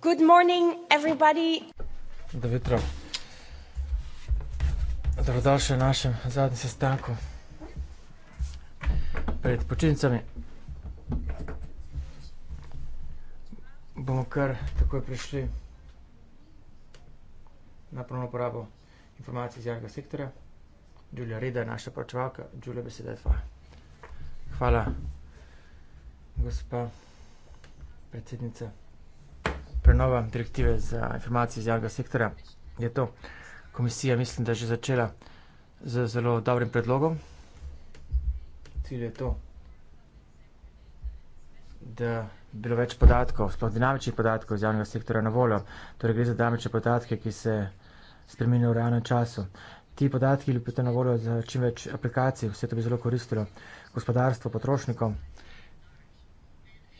Good morning, everybody. Dobro jutro. Dobrodošli na našem zadnjem sestanku pred počitnicami. Bomo kar takoj prišli na pravno uporabo informacij iz javnega sektorja. Julija Reda, naša poročevalka, Julija, beseda je tvoja. Hvala, gospa predsednica prenova direktive za informacije iz javnega sektora. Je to komisija, mislim, da je že začela z zelo dobrim predlogom. Cilj je to, da bi bilo več podatkov, sploh dinamičnih podatkov iz javnega sektora na voljo. Torej gre za dinamične podatke, ki se spremenijo v realnem času. Ti podatki bi potem na voljo za čim več aplikacij, vse to bi zelo koristilo gospodarstvo, potrošnikom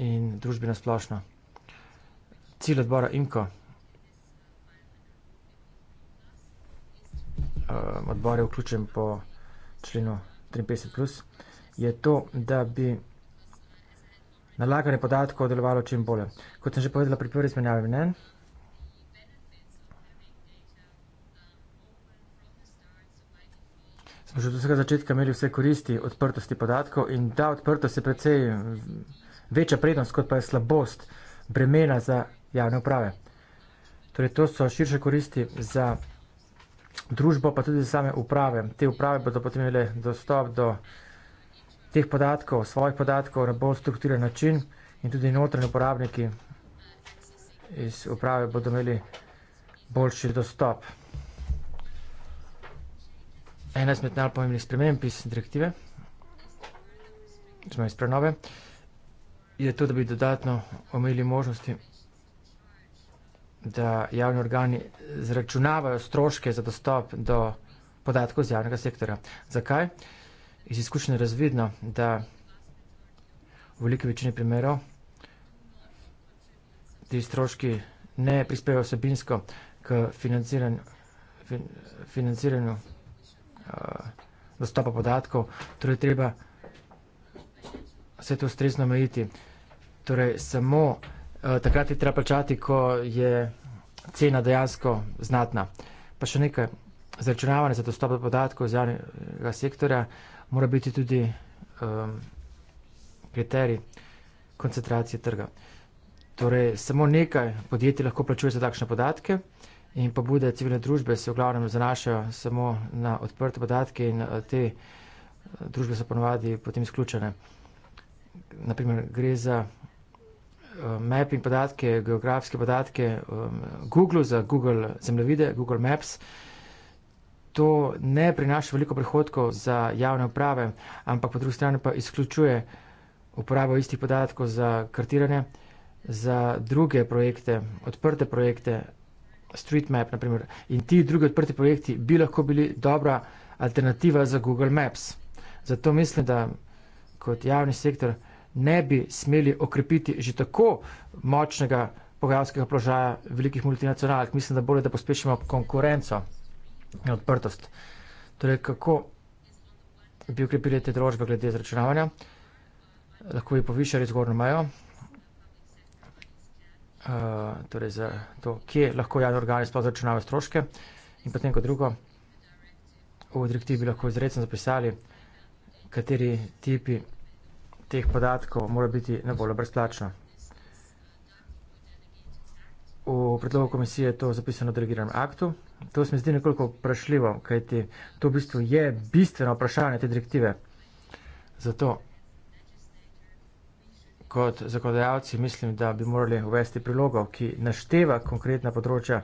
in družbi nasplošno. splošno. Ziel ist bara Imka. Ehm, odbore vključen po členu 53+, je to, da bi nalaganje podatkov delovalo čim bolje. Kot sem že povedala pri prvi izmenjavi mnen, smo že od vsega začetka imeli vse koristi odprtosti podatkov in ta odprtost je precej večja prednost, kot pa je slabost bremena za izmenjavanje javne uprave. Torej, to so širše koristi za družbo, pa tudi za same uprave. Te uprave bodo potem imele dostop do teh podatkov, svojih podatkov na bolj strukturiran način in tudi notranji uporabniki iz uprave bodo imeli boljši dostop. Ena izmed najpomembnejših sprememb iz direktive, iz prenove, je to, da bi dodatno omejili možnosti da javni organi zračunavajo stroške za dostop do podatkov iz javnega sektora. Zakaj? Iz izkušnje je razvidno, da v veliki večini primerov ti stroški ne prispevajo vsebinsko k financiranju, fin, financiranju uh, dostopa podatkov, torej treba vse to ustrezno omejiti. Torej, samo Eh, takrat je treba plačati, ko je cena dejansko znatna. Pa še nekaj, zračunavanje za dostop do podatkov iz javnega sektorja mora biti tudi um, kriterij koncentracije trga. Torej, samo nekaj podjetij lahko plačuje za takšne podatke in pobude civilne družbe se v glavnem zanašajo samo na odprte podatke in eh, te eh, družbe so ponovadi potem izključene. Naprimer, gre za Eh, map in podatke, geografske podatke Google za Google zemljevide, Google Maps. To ne prinaša veliko prihodkov za javne uprave, ampak po drugi strani pa izključuje uporabo istih podatkov za kartiranje, za druge projekte, odprte projekte, StreetMap naprimer. In ti drugi odprti projekti bi lahko bili dobra alternativa za Google Maps. Zato mislim, da kot javni sektor ne bi smeli okrepiti že tako močnega pogajalskega položaja velikih multinacionalk. Mislim, da bolje, da pospešimo konkurenco in odprtost. Torej, kako bi okrepili te drožbe glede izračunavanja? Lahko bi povišali zgornjo mejo. Uh, torej za to, kje lahko javni organi sploh zračunavajo stroške. In potem kot drugo, v direktivi bi lahko izrecno zapisali, kateri tipi teh podatkov mora biti na voljo brezplačno. V predlogu komisije je to zapisano v delegiranem aktu. To se mi zdi nekoliko vprašljivo, kajti to v bistvu je bistveno vprašanje te direktive. Zato kot zakladajalci mislim, da bi morali uvesti prilogov, ki našteva konkretna področja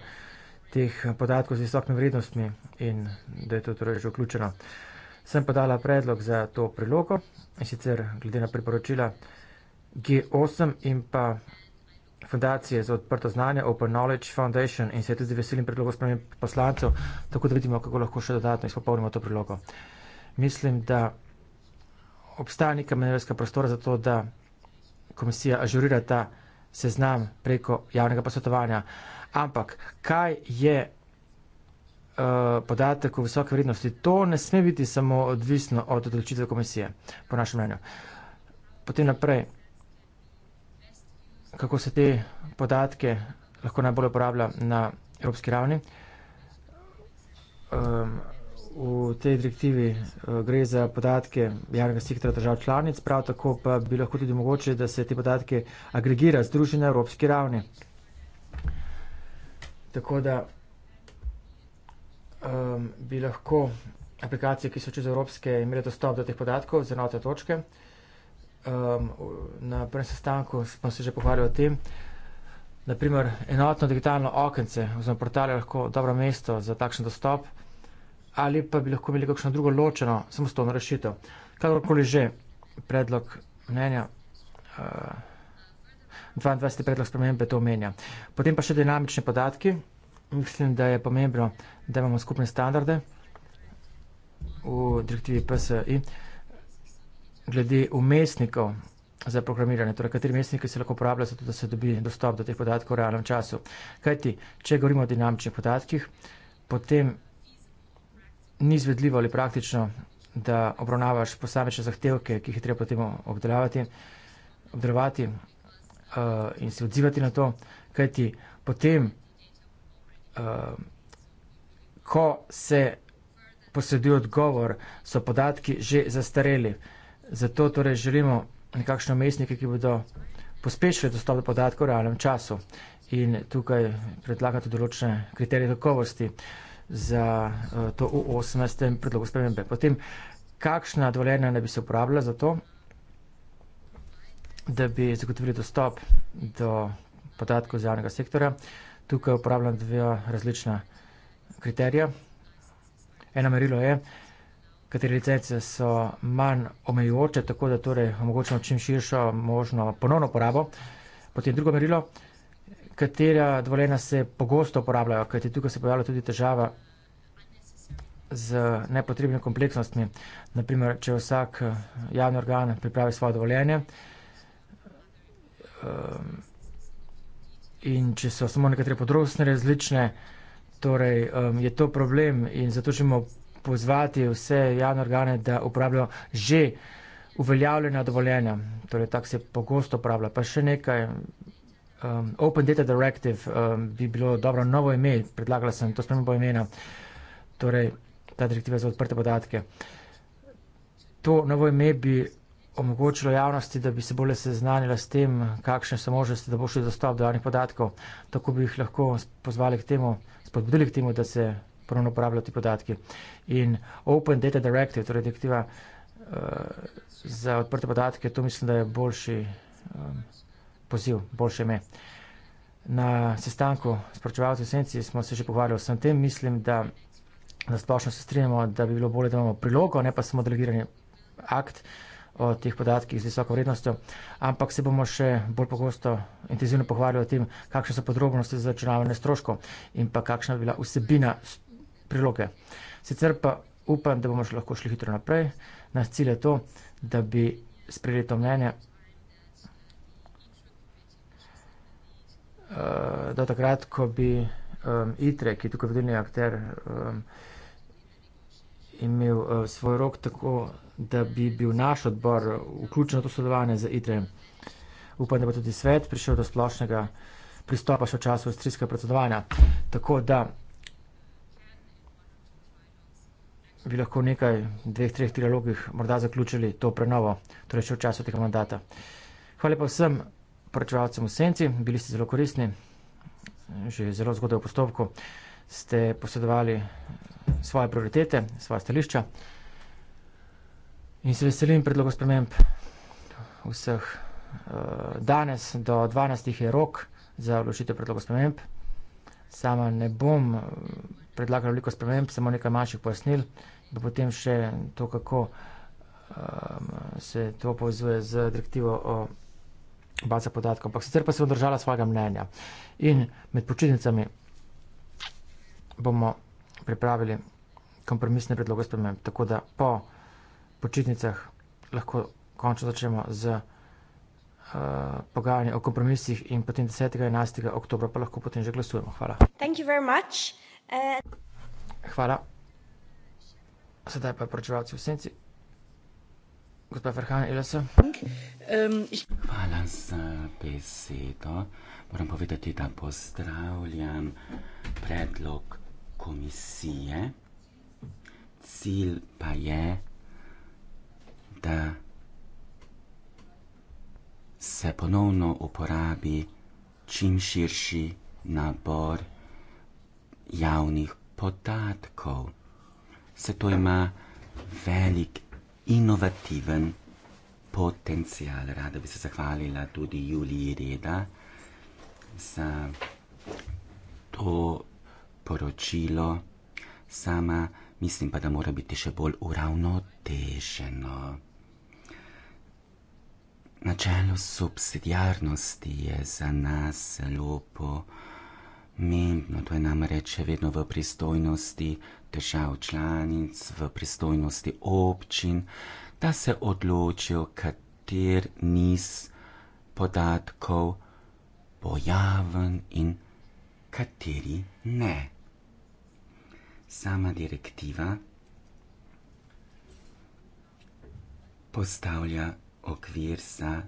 teh podatkov z visokimi vrednostmi in da je to torej že vključeno sem podala predlog za to prilogo in sicer glede na priporočila G8 in pa Fundacije za odprto znanje, Open Knowledge Foundation in se je tudi veselim predlogo spremljen poslancev, tako da vidimo, kako lahko še dodatno izpopolnimo to prilogo. Mislim, da obstaja neka manevrska prostora za to, da komisija ažurira ta seznam preko javnega posvetovanja. Ampak, kaj je Eh, podatek o visoke vrednosti. To ne sme biti samo odvisno od odločitve komisije, po našem mnenju. Potem naprej, kako se te podatke lahko najbolj uporablja na evropski ravni. V tej direktivi eh, gre za podatke javnega sektora držav članic, prav tako pa bi lahko tudi mogoče, da se te podatke agregira, združi na evropski ravni. Tako da, um, bi lahko aplikacije, ki so čez Evropske, imele dostop do teh podatkov z enote točke. Um, na prvem sestanku smo se že pogovarjali o tem. Naprimer, enotno digitalno okence oziroma portale lahko dobro mesto za takšen dostop ali pa bi lahko imeli kakšno drugo ločeno samostojno rešitev. Kakorkoli že predlog mnenja, uh, eh, 22. predlog spremembe to omenja. Potem pa še dinamične podatki mislim, da je pomembno, da imamo skupne standarde v direktivi PSI glede umestnikov za programiranje, torej kateri mestniki se lahko uporabljajo, zato da se dobi dostop do teh podatkov v realnem času. Kajti, če govorimo o dinamičnih podatkih, potem ni izvedljivo ali praktično, da obravnavaš posamečne zahtevke, ki jih je treba potem obdelavati, obdelovati uh, in se odzivati na to, kajti potem uh, ko se posreduje odgovor, so podatki že zastareli. Zato torej želimo nekakšne umestnike, ki bodo pospešili dostop do podatkov v realnem času. In tukaj predlagate določene kriterije kakovosti za uh, to v 18. predlogu spremembe. Potem, kakšna dovoljenja ne bi se uporabljala za to, da bi zagotovili dostop do podatkov iz javnega sektorja. Uh, tukaj uporabljam dve različna kriterija. Eno merilo je, kateri licence so manj omejujoče, tako da torej omogočamo čim širšo možno ponovno uporabo. Potem drugo merilo, katera dovoljena se pogosto uporabljajo, kajti tukaj se pojavlja tudi težava z nepotrebnimi kompleksnostmi. Naprimer, če vsak eh, javni organ pripravi svoje dovoljenje, um, in če so samo nekatere podrobnosti različne, torej um, je to problem in zato želimo pozvati vse javne organe, da uporabljajo že uveljavljena dovoljenja. Torej, tak se pogosto uporablja. Pa še nekaj, um, Open Data Directive um, bi bilo dobro novo ime, predlagala sem to spremembo imena, torej ta direktiva za odprte podatke. To novo ime bi omogočilo javnosti, da bi se bolje seznanila s tem, kakšne so možnosti, da bo še dostop do javnih podatkov. Tako bi jih lahko pozvali k temu, spodbudili k temu, da se ponovno uporabljajo ti podatki. In Open Data Directive, torej direktiva uh, za odprte podatke, to mislim, da je boljši um, poziv, boljše ime. Na sestanku s pročevalci v senci smo se že pogovarjali o vsem tem. Mislim, da na splošno se strinjamo, da bi bilo bolje, da imamo prilogo, ne pa samo delegirani akt. Uh, o teh podatkih z visoko vrednostjo, ampak se bomo še bolj pogosto intenzivno pogovarjali o tem, kakšne so podrobnosti za računalne stroško in pa kakšna bi bila vsebina priloge. Sicer pa upam, da bomo še lahko šli hitro naprej. Nas cilj je to, da bi sprejeli to mnenje, eh, da takrat, ko bi um, ITRE, ki je tukaj vodilni akter, um, imel uh, svoj rok tako, da bi bil naš odbor vključen v to sodelovanje z ITRE. Upam, da bo tudi svet prišel do splošnega pristopa še v času avstrijskega predsedovanja. Tako da bi lahko v nekaj dveh, treh trilogih morda zaključili to prenovo, torej še v času tega mandata. Hvala pa vsem poročevalcem v senci, bili ste zelo koristni, že zelo zgodaj v postopku ste posedovali svoje prioritete, svoje stališča. In se veselim predlogov sprememb vseh. Eh, danes do 12. je rok za vložitev predlogov sprememb. Sama ne bom eh, predlagala veliko sprememb, samo nekaj manjših pojasnil, da potem še to, kako ehm, se to povezuje z direktivo o baza podatkov. Ampak sicer pa se bom držala svojega mnenja. In med počitnicami bomo pripravili kompromisne predloge sprememb, tako da po počitnicah lahko končno začnemo z uh, eh, pogajanje o kompromisih in potem 10. in 11. oktobra pa lahko potem že glasujemo. Hvala. Uh... Hvala. Sedaj pa poročevalci v senci. Gospa Ferhan, ili se? Hvala za besedo. Moram povedati, da pozdravljam predlog komisije. Cilj pa je, da se ponovno uporabi čim širši nabor javnih podatkov. Se to ima velik inovativen potencial. Rada bi se zahvalila tudi Juliji Reda za to poročilo, sama mislim pa, da mora biti še bolj uravnoteženo. Načelo subsidijarnosti je za nas zelo pomembno, to je namreč vedno v pristojnosti držav članic, v pristojnosti občin, da se odločijo, kater niz podatkov bo javen in kateri ne sama direktiva postavlja okvir za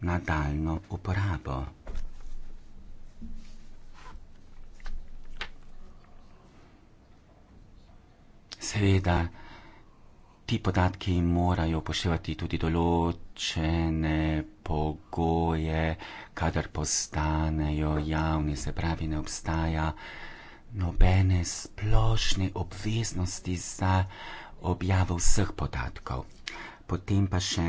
nadaljno uporabo. Seveda, ti podatki morajo upoštevati tudi določene pogoje, kadar postanejo javni, se pravi, ne obstaja nobene splošne obveznosti za objavo vseh podatkov. Potem pa še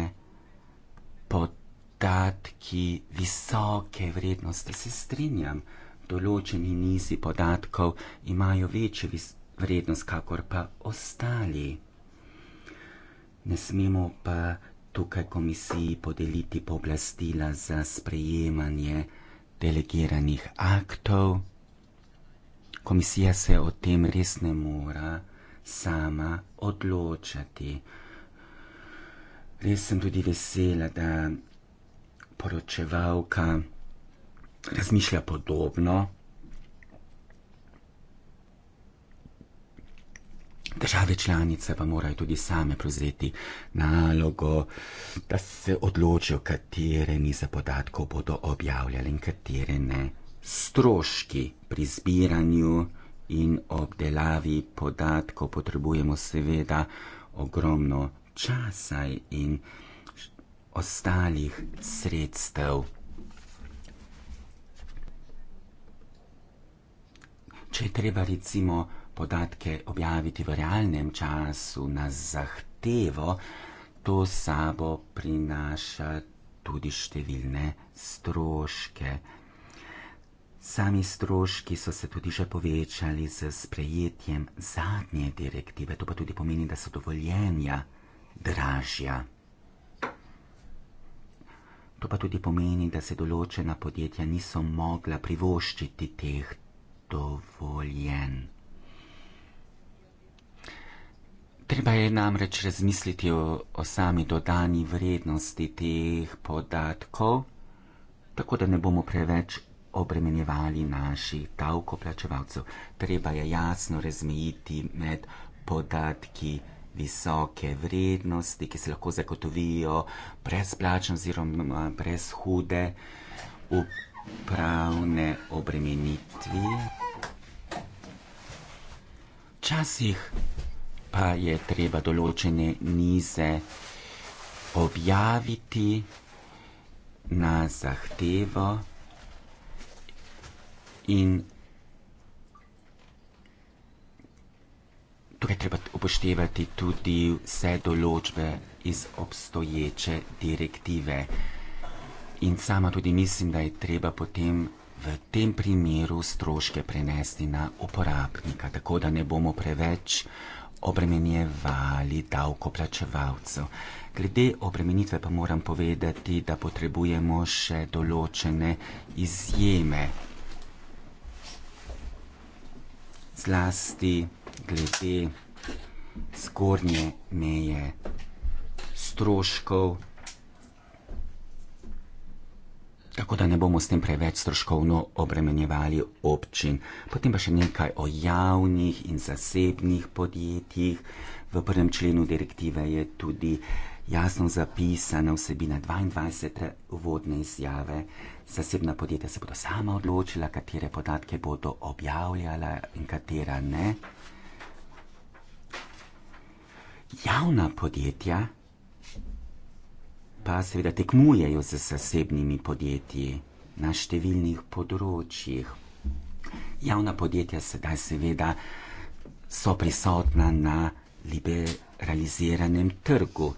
podatki visoke vrednosti. Se strinjam, določeni nizi podatkov imajo večjo vrednost, kakor pa ostali. Ne smemo pa tukaj komisiji podeliti pooblastila za sprejemanje delegiranih aktov komisija se o tem res ne mora sama odločati. Res sem tudi vesela, da poročevalka razmišlja podobno. Države članice pa morajo tudi same prevzeti nalogo, da se odločijo, katere nize podatkov bodo objavljali in katere ne stroški pri zbiranju in obdelavi podatkov potrebujemo seveda ogromno časa in ostalih sredstev. Če je treba recimo podatke objaviti v realnem času na zahtevo, to sabo prinaša tudi številne stroške. Sami stroški so se tudi že povečali z sprejetjem zadnje direktive, to pa tudi pomeni, da so dovoljenja dražja. To pa tudi pomeni, da se določena podjetja niso mogla privoščiti teh dovoljenj. Treba je namreč razmisliti o, o sami dodani vrednosti teh podatkov, tako da ne bomo preveč obremenjevali naših davkoplačevalcev. Treba je jasno razmejiti med podatki visoke vrednosti, ki se lahko zagotovijo brezplačno oziroma brez hude upravne obremenitvi. Včasih pa je treba določene nize objaviti na zahtevo. In tukaj torej treba upoštevati tudi vse določbe iz obstoječe direktive. In sama tudi mislim, da je treba potem v tem primeru stroške prenesti na uporabnika, tako da ne bomo preveč obremenjevali davkoplačevalcev. Glede obremenitve pa moram povedati, da potrebujemo še določene izjeme zlasti glede zgornje meje stroškov. Tako da ne bomo s tem preveč stroškovno obremenjevali občin. Potem pa še nekaj o javnih in zasebnih podjetjih. V prvem členu direktive je tudi jasno zapisana vsebina 22. vodne izjave, zasebna podjetja se bodo sama odločila, katere podatke bodo objavljala in katera ne. Javna podjetja pa seveda tekmujejo z zasebnimi podjetji na številnih področjih. Javna podjetja sedaj seveda so prisotna na liberaliziranem trgu,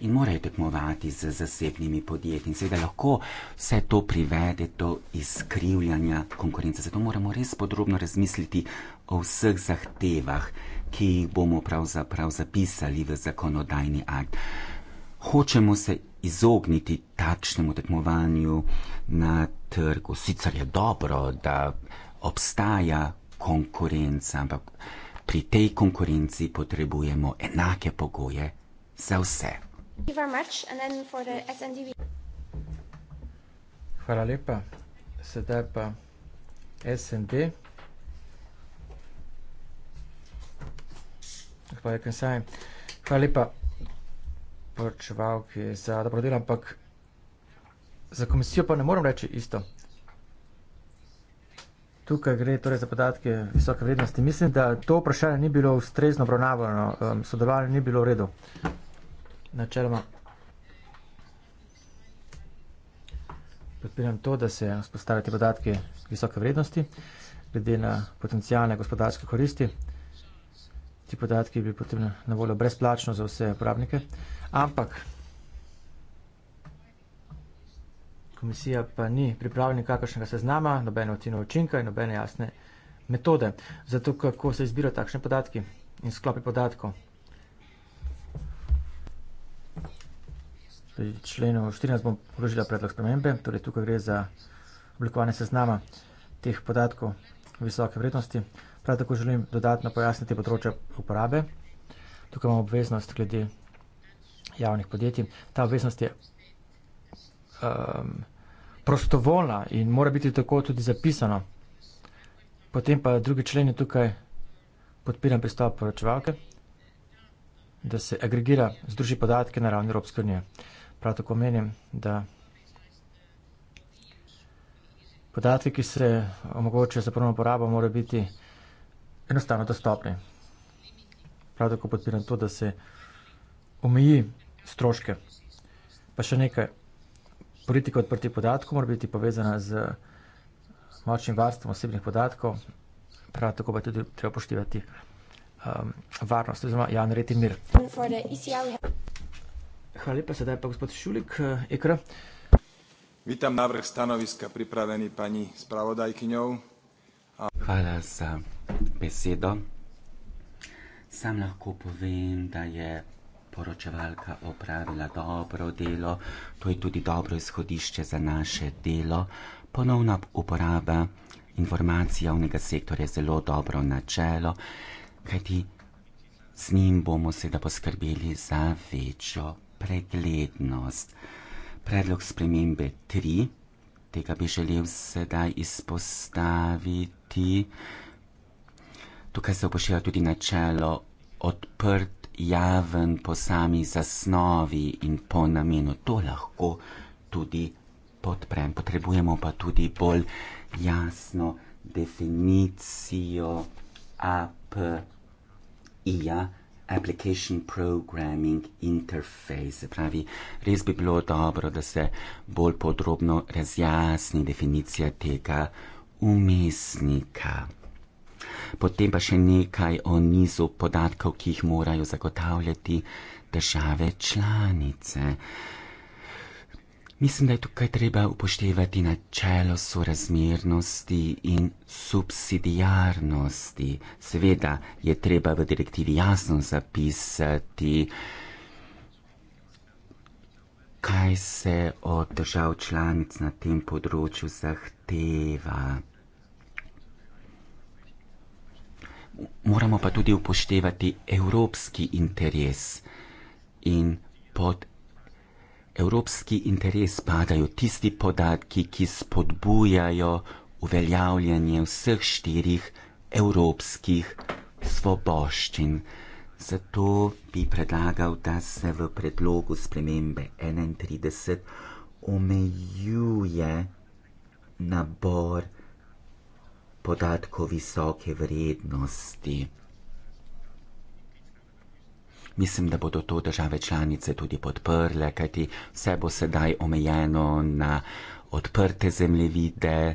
in morajo tekmovati z zasebnimi podjetji. In seveda lahko vse to privede do izkrivljanja konkurence. Zato moramo res podrobno razmisliti o vseh zahtevah, ki jih bomo pravzaprav zapisali v zakonodajni akt. Hočemo se izogniti takšnemu tekmovanju na trgu. Sicer je dobro, da obstaja konkurenca, ampak pri tej konkurenci potrebujemo enake pogoje za vse. Hvala lepa. Sedaj pa SND. Hvala lepa počevalki za dobro delo, ampak za komisijo pa ne moram reči isto. Tukaj gre torej za podatke visoke vrednosti. Mislim, da to vprašanje ni bilo ustrezno obravnavano, um, sodelovanje ni bilo v redu načeloma podpiram to, da se vzpostavljate podatke visoke vrednosti, glede na potencijalne gospodarske koristi. Ti podatki bi potem na voljo brezplačno za vse uporabnike, ampak komisija pa ni pripravljena kakršnega seznama, nobene ocene učinka in nobene jasne metode, zato kako se izbira takšne podatki in sklopi podatkov. Torej, členu 14 bom položila predlog spremembe, torej tukaj gre za oblikovanje seznama teh podatkov visoke vrednosti. Prav tako želim dodatno pojasniti področja uporabe. Tukaj imamo obveznost glede javnih podjetij. Ta obveznost je um, prostovoljna in mora biti tako tudi zapisano. Potem pa drugi člen je tukaj podpiram pristop poročevalke, da se agregira, združi podatke na ravni Evropske unije. Prav tako menim, da podatki, ki se omogočajo za prvno uporabo, morajo biti enostavno dostopni. Prav tako podpiram to, da se omeji stroške. Pa še nekaj, politika odprtih podatkov mora biti povezana z močnim varstvom osebnih podatkov, prav tako pa tudi treba poštivati um, varnost oziroma javni red in mir. Hvala lepa, sedaj pa gospod Šulik, eh, ekra. Vitam navrh stanoviska, pripravljeni pani spravodajkinjov. Hvala za besedo. Sam lahko povem, da je poročevalka opravila dobro delo, to je tudi dobro izhodišče za naše delo. Ponovna uporaba informacij javnega sektorja je zelo dobro načelo, kajti z njim bomo seveda poskrbeli za večjo preglednost. Predlog spremembe 3, tega bi želel sedaj izpostaviti. Tukaj se upošteva tudi načelo odprt, javen po sami zasnovi in po namenu. To lahko tudi podprem. Potrebujemo pa tudi bolj jasno definicijo APIA. Application Programming Interface. Se pravi, res bi bilo dobro, da se bolj podrobno razjasni definicija tega umestnika. Potem pa še nekaj o nizu podatkov, ki jih morajo zagotavljati države članice. Mislim, da je tukaj treba upoštevati načelo sorazmernosti in subsidijarnosti. Seveda je treba v direktivi jasno zapisati, kaj se od držav članic na tem področju zahteva. Moramo pa tudi upoštevati evropski interes in pod evropski interes padajo tisti podatki, ki spodbujajo uveljavljanje vseh štirih evropskih svoboščin. Zato bi predlagal, da se v predlogu spremembe 31 omejuje nabor podatkov visoke vrednosti mislim, da bodo to države članice tudi podprle, kajti vse bo sedaj omejeno na odprte zemljevide,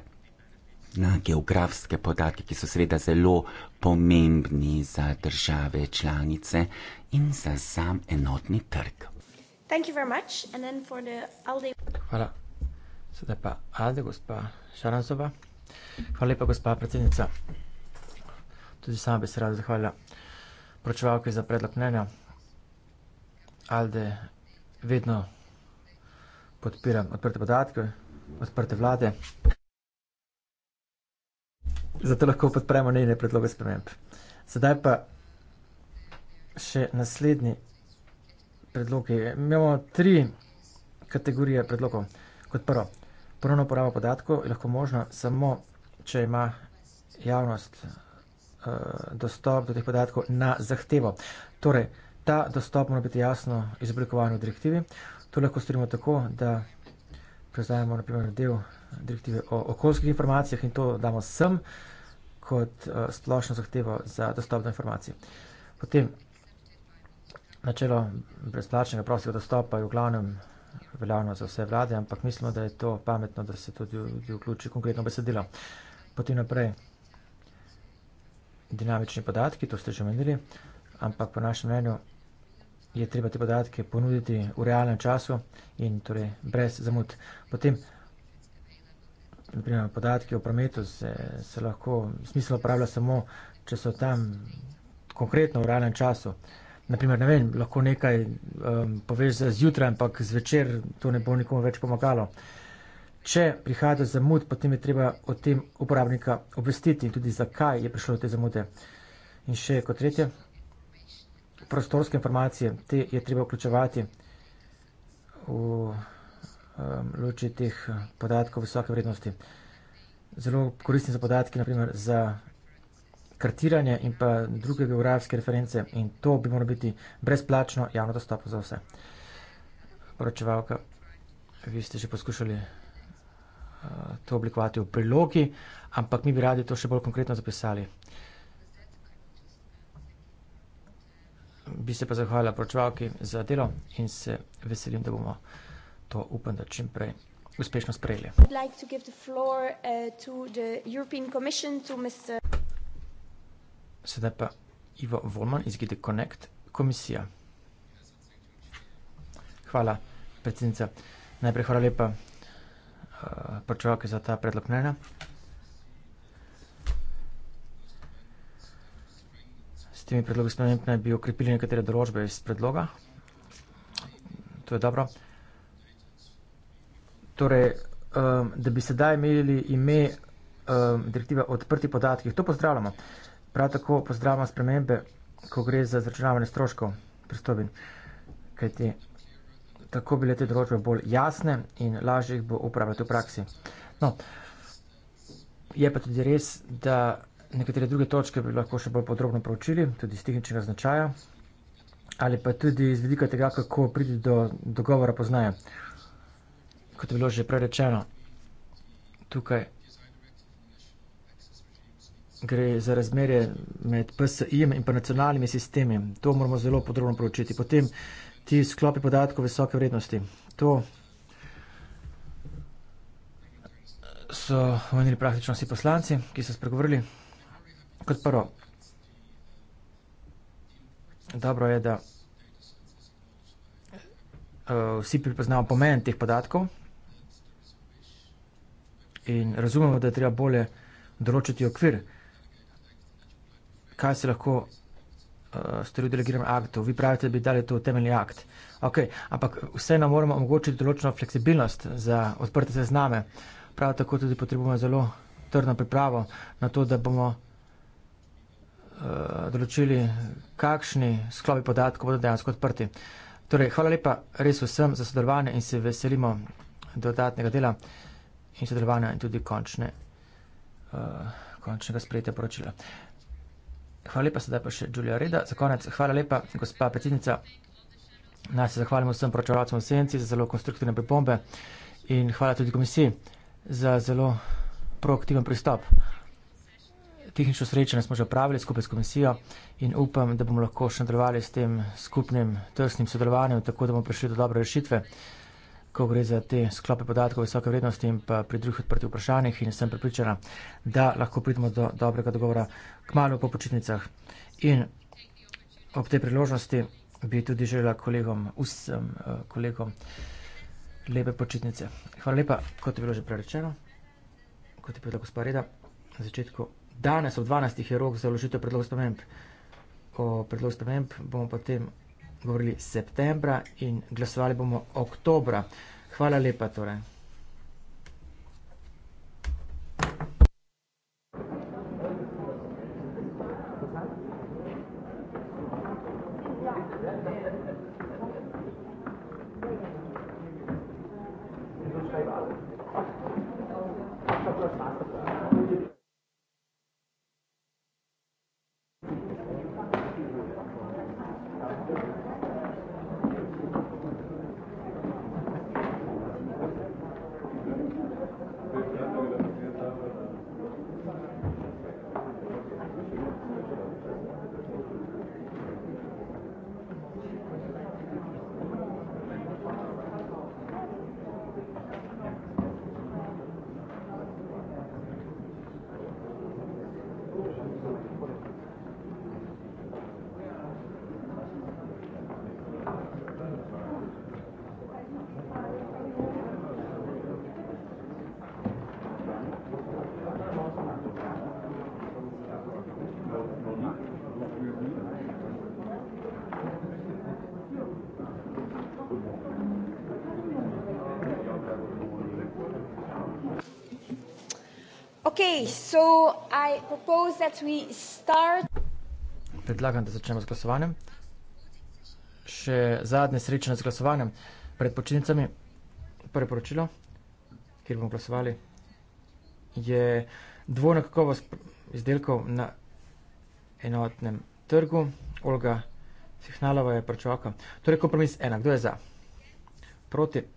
na geografske podatke, ki so seveda zelo pomembni za države članice in za sam enotni trg. Hvala. Sedaj pa Alde, gospa Šaranzova. Hvala lepa, gospa predsednica. Tudi sama bi se rada zahvalila pročevalki za predlog mnenja Alde vedno podpiram odprte podatke, odprte vlade. Zato lahko podpremo njene predloge sprememb. Sedaj pa še naslednji predloge. Imamo tri kategorije predlogov. Kot prvo, ponovno uporaba podatkov je lahko možno samo, če ima javnost uh, dostop do teh podatkov na zahtevo. Torej, ta dostop mora biti jasno izoblikovan v direktivi. To lahko storimo tako, da prezajemo naprimer del direktive o okoljskih informacijah in to damo sem kot uh, splošno zahtevo za dostop do informacij. Potem načelo brezplačnega prostega dostopa je v glavnem veljavno za vse vlade, ampak mislimo, da je to pametno, da se tudi, tudi vključi konkretno besedilo. Potem naprej dinamični podatki, to ste že omenili. Uh, ampak po našem mnenju je treba te podatke ponuditi v realnem času in torej brez zamud. Potem, naprimer, podatki o prometu se, se lahko smisel upravlja samo, če so tam konkretno v realnem času. Naprimer, ne vem, lahko nekaj um, poveš zjutraj, ampak zvečer to ne bo nikomu več pomagalo. Če prihaja do zamud, potem je treba o tem uporabnika obvestiti in tudi zakaj je prišlo do te zamude. In še kot tretje, prostorske informacije, te je treba vključevati v um, luči teh podatkov visoke vrednosti. Zelo koristni so podatki, naprimer, za kartiranje in pa druge geografske reference in to bi moralo biti brezplačno javno dostopno za vse. Poročevalka, vi ste že poskušali uh, to oblikovati v prilogi, ampak mi bi radi to še bolj konkretno zapisali. bi se pa zahvalila pročevalki za delo in se veselim, da bomo to upam, da čim prej uspešno sprejeli. Uh, Sedaj pa Ivo Volman iz GD Connect, komisija. Hvala, predsednica. Najprej hvala lepa uh, pročevalki za ta predlog mnenja. temi predlogi sprememb naj bi okrepili nekatere določbe iz predloga. To je dobro. Torej, um, da bi sedaj imeli ime um, direktive odprti podatki, to pozdravljamo. Prav tako pozdravljamo spremembe, ko gre za zračunavanje stroškov pristopin, kajti tako bi te določbe bolj jasne in lažje jih bo uporabljati v praksi. No, je pa tudi res, da nekatere druge točke bi lahko še bolj podrobno proučili, tudi iz tehničnega značaja, ali pa tudi iz vidika tega, kako priti do dogovora poznaje. Kot je bilo že prerečeno, tukaj gre za razmerje med PSI-jem in pa nacionalnimi sistemi. To moramo zelo podrobno proučiti. Potem ti sklopi podatkov visoke vrednosti. To so omenili praktično vsi poslanci, ki so spregovorili. Kot prvo, dobro je, da uh, vsi pripoznamo pomen teh podatkov in razumemo, da je treba bolje določiti okvir, kaj se lahko uh, stori v delegiranem aktu. Vi pravite, da bi dali to temeljni akt. Ok, ampak vseeno moramo omogočiti določeno fleksibilnost za odprte sezname. Prav tako tudi potrebujemo zelo trdno pripravo na to, da bomo Eh, določili, kakšni sklopi podatkov bodo dejansko odprti. Torej, hvala lepa res vsem za sodelovanje in se veselimo dodatnega dela in sodelovanja in tudi končne, uh, končnega sprejetja poročila. Hvala lepa, sedaj pa še Julia Reda. Za konec, hvala lepa, gospa predsednica. Naj se zahvalimo vsem pročevalcem v senci za zelo konstruktivne pripombe in hvala tudi komisiji za zelo proaktiven pristop tehnično srečanje smo že opravili skupaj s komisijo in upam, da bomo lahko še nadaljevali s tem skupnim trsnim sodelovanjem, tako da bomo prišli do dobre rešitve, ko gre za te sklope podatkov visoke vrednosti in pa pri drugih odprtih vprašanjih in sem pripričana, da lahko pridemo do dobrega dogovora kmalo po počitnicah. In ob tej priložnosti bi tudi želela kolegom, vsem eh, kolegom, lepe počitnice. Hvala lepa, kot je bilo že prerečeno, kot je bilo gospod Reda. Na začetku Danes ob 12. je rok za vložitev predlogov sprememb. O predlogu sprememb bomo potem govorili septembra in glasovali bomo oktobra. Hvala lepa torej. Okay, so I propose that we start. Predlagam, da začnemo z glasovanjem. Še zadnje srečanje z glasovanjem pred počitnicami. Prvo poročilo, kjer bomo glasovali, je dvojna kakovost izdelkov na enotnem trgu. Olga Sihnalova je pročovaka. Torej, kompromis ena. Kdo je za? Proti?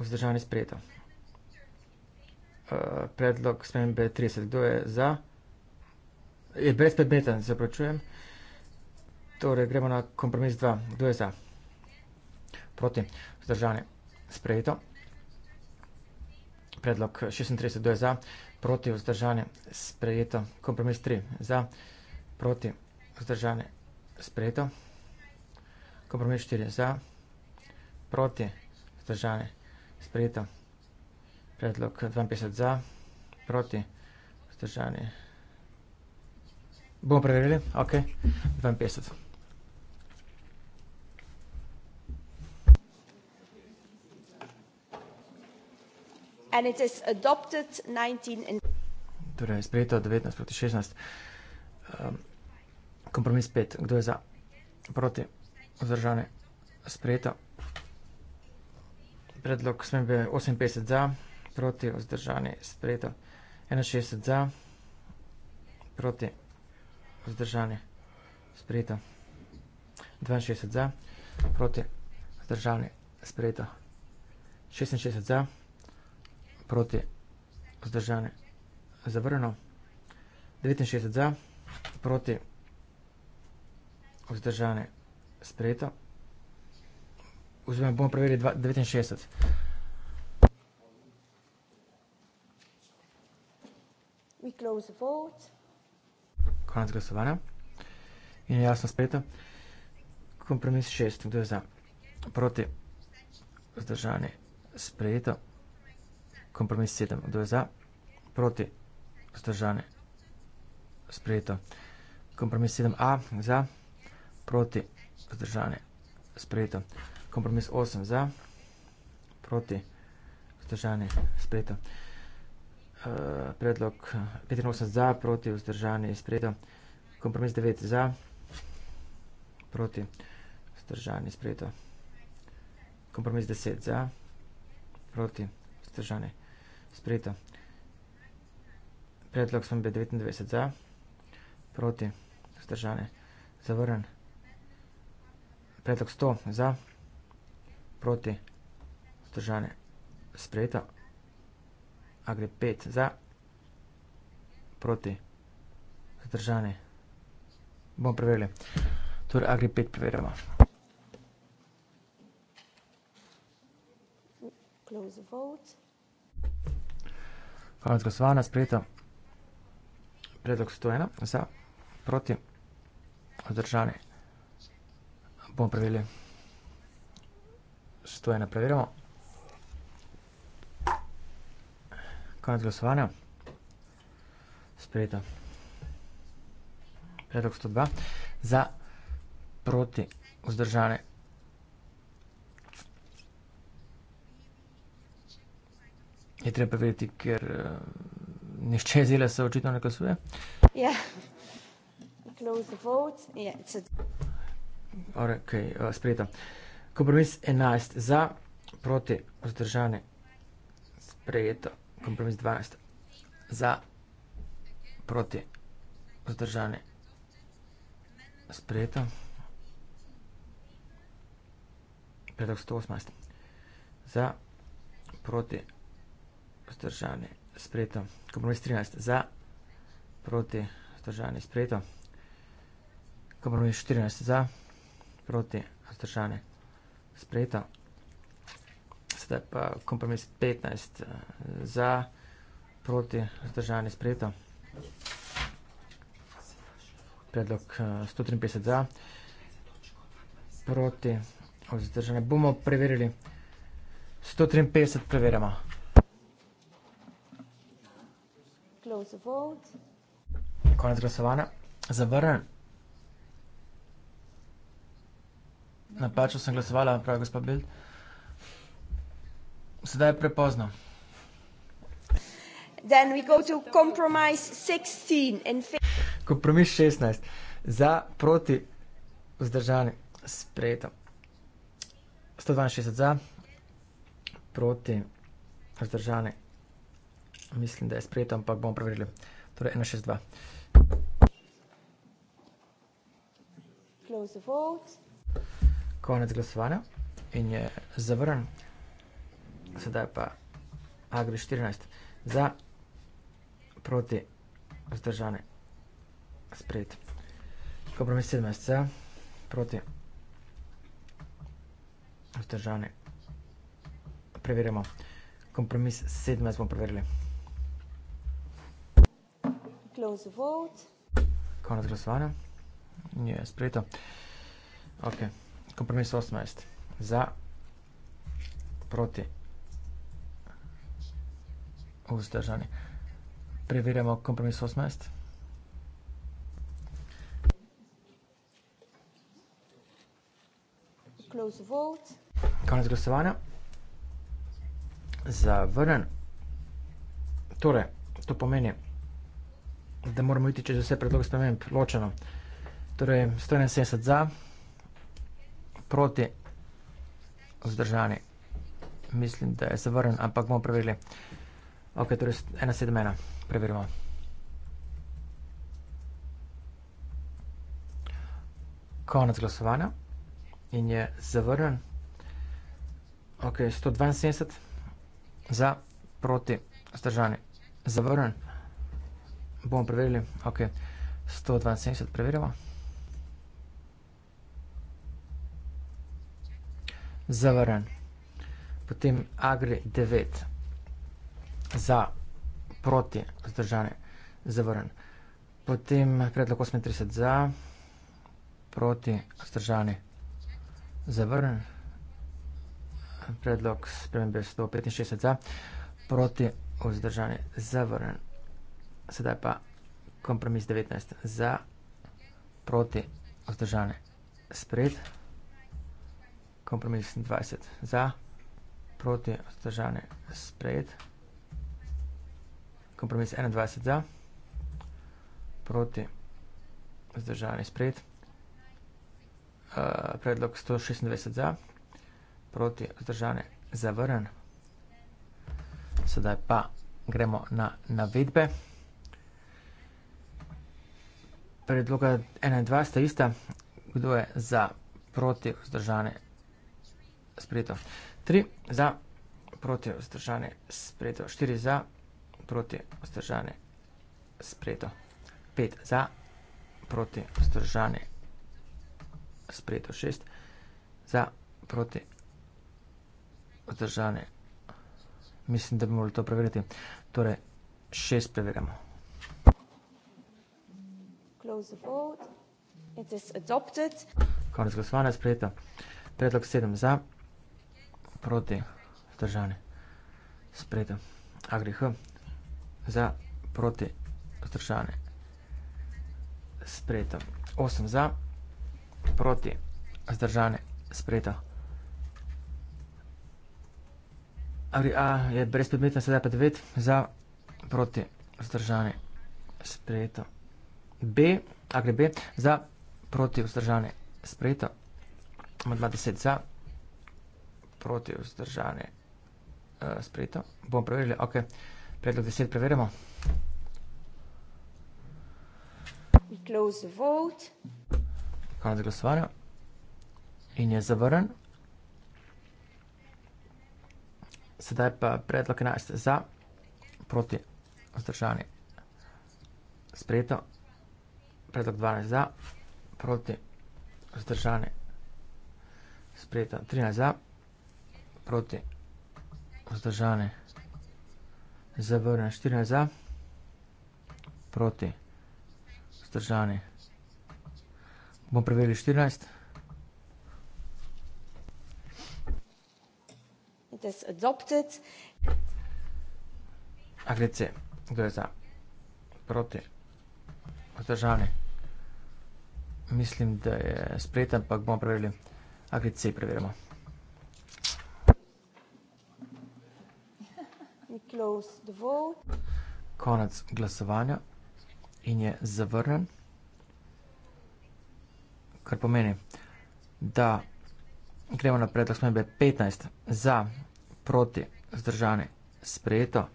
Vzdržanje sprejeto. Eh, predlog spremembe 30. Kdo je za? Je brezpredmeten, se pravčujem. Torej, gremo na kompromis 2. Kdo je za? Proti. Zdržanje. Sprejeto. Predlog 36. Kdo je za? Proti. Zdržanje. Sprejeto. Kompromis 3. Za. Proti. Zdržanje. Sprejeto. Kompromis 4. Za. Proti. Zdržanje. Sprejeto. Sprejeto. Predlog 52 za, proti, vzdržani. Bomo preverili? Ok, 52. And it is adopted 19 torej, sprejeto 19 proti 16. Um, ehm, kompromis 5. Kdo je za? Proti. Vzdržane. Sprejeto. Predlog smem 58 za proti, vzdržani, sprejeto. 61 za, proti, vzdržani, sprejeto. 62 za, proti, vzdržani, sprejeto. 66 za, proti, vzdržani, zavrno. 69 za, proti, vzdržani, sprejeto. Vzvem, bomo preverili 69. close vote. Konec glasovanja. In jasno spleta. Kompromis šest. Kdo je za? Proti. Zdržanje. Sprejeto. Kompromis sedem. Kdo je za? Proti. Zdržanje. Sprejeto. Kompromis sedem A. Za. Proti. Zdržanje. Sprejeto. Kompromis osem. Za. Proti. Zdržanje. Sprejeto. Kompromis osem. Eh, predlog 85 za, proti vzdržanje je spredo. Kompromis 9 za, proti vzdržanje je spredo. Kompromis 10 za, proti vzdržanje je spredo. Predlog smo bi 29 za, proti vzdržanje je zavrn. Predlog 100 za, proti vzdržanje je spredo a gre 5 za proti zadržanje. Bom preverili. Torej, a gre 5 preverjamo. Close vote. Konec glasovanja, sprejeto. Predlog 101 za proti zadržanje. Bom preverili. 101 preverjamo. Konec glasovanja. Sprejeta. Predlog 102. Za proti vzdržane. Je treba preveriti, ker uh, eh, nišče je zela, se očitno ne glasuje. Ja. Yeah. Okay, uh, sprejeta. Kompromis 11. Za proti vzdržane. Sprejeta kompromis 12 za proti zdržanje sprejeto predlog 118 za proti zdržanje sprejeto kompromis 13 za proti zdržanje sprejeto kompromis 14 za proti zdržanje sprejeto zdaj pa kompromis 15 eh, za, proti, zdržanje sprejeto. Predlog 153 eh, za, proti, zdržanje. Bomo preverili. 153 preverjamo. Konec glasovanja. Zavrnen. Napačo sem glasovala, pravi gospod Bild. Sedaj je prepozno. Kompromis 16. Za proti vzdržani sprejeto. 162 za, proti vzdržani. Mislim, da je sprejeto, ampak bomo preverili. Torej 162. Konec glasovanja in je zavrnjen sedaj pa agri 14 za proti vzdržane spred. Kompromis 17 za proti vzdržane. Preverjamo. Kompromis 17 bomo preverili. Close vote. Konec glasovanja. Nije sprejeto. Ok. Kompromis 18 za proti vzdržane vzdržani. Preverjamo kompromis 18. Konec glasovanja. Zavrnen. Torej, to pomeni, da moramo iti čez vse predlog spremenb ločeno. Torej, 171 za, proti, vzdržani. Mislim, da je zavrnen, ampak bomo preverili. Ok, torej ena sedmena. Preverimo. Konec glasovanja. In je zavrnen. Ok, 172 za proti stržanje. Zavrnen. Bomo preverili. Ok, 172 preverimo. Zavrnen. Potem agri 9. Zavrnen za, proti, vzdržane, zavrn. Potem predlog 38 za, proti, vzdržane, zavrn. Predlog spremembe 165 za, proti, vzdržane, zavrn. Sedaj pa kompromis 19 za, proti, vzdržane, spred. Kompromis 20 za, proti, vzdržane, spred. Spred kompromis 21 za, proti zdržanje sprejet, eh, predlog 126 za, proti zdržanje zavrn. Sedaj pa gremo na navedbe. Predloga 21 je ista, kdo je za proti vzdržane sprejeto. 3 za proti vzdržane sprejeto, 4 za proti vzdržani, spreto. Pet za, proti vzdržani, spreto. Šest za, proti vzdržani. Mislim, da bi morali to preveriti. Torej, šest preverjamo. Konec glasovanja, spreto. Predlog sedem za, proti vzdržani, spreto. Agri H za proti vzdržane. Sprejeto. 8 za proti vzdržane. Sprejeto. Ali A je brezpredmetna, sedaj pa 9 za proti vzdržane. Sprejeto. B, A gre B, za proti vzdržane. Sprejeto. Ima 20 za proti vzdržane. Sprejeto. Bomo preverili, okej. Okay. Predlog 10 preverimo. Konec glasovanja. In je zavrn. Sedaj pa predlog 11 za, proti vzdržani. Sprejeto. Predlog 12 za, proti vzdržani. Sprejeto. 13 za, proti vzdržani zavrne, 14 za, proti, zdržani. Bom preverili 14. It is adopted. Agrece, kdo je za, proti, zdržani. Mislim, da je sprejet, ampak bomo preverili. Agrece, preverimo. close the vote. Konec glasovanja in je zavrnen, kar pomeni, da gremo na predlog smembe 15 za proti zdržane sprejeto,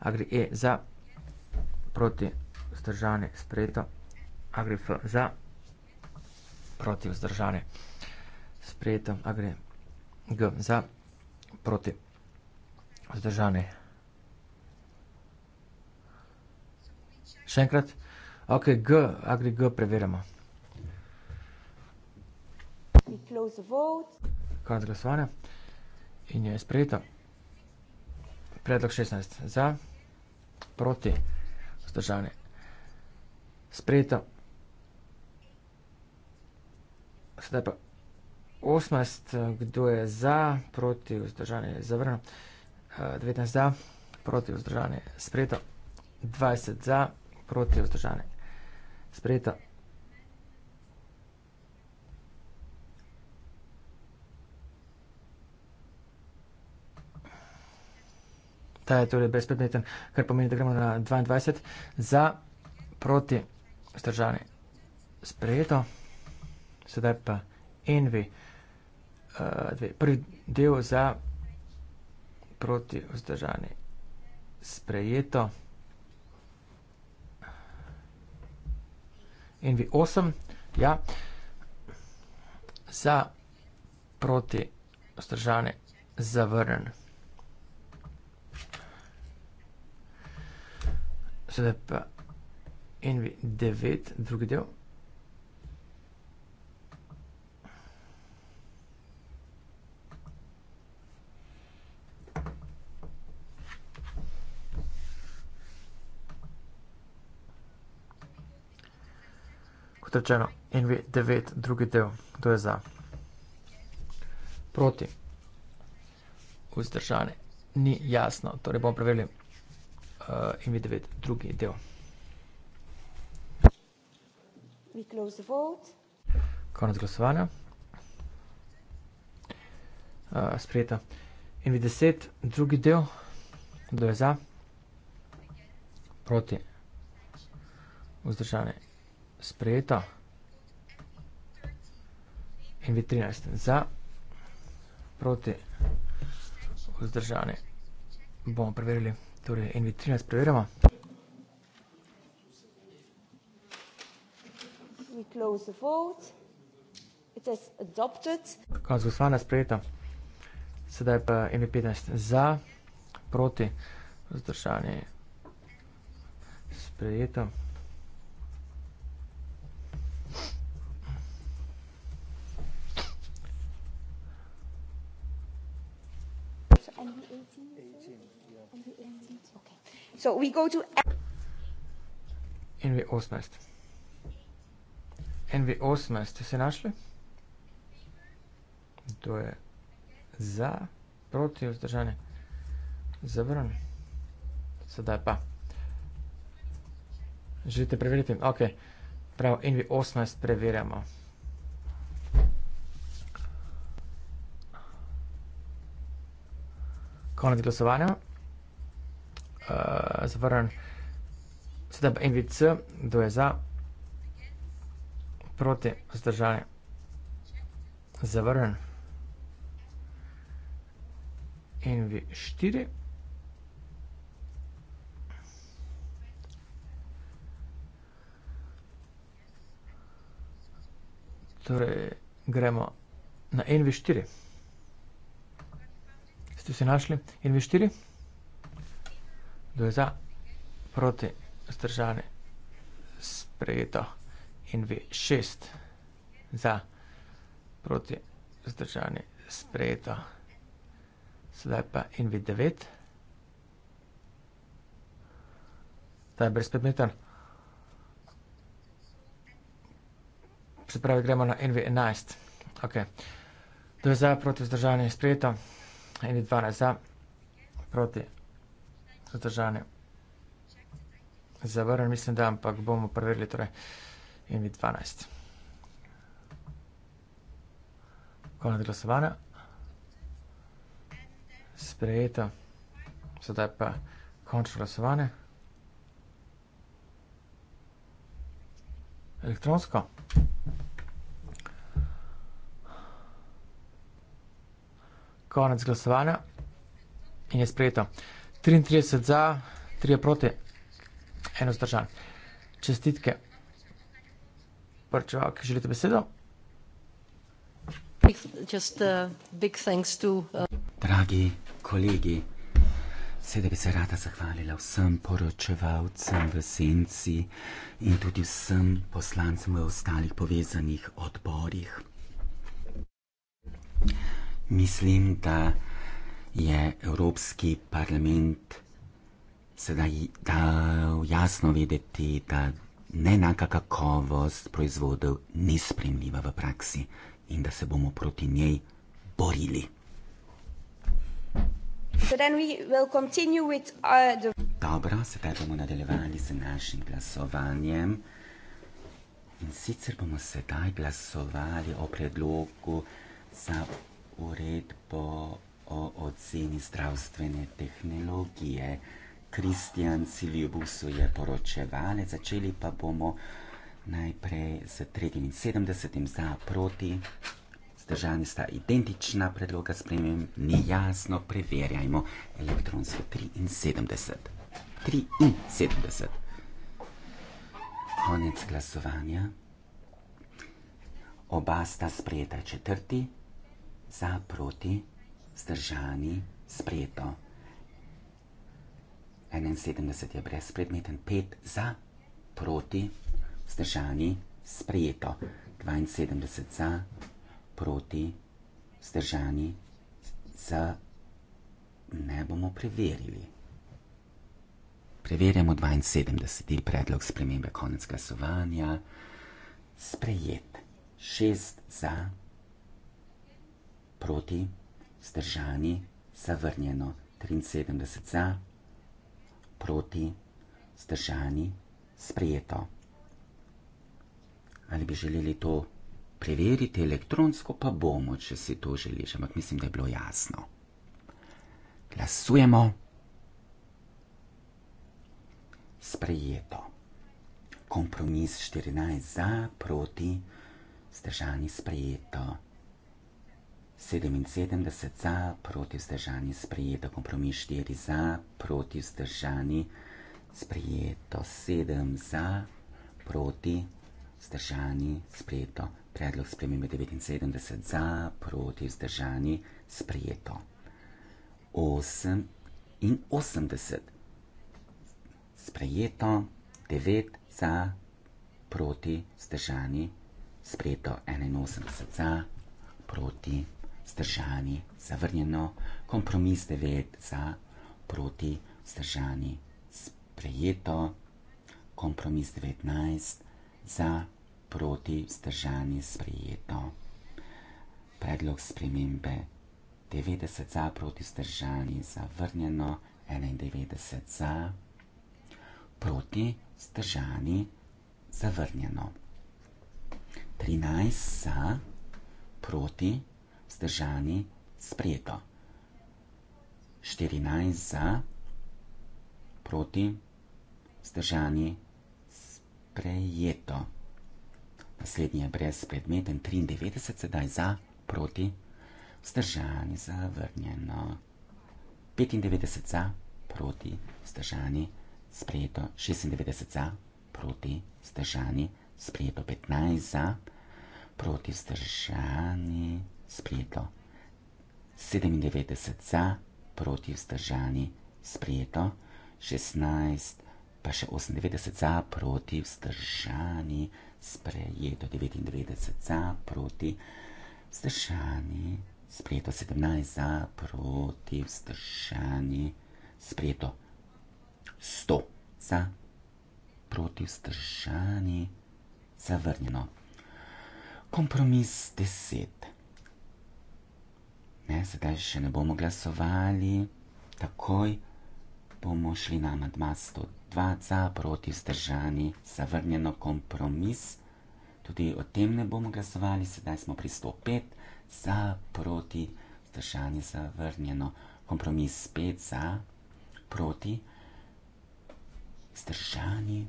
agri e za proti zdržane sprejeto, agri f za proti vzdržane sprejeto, agri g za proti vzdržane sprejeto. Še enkrat, ok, g, agri g, preverjamo. We close vote. Konec glasovanja. In je sprejeto. Predlog 16 za, proti, vzdržanje. Sprejeto. Sedaj pa 18, kdo je za, proti, vzdržanje je zavrno. 19 eh, za, proti, vzdržanje je sprejeto. 20 za, proti, vzdržanje je sprejeto proti vzdržane. Sprejeta. Ta je torej brezpredmeten, kar pomeni, da gremo na 22. Za proti vzdržane. Sprejeto. Sedaj pa NV. Eh, Prvi del za proti vzdržane. Sprejeto. Sprejeto. NV8, ja, za proti ostržane zavrnen. Sedaj pa NV9, drugi del, rečeno, NV9, drugi del, kdo je za? Proti. Vzdržane. Ni jasno, torej bomo preverili uh, NV9, drugi del. Konec glasovanja. Uh, sprejeta. NV10, drugi del, kdo je za? Proti. Vzdržane sprejeta in vi 13 za, proti vzdržani bomo preverili, torej in vi 13 preverjamo. We close the vote. It is adopted. Konc glasovanja sprejeta. Sedaj pa in vi 15 za, proti vzdržani sprejeta. Sprejeta. So we go to In v 18. In v 18 ste se našli? To je za, proti vzdržanje, zavrn. Sedaj pa. Želite preveriti? Ok. Prav, in v 18 preverjamo. Konec glasovanja uh, zavrn. Sedaj pa NVC, kdo je za, proti, zdržanje, zavrn. NV4. Torej, gremo na NV4. Ste se našli? NV4. Kdo je za, proti, vzdržane, sprejeto. In vi šest za, proti, vzdržane, sprejeto. Sedaj pa in vi devet. Ta je brezpredmeten. Se pravi, gremo na NV11. Ok. To je za, proti, vzdržanje in sprejeto. NV12 za, proti, zadržanje. Zavrnjen mislim, da, ampak bomo preverili, torej, in vi 12. Konec glasovanja. Sprejeto. Sedaj pa končno glasovanje. Elektronsko. Konec glasovanja. In je sprejeto. 33 za, 3 proti, 1 zdržan. Čestitke. Prčevak, želite besedo? Just, uh, big to, uh... Dragi kolegi, sedaj bi se rada zahvalila vsem poročevalcem v Senci in tudi vsem poslancem v ostalih povezanih odborih. Mislim, da je Evropski parlament sedaj dal jasno vedeti, da neenaka kakovost proizvodov ni sprejemljiva v praksi in da se bomo proti njej borili. Uh, Dobro, sedaj bomo nadaljevali z našim glasovanjem. In sicer bomo sedaj glasovali o predlogu za uredbo poceni zdravstvene tehnologije. Kristjan Siljubusu je poročevale, začeli pa bomo najprej z 73. za proti. Zdržani sta identična predloga spremem, ni jasno, preverjajmo elektronsko 73. 73. Konec glasovanja. Oba sta sprejeta četrti, za proti zdržani, sprejeto. 71 je brezpredmeten, 5 za, proti, zdržani, sprejeto. 72 za, proti, zdržani, za, ne bomo preverili. Preverjamo 72. predlog spremembe konec glasovanja. Sprejet. 6 za, proti, zdržani zdržani, zavrnjeno 73 za, proti, zdržani, sprejeto. Ali bi želeli to preveriti elektronsko, pa bomo, če si to želiš, ampak mislim, da je bilo jasno. Glasujemo. Sprejeto. Kompromis 14 za, proti, zdržani, sprejeto 73. 77 za, proti vzdržani sprejeto, kompromis 4 za, proti vzdržani sprejeto, 7 za, proti vzdržani sprejeto. Predlog spremembe 79 za, proti vzdržani sprejeto. 8 in 80 sprejeto, 9 za, proti vzdržani sprejeto, 81 za, proti vzdržani sprejeto vzdržani, zavrnjeno, kompromis 9 za, proti, vzdržani, sprejeto, kompromis 19 za, proti, vzdržani, sprejeto, predlog spremembe 90 za, proti, vzdržani, zavrnjeno, 91 za, proti, vzdržani, zavrnjeno. 13 za, proti, vzdržani, vzdržani, sprejeto. 14 za, proti, vzdržani, sprejeto. Naslednji je brezpredmeten, 93 sedaj za, proti, vzdržani, zavrnjeno. 95 za, proti, vzdržani, sprejeto. 96 za, proti, vzdržani, sprejeto. 15 za, proti, vzdržani, sprejeto sprijeto. 97 za, proti vzdržani, sprijeto. 16, pa še 98 za, proti vzdržani, sprijeto. 99 za, proti vzdržani, sprijeto. 17 za, proti vzdržani, sprijeto. 100 za, proti vzdržani, zavrnjeno. Kompromis 10. Ne, sedaj še ne bomo glasovali, takoj bomo šli na amadma 102 za, proti, vzdržani, zavrnjeno kompromis. Tudi o tem ne bomo glasovali, sedaj smo pri 105 za, proti, vzdržani, zavrnjeno kompromis 5 za, proti, vzdržani,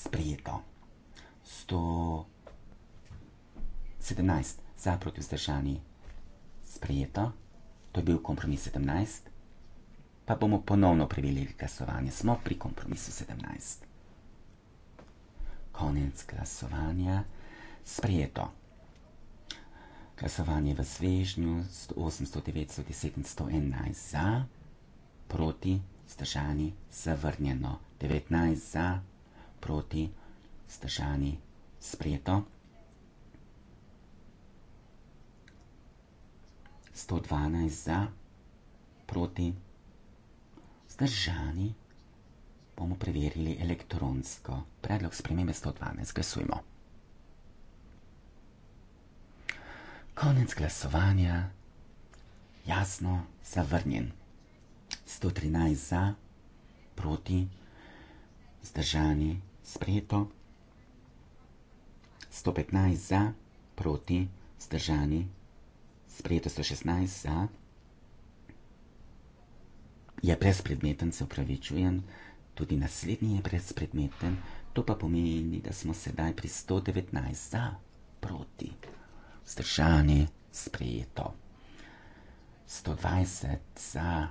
sprijeto. 117 za, proti, vzdržani, vzdržani sprijeto, to je bil kompromis 17, pa bomo ponovno preverili glasovanje. Smo pri kompromisu 17. Konec glasovanja. Sprijeto. Glasovanje v svežnju 108, 109, 111 za, proti, zdržani, zavrnjeno. 19 za, proti, zdržani, sprijeto. 112 za, proti, zdržani. Bomo preverili elektronsko. Predlog spremembe 112. Glasujmo. Konec glasovanja. Jasno, zavrnjen. 113 za, proti, zdržani, sprejeto. 115 za, proti, zdržani, sprejeto so 16 za, je brezpredmeten, se upravičujem, tudi naslednji je brezpredmeten, to pa pomeni, da smo sedaj pri 119 za, proti, vzdržani, sprejeto. 120 za,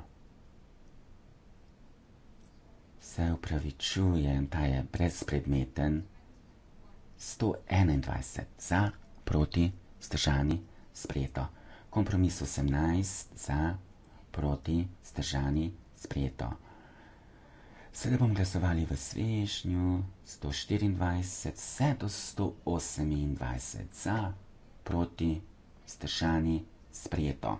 se upravičujem, ta je brezpredmeten, 121 za, proti, vzdržani, sprejeto kompromis 18 za, proti, zdržani, sprejeto. Sedaj bomo glasovali v svežnju 124 vse do 128 za, proti, zdržani, sprejeto.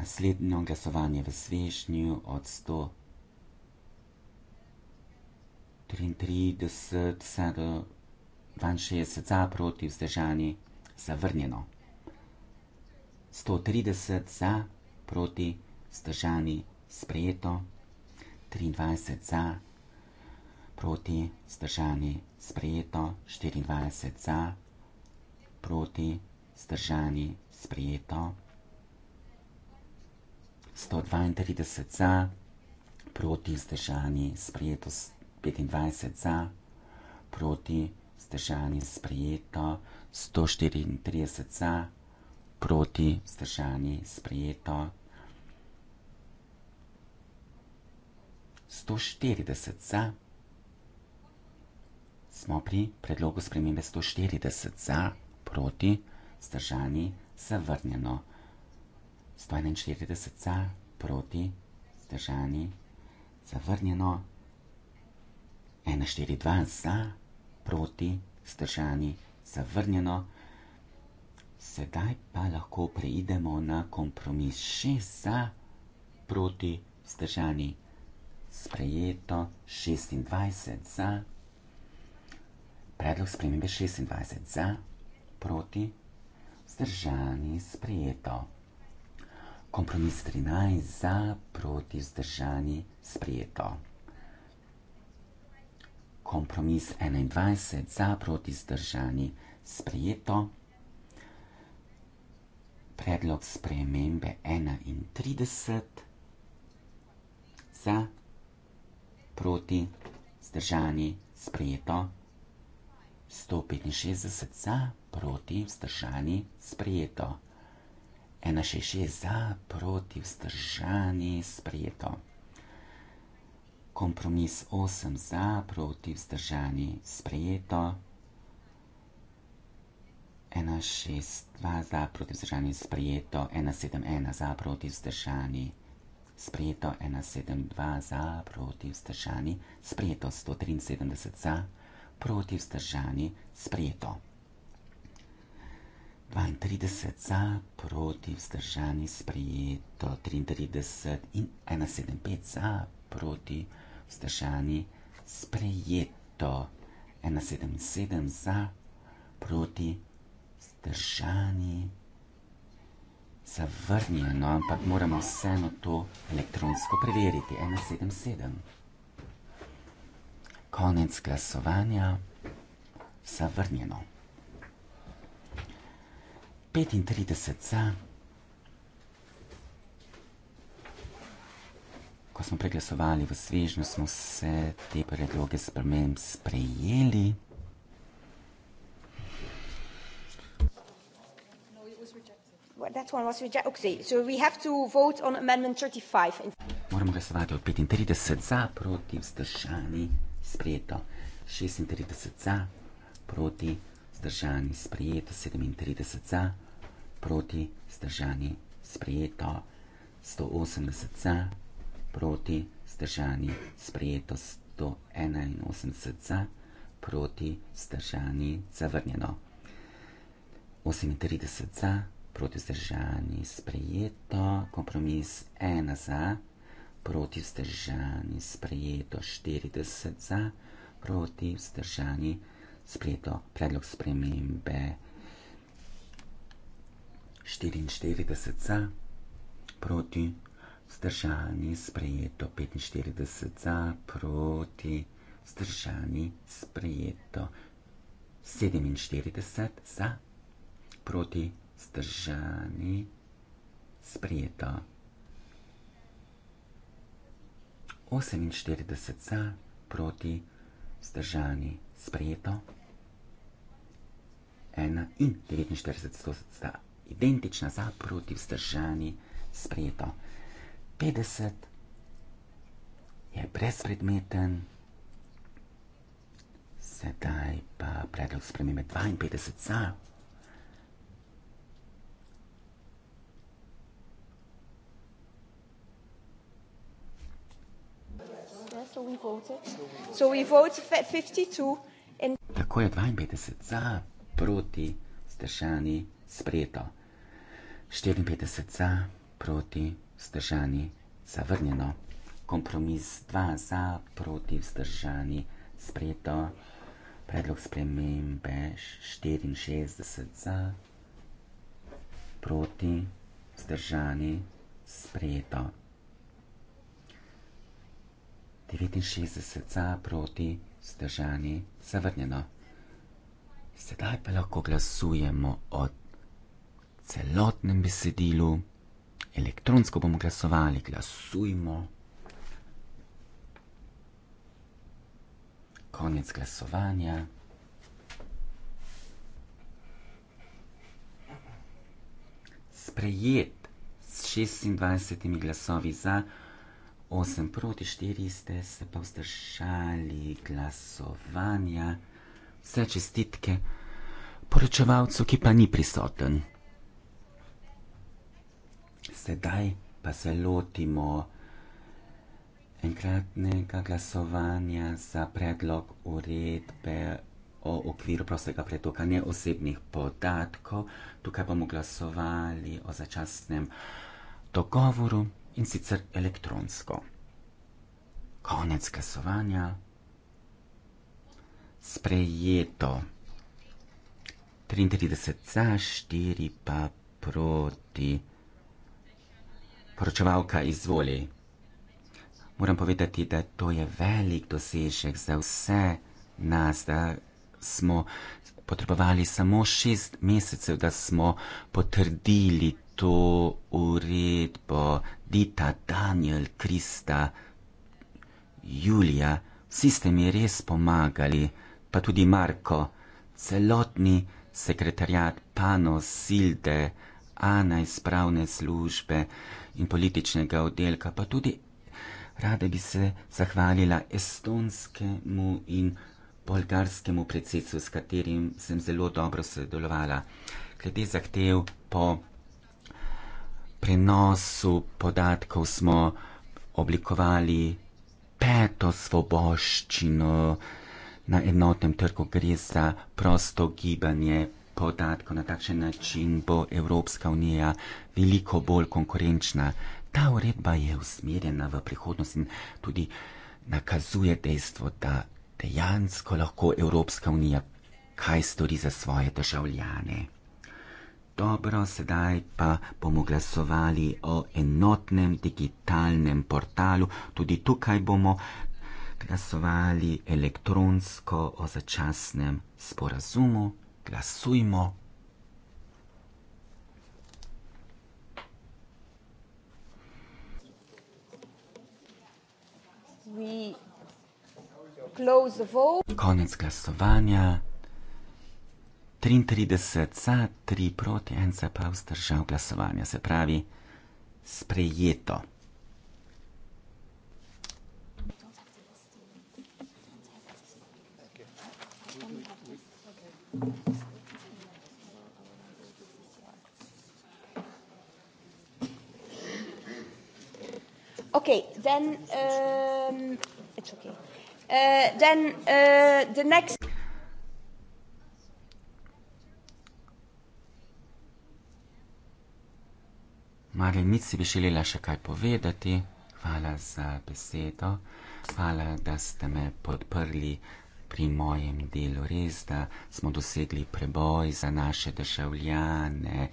Naslednjo glasovanje v svežnju od 133 vse do 62 za, proti, vzdržani, zavrnjeno sto trideset za, proti, vzdržani, sprejeto, triindvajset za, proti, vzdržani, sprejeto, štiriindvajset za, proti, vzdržani, sprejeto. Sto dvaintrideset za, proti, vzdržani, sprejeto, petindvajset za, proti, vzdržani, sprejeto, sto štiriintrideset za proti, zdržani, sprejeto. 140 za. Smo pri predlogu spremembe 140 za, proti, zdržani, zavrnjeno. 141 za, proti, zdržani, zavrnjeno. 142 za, proti, zdržani, zavrnjeno. 143 za, proti, zdržani, zavrnjeno. Sedaj pa lahko preidemo na kompromis šest za, proti, vzdržani, sprejeto, 26 za, predlog spremembe 26 za, proti, vzdržani, sprejeto. Kompromis 13 za, proti, vzdržani, sprejeto. Kompromis 21 za, proti, vzdržani, sprejeto predlog spremembe 31 za, proti, vzdržani, sprejeto. 165 za, proti, vzdržani, sprejeto. 166 za, proti, vzdržani, sprejeto. Kompromis 8 za, proti, vzdržani, sprejeto. 1-6-2 za proti vzdržanju sprejeto, 1-7-1 za proti vzdržanju sprejeto, 1-7-2 za proti vzdržanju sprejeto, 173 za proti vzdržanju sprejeto. 32 za proti vzdržanju sprejeto, 33 in 175 za proti vzdržanju sprejeto, 177 za proti vzdržanju sprejeto zdržani, zavrnjeno, ampak moramo vseeno to elektronsko preveriti. 177. Konec glasovanja, zavrnjeno. 35 za. Ko smo preglasovali v svežnju, smo vse te predloge sprememb sprejeli. Well, that one was rejected. Okay, so we have to vote on Amendment 35. Moramo glasovati od 35 za proti vzdržani sprejeto. 36 za proti vzdržani sprejeto. 37 za proti vzdržani sprejeto. 180 za proti vzdržani sprejeto. 181 za proti vzdržani zavrnjeno. 38 za proti vzdržani sprejeto proti vzdržani sprejeto, kompromis ena za, proti vzdržani sprejeto 40 za, proti vzdržani sprejeto predlog spremembe 44 za, proti vzdržani sprejeto 45 za, proti vzdržani sprejeto 47 za, proti vzdržani sprejeto 47 za, zdržani, sprijeto. 48 za, proti, zdržani, sprijeto. 1 in 49 sta identična za, proti, vzdržani, sprijeto. 50 je brezpredmeten. Sedaj pa predlog spremembe 52 za, Tako je 52 za, proti, zdržani, sprejeto. 54 za, proti, zdržani, zavrnjeno. Kompromis 2 za, proti, zdržani, sprejeto. Predlog spremembe 64 za, proti, zdržani, sprejeto. 69 za, proti, zdržani, zavrnjeno. Sedaj pa lahko glasujemo o celotnem besedilu. Elektronsko bomo glasovali, glasujmo. Konec glasovanja. Sprejet s 26 glasovi za, 8 proti 4 ste se pa vzdržali glasovanja. Vse čestitke poročevalcu, ki pa ni prisoten. Sedaj pa se lotimo enkratnega glasovanja za predlog uredbe o okviru prostega pretoka neosebnih podatkov. Tukaj bomo glasovali o začasnem dogovoru in sicer elektronsko. Konec glasovanja. Sprejeto. 33 za, 4 pa proti. Poročevalka, izvoli. Moram povedati, da to je velik dosežek za vse nas, da smo potrebovali samo šest mesecev, da smo potrdili to uredbo Dita Daniel Krista Julija, vsi ste mi res pomagali, pa tudi Marko, celotni sekretarjat Pano Silde, Ana iz pravne službe in političnega oddelka, pa tudi rada bi se zahvalila estonskemu in bolgarskemu predsedstvu, s katerim sem zelo dobro sodelovala. Glede zahtev po prenosu podatkov smo oblikovali peto svoboščino na enotnem trgu, gre za prosto gibanje podatkov. Na takšen način bo Evropska unija veliko bolj konkurenčna. Ta uredba je usmerjena v prihodnost in tudi nakazuje dejstvo, da dejansko lahko Evropska unija kaj stori za svoje državljane. Dobro, sedaj pa bomo glasovali o enotnem digitalnem portalu. Tudi tukaj bomo glasovali elektronsko o začasnem sporazumu. Glasujmo. Konec glasovanja. 33 za, 3 proti, 1 se pa vzdržal glasovanja, se pravi, sprejeto. Okay, then um, it's okay. Uh, then uh, the next. Marinici bi želela še kaj povedati. Hvala za besedo. Hvala, da ste me podprli pri mojem delu. Res, da smo dosegli preboj za naše državljane.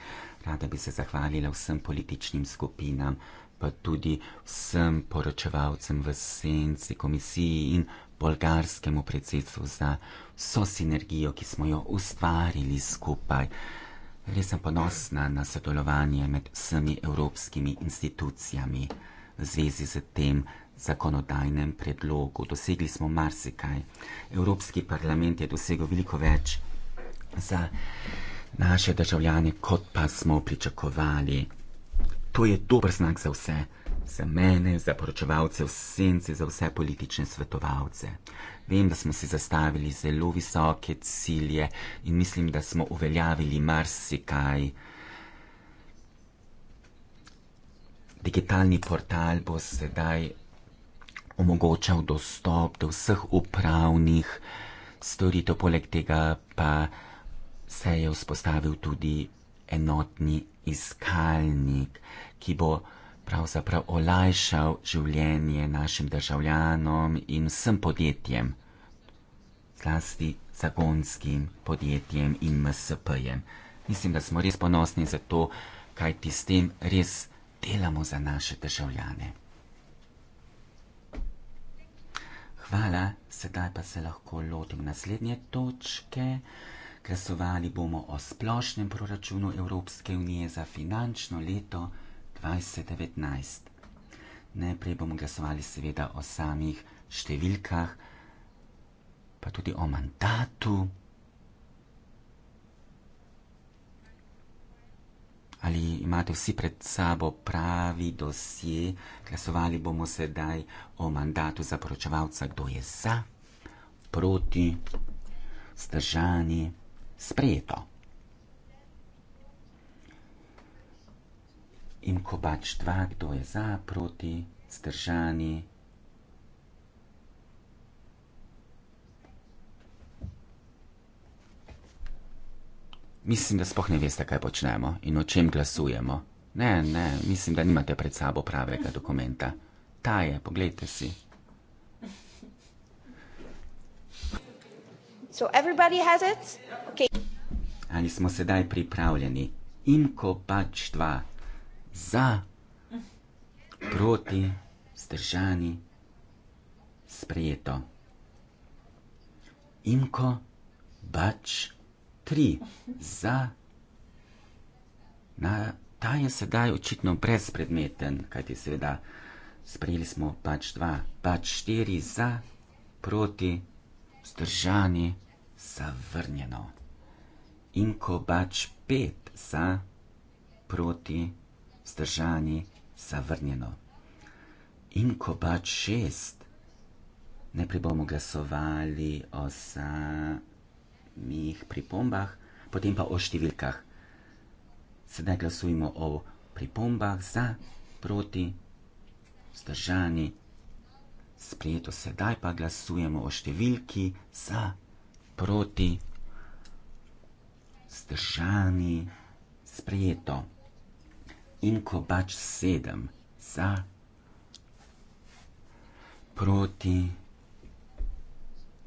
Rada bi se zahvalila vsem političnim skupinam, pa tudi vsem poročevalcem v senci komisiji in bolgarskemu predsedstvu za vso sinergijo, ki smo jo ustvarili skupaj. Res sem ponosna na sodelovanje med vsemi evropskimi institucijami v zvezi z tem zakonodajnem predlogu. Dosegli smo marsikaj. Evropski parlament je dosegel veliko več za naše državljane, kot pa smo pričakovali. To je dober znak za vse, za mene, za poročevalce v senci, za vse politične svetovalce. Vem, da smo si zastavili zelo visoke cilje in mislim, da smo uveljavili marsikaj. Digitalni portal bo sedaj omogočal dostop do vseh upravnih storitev, poleg tega pa se je vzpostavil tudi enotni iskalnik, ki bo pravzaprav olajšal življenje našim državljanom in vsem podjetjem, zlasti zagonskim podjetjem in MSP-jem. Mislim, da smo res ponosni za to, kaj ti s tem res delamo za naše državljane. Hvala, sedaj pa se lahko lotim naslednje točke. Glasovali bomo o splošnem proračunu Evropske unije za finančno leto 2021. 2019. Najprej bomo glasovali seveda o samih številkah, pa tudi o mandatu. Ali imate vsi pred sabo pravi dosje? Glasovali bomo sedaj o mandatu za poročevalca, kdo je za, proti, zdržani, sprejeto. in ko pač dva, kdo je za, proti, zdržani. Mislim, da spoh ne veste, kaj počnemo in o čem glasujemo. Ne, ne, mislim, da nimate pred sabo pravega dokumenta. Ta je, pogledajte si. So has it? Okay. Ali smo sedaj pripravljeni? In ko pač dva za, proti, vzdržani, sprejeto. Imko, bač, tri, za. Na, ta je sedaj očitno brezpredmeten, kajti seveda sprejeli smo bač dva, bač štiri, za, proti, vzdržani, zavrnjeno. Imko, bač pet, za, proti, vzdržani vzdržani, zavrnjeno. In ko pač šest, najprej bomo glasovali o samih pripombah, potem pa o številkah. Sedaj glasujemo o pripombah za, proti, vzdržani, sprijeto. Sedaj pa glasujemo o številki za, proti, vzdržani, sprijeto in kopač sedem za, proti,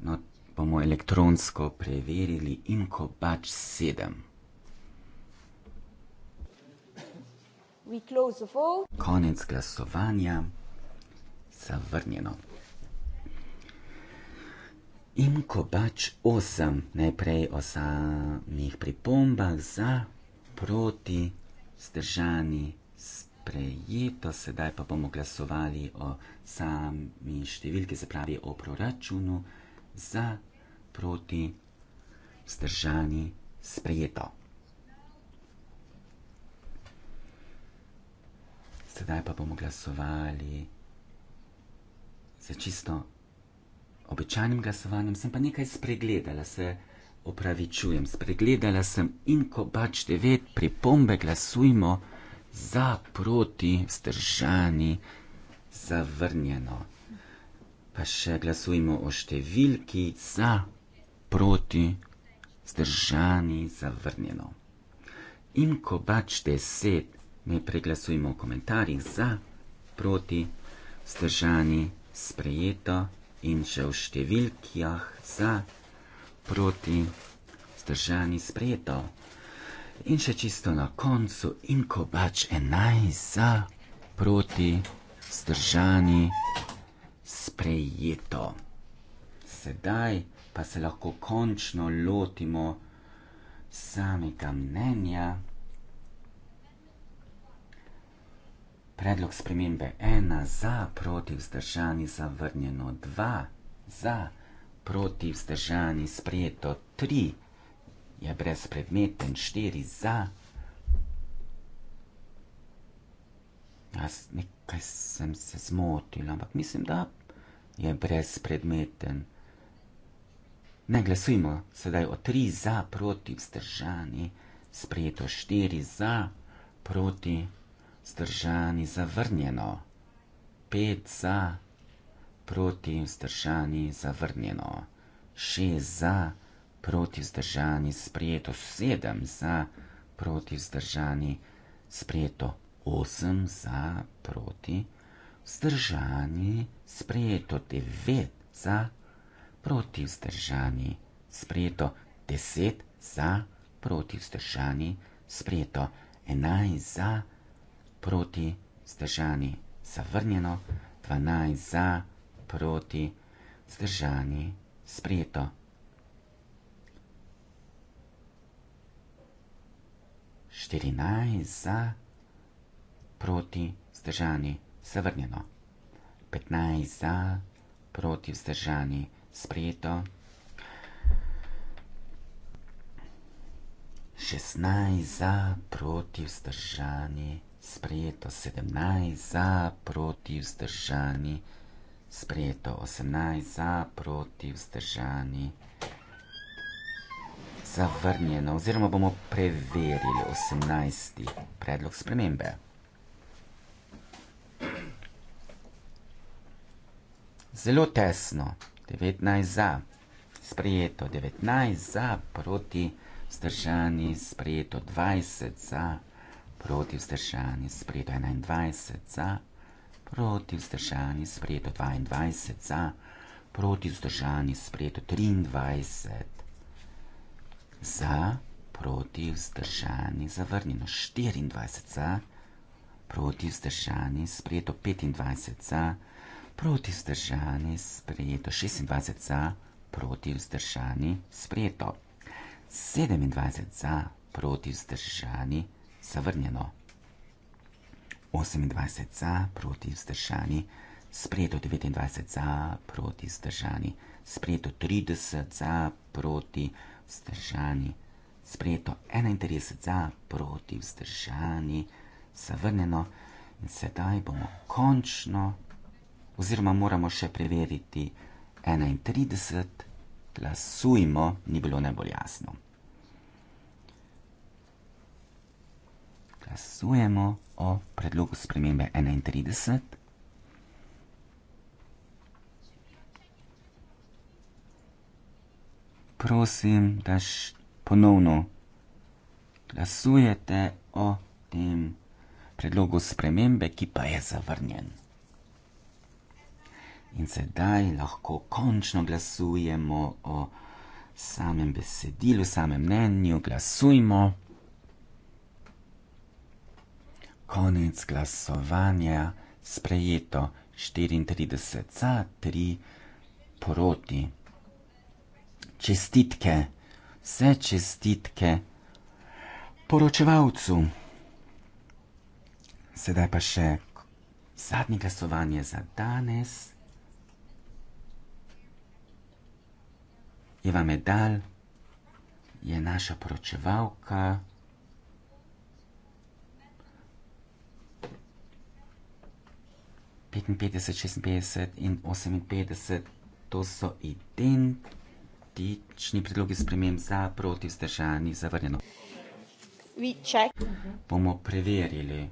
no, bomo elektronsko preverili in kopač sedem. Konec glasovanja, zavrnjeno. In kopač osem, najprej o samih pripombah za, proti, proti, zdržani, sprejeto, sedaj pa bomo glasovali o sami številki, se pravi o proračunu za, proti, zdržani, sprejeto. Sedaj pa bomo glasovali za čisto običajnim glasovanjem, sem pa nekaj spregledala se opravičujem, spregledala sem in ko pač devet pripombe glasujmo za, proti, vzdržani, zavrnjeno. Pa še glasujmo o številki za, proti, vzdržani, zavrnjeno. In ko pač deset ne preglasujmo v komentarjih za, proti, vzdržani, sprejeto in še v številkijah za, proti, vzdržani, zavrnjeno proti, zdržani, sprejeto. In še čisto na koncu, in ko pač enajst za, proti, zdržani, sprejeto. Sedaj pa se lahko končno lotimo samega mnenja. Predlog spremembe ena za, proti, vzdržani, zavrnjeno dva za proti vzdržani, sprejeto tri je brezpredmeten, štiri za. Jaz nekaj sem se zmotil, ampak mislim, da je brezpredmeten. Ne, glasujmo sedaj o tri za proti vzdržani, sprejeto štiri za proti vzdržani, zavrnjeno. Pet za proti vzdržani proti, vzdržani, zavrnjeno. Šest za, proti, vzdržani, sprejeto. Sedem za, proti, vzdržani, sprejeto. Osem za, proti, vzdržani, sprejeto. Devet za, proti, vzdržani, sprejeto. Deset za, proti, vzdržani, sprejeto. Enajst za, proti, vzdržani, zavrnjeno. Dvanajst za, proti, vzdržani, sprejeto proti, zdržani, sprijeto. Štirinajst za, proti, zdržani, zavrnjeno. Petnajst za, proti, vzdržani, sprijeto. Šestnajst za, proti, vzdržani, sprijeto. Sedemnajst za, proti, vzdržani, sprijeto sprejeto 18 za, proti, vzdržani. Zavrnjeno, oziroma bomo preverili 18. predlog spremembe. Zelo tesno, 19 za, sprejeto 19 za, proti, vzdržani, sprejeto 20 za, proti, vzdržani, sprejeto 21 za, proti vzdržani sprejeto 22 za, proti vzdržani sprejeto 23 za, proti vzdržani zavrnjeno 24 za, proti vzdržani sprejeto 25 za, proti vzdržani sprejeto 26 za, proti vzdržani sprejeto 27 za, proti vzdržani zavrnjeno 24 za. 28 za, proti vzdržani, sprejeto 29 za, proti vzdržani, sprejeto 30 za, proti vzdržani, sprejeto 31 za, proti vzdržani, zavrneno. In sedaj bomo končno, oziroma moramo še preveriti 31, glasujmo, ni bilo najbolj jasno. glasujemo o predlogu spremembe 31. Prosim, da ponovno glasujete o tem predlogu spremembe, ki pa je zavrnjen. In sedaj lahko končno glasujemo o samem besedilu, samem mnenju. Glasujmo konec glasovanja sprejeto 34 za 3 proti. Čestitke, vse čestitke poročevalcu. Sedaj pa še zadnje glasovanje za danes. Eva Medal je naša poročevalka. 55, 56 in 58. To so identični predlogi sprememb za, proti, vzdržani, zavrnjeno. Bomo preverili.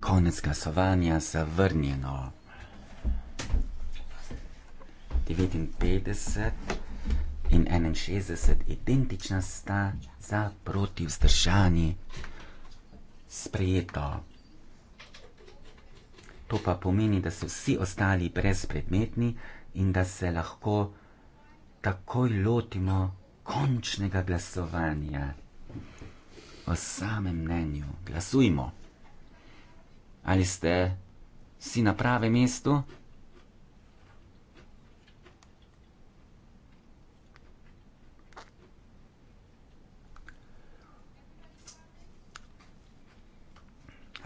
Konec glasovanja, zavrnjeno. 59 in 61 identična sta za proti vzdržani sprejeto. To pa pomeni, da so vsi ostali brezpredmetni in da se lahko takoj lotimo končnega glasovanja o samem mnenju. Glasujmo. Ali ste si na pravem mestu?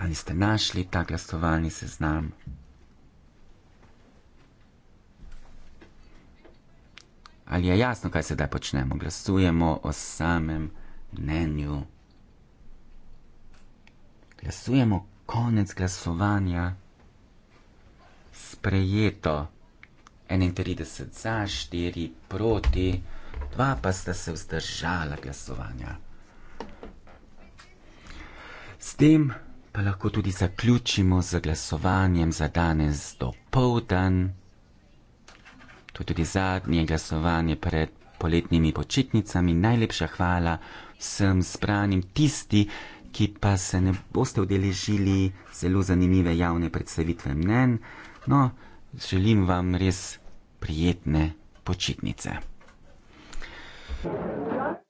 ali ste našli ta glasovalni seznam. Ali je jasno, kaj sedaj počnemo? Glasujemo o samem mnenju. Glasujemo konec glasovanja. Sprejeto 31 za, 4 proti, 2 pa sta se vzdržala glasovanja. S tem pa lahko tudi zaključimo z glasovanjem za danes do povdan. To je tudi zadnje glasovanje pred poletnimi počitnicami. Najlepša hvala vsem zbranim, tisti, ki pa se ne boste udeležili zelo zanimive javne predstavitve mnen. No, želim vam res prijetne počitnice. Thank you.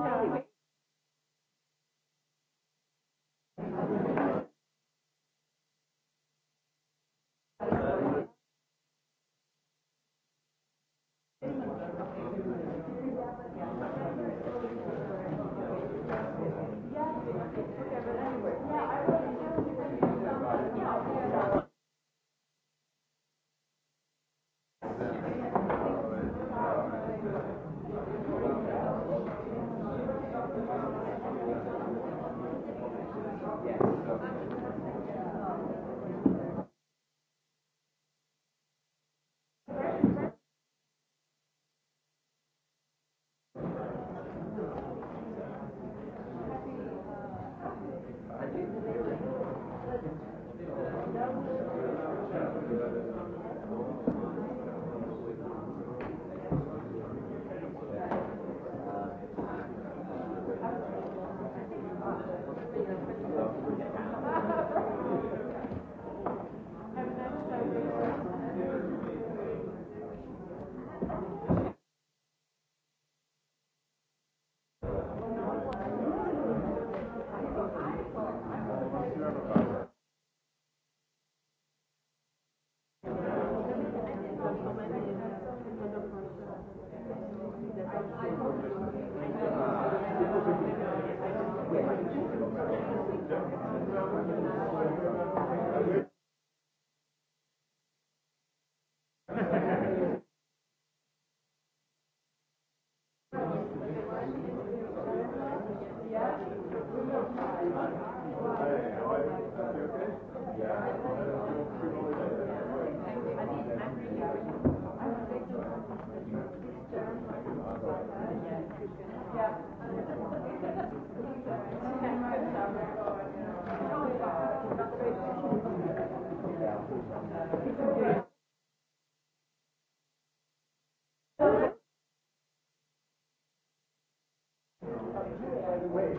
Yeah.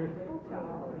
Ja.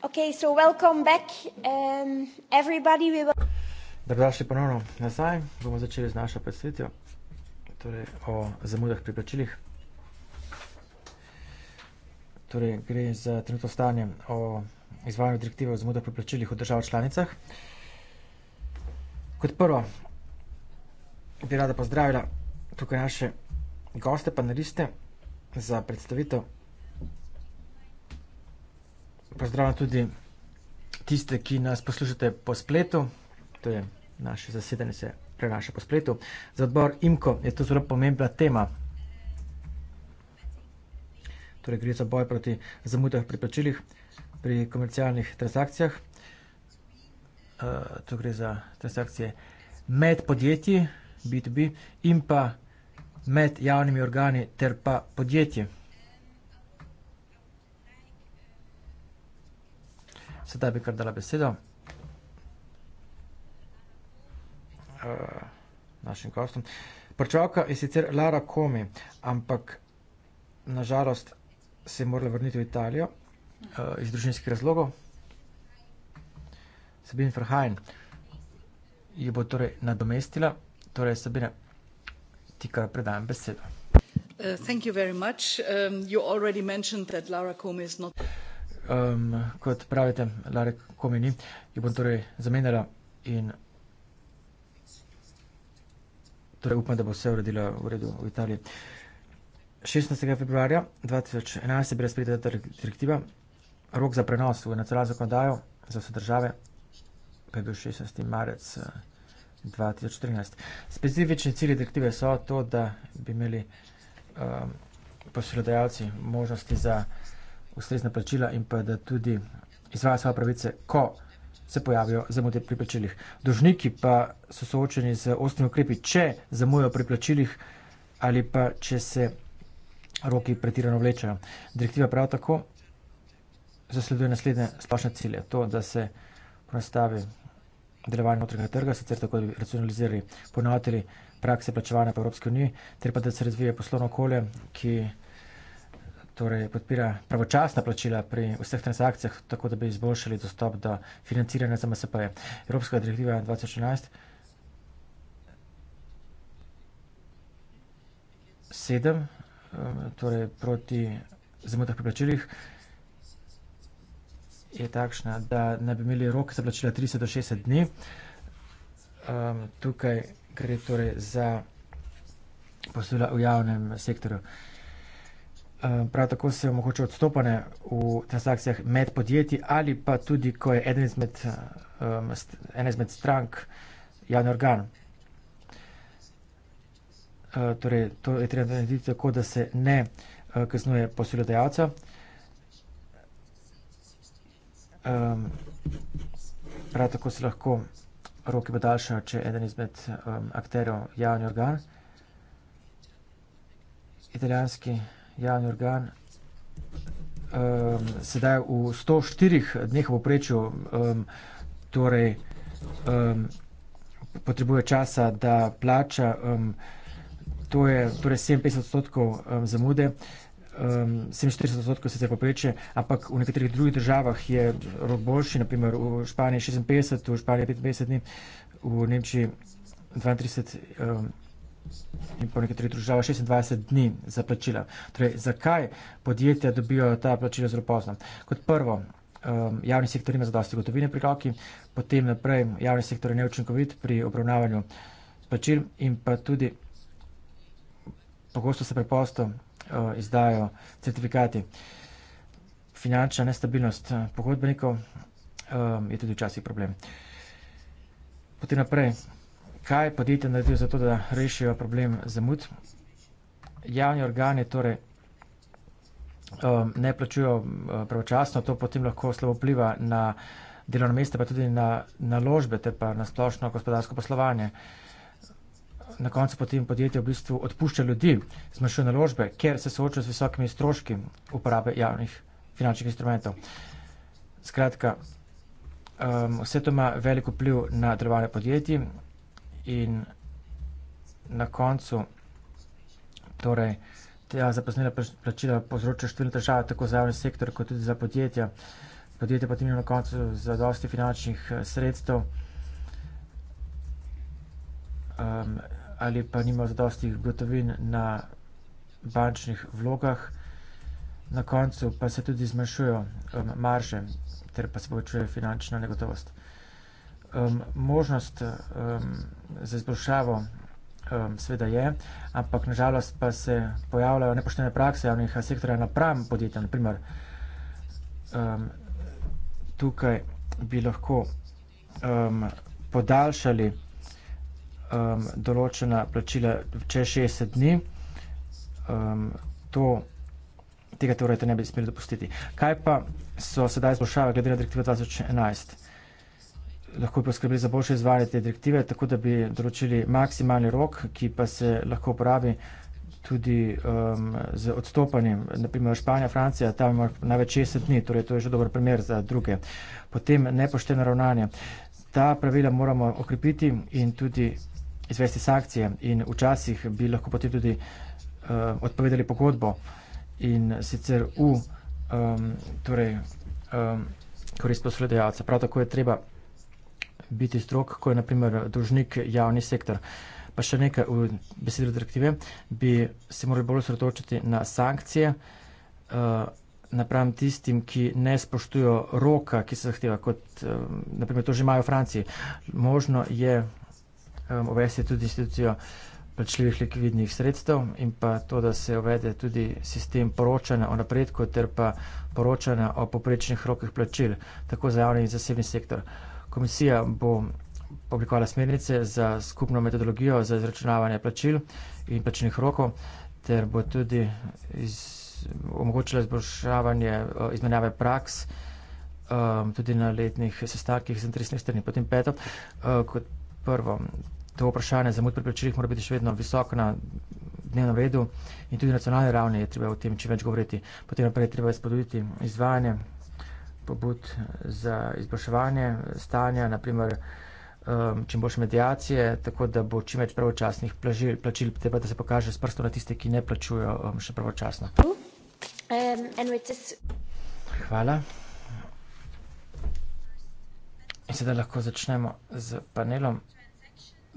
Okay, so welcome back, um, everybody. We will... Dobrodošli ponovno nazaj. Bomo začeli z našo predstavitvijo torej, o zamudah pri plačilih. Torej, gre za trenutno stanje o izvajanju direktive o zamudah pri plačilih v državah članicah. Kot prvo bi rada pozdravila tukaj naše goste, paneliste za predstavitev pozdravljam tudi tiste, ki nas poslušate po spletu. To je naše zasedanje, se prenaša po spletu. Za odbor IMKO je to zelo pomembna tema. Torej, gre za boj proti zamudah pri plačilih, pri komercialnih transakcijah. Uh, eh, to gre za transakcije med podjetji, B2B in pa med javnimi organi ter pa podjetji. sedaj bi kar dala besedo uh, našim gostom. Prčevalka je sicer Lara Komi, ampak nažalost se je morala vrniti v Italijo uh, iz družinskih razlogov. Sabine Verhajn jo bo torej nadomestila. Torej, Sabine, ti kar predajam besedo. Uh, thank you very much. Um, you already mentioned that Lara Comey is not um, kot pravite, Larek Komeni, jo bom torej zamenjala in torej upam, da bo vse uredila v redu v Italiji. 16. februarja 2011 je bila sprejeta ta direktiva, rok za prenos v nacionalno zakonodajo za vse države, pa je bil 16. marec 2014. Eh, Specifični cilji direktive so to, da bi imeli um, posredajalci možnosti za uh, ustrezna plačila in pa da tudi izvaja svoje pravice, ko se pojavijo zamude pri plačilih. Dožniki pa so soočeni z ostrimi ukrepi, če zamujajo pri plačilih ali pa če se roki pretirano vlečajo. Direktiva prav tako zasleduje naslednje splošne cilje. To, da se prostavi delovanje notranjega trga, sicer tako, da bi racionalizirali ponovitelji prakse plačevanja po Evropski uniji, ter pa da se razvije poslovno okolje, ki torej podpira pravočasna plačila pri vseh transakcijah, tako da bi izboljšali dostop do financiranja za MSP-je. Evropska direktiva 2016-7, eh, torej proti zamotah pri plačilih, je takšna, da ne bi imeli rok za plačila 30 do 60 dni. Ehm, tukaj gre torej za posluha v javnem sektorju. Eh, prav tako se omogoča odstopanje v transakcijah med podjetji ali pa tudi, ko je eden izmed, ena izmed strank javni organ. Eh, torej, to je treba narediti tako, da se ne eh, kaznuje posiljodajalca. Prav tako se lahko roke podaljša, če je eden izmed akterjev javni organ. Italijanski organ javni organ. Um, sedaj v 104 dneh v oprečju um, torej, um, potrebuje časa, da plača. Um, to je torej 57 odstotkov um, zamude. 47 um, odstotkov se zdaj popreče, ampak v nekaterih drugih državah je rok boljši, naprimer v Španiji 56, v Španiji 55 dni, v Nemčiji 32 um, in po nekaterih državah 26 dni za plačila. Torej, zakaj podjetja dobijo ta plačila zelo pozno? Kot prvo, um, javni sektor ima zadosti gotovine pri kavki, potem naprej javni sektor je neučinkovit pri obravnavanju plačil in pa tudi pogosto se preposto uh, izdajo certifikati. Finančna nestabilnost uh, pogodbenikov um, je tudi včasih problem. Potem naprej, kaj podjetja naredijo za to, da rešijo problem zamud. Javni organi torej um, ne plačujo um, pravočasno, to potem lahko slabo pliva na delovno mesto, pa tudi na naložbe, te pa na splošno gospodarsko poslovanje. Na koncu potem podjetje v bistvu odpušča ljudi, zmanjšuje naložbe, ker se soočajo z visokimi stroški uporabe javnih finančnih instrumentov. Skratka, um, vse to ima veliko pliv na delovanje podjetij in na koncu torej ta zapoznila plačila povzroča številne države tako za javni sektor kot tudi za podjetja. Podjetje potem ima na koncu za dosti finančnih eh, sredstev um, ali pa nima za dosti gotovin na bančnih vlogah. Na koncu pa se tudi zmanjšujo um, ehm, marže ter pa se povečuje finančna negotovost um, možnost um, za izboljšavo um, sveda je, ampak nažalost pa se pojavljajo nepoštene prakse javnih sektorja napram podjetja. Naprimer, um, tukaj bi lahko um, podaljšali um, določena plačila čez 60 dni. Um, to, tega torej te ne bi smeli dopustiti. Kaj pa so sedaj izboljšave glede na direktivo 2011? lahko poskrbeli za boljše izvajanje te direktive, tako da bi določili maksimalni rok, ki pa se lahko uporabi tudi um, z odstopanjem. Naprimer, Španija, Francija, tam ima največ 60 dni, torej to je že dober primer za druge. Potem nepošteno ravnanje. Ta pravila moramo okrepiti in tudi izvesti sankcije in včasih bi lahko potem tudi uh, odpovedali pogodbo in sicer v um, torej, um, korist poslodajalca. Prav tako je treba biti strok, ko je naprimer dožnik javni sektor. Pa še nekaj v besedilu direktive, bi se morali bolj sredočiti na sankcije uh, napram tistim, ki ne spoštujo roka, ki se zahteva, kot um, eh, naprimer to že imajo v Franciji. Možno je um, uvesti tudi institucijo plačljivih likvidnih sredstev in pa to, da se uvede tudi sistem poročanja o napredku ter pa poročanja o poprečnih rokih plačil, tako za javni in zasebni sektor. Uh, Komisija bo publikovala smernice za skupno metodologijo za izračunavanje plačil in plačnih rokov, ter bo tudi iz, omogočila izboljšavanje izmenjave praks um, tudi na letnih sestankih z interesnih strani. Potem peto, uh, kot prvo, to vprašanje zamud pri plačilih mora biti še vedno visoko na dnevnem redu in tudi na nacionalni ravni je treba o tem čim več govoriti. Potem naprej treba izpodobiti izvajanje pobud eh, za izboljševanje stanja, naprimer eh, čim boljše medijacije, tako da bo čim več pravočasnih plačil, te pa da se pokaže s prstom na tiste, ki ne plačujo eh, še pravočasno. Um, Hvala. In sedaj lahko začnemo z panelom,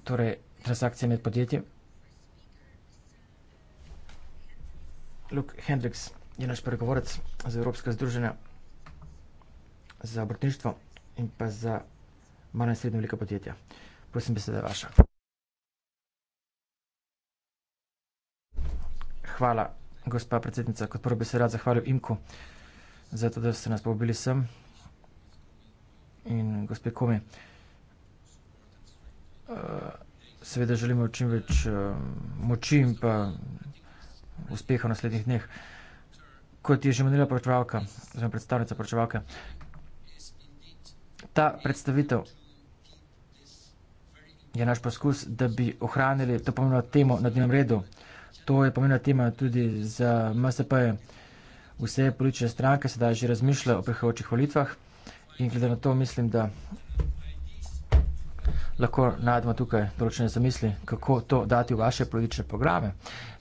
torej transakcije med podjetji. Luke Hendricks je naš pregovorec za Evropske združenja za obrtništvo in pa za malo in srednje velike podjetja. Prosim, beseda je vaša. Hvala, gospa predsednica. Kot prvo bi se rad zahvalil IMKO za to, da ste nas povabili sem in gospe Komi. Eh, seveda želimo čim več eh, moči in pa uspeha v naslednjih dneh. Kot je že menila predstavnica predstavljavke, Ta predstavitev je naš poskus, da bi ohranili to pomembno temo na dnevnem redu. To je pomembna tema tudi za MSP. Vse politične stranke sedaj že razmišljajo o prihajajočih volitvah in glede na to mislim, da lahko najdemo tukaj določene zamisli, kako to dati v vaše politične programe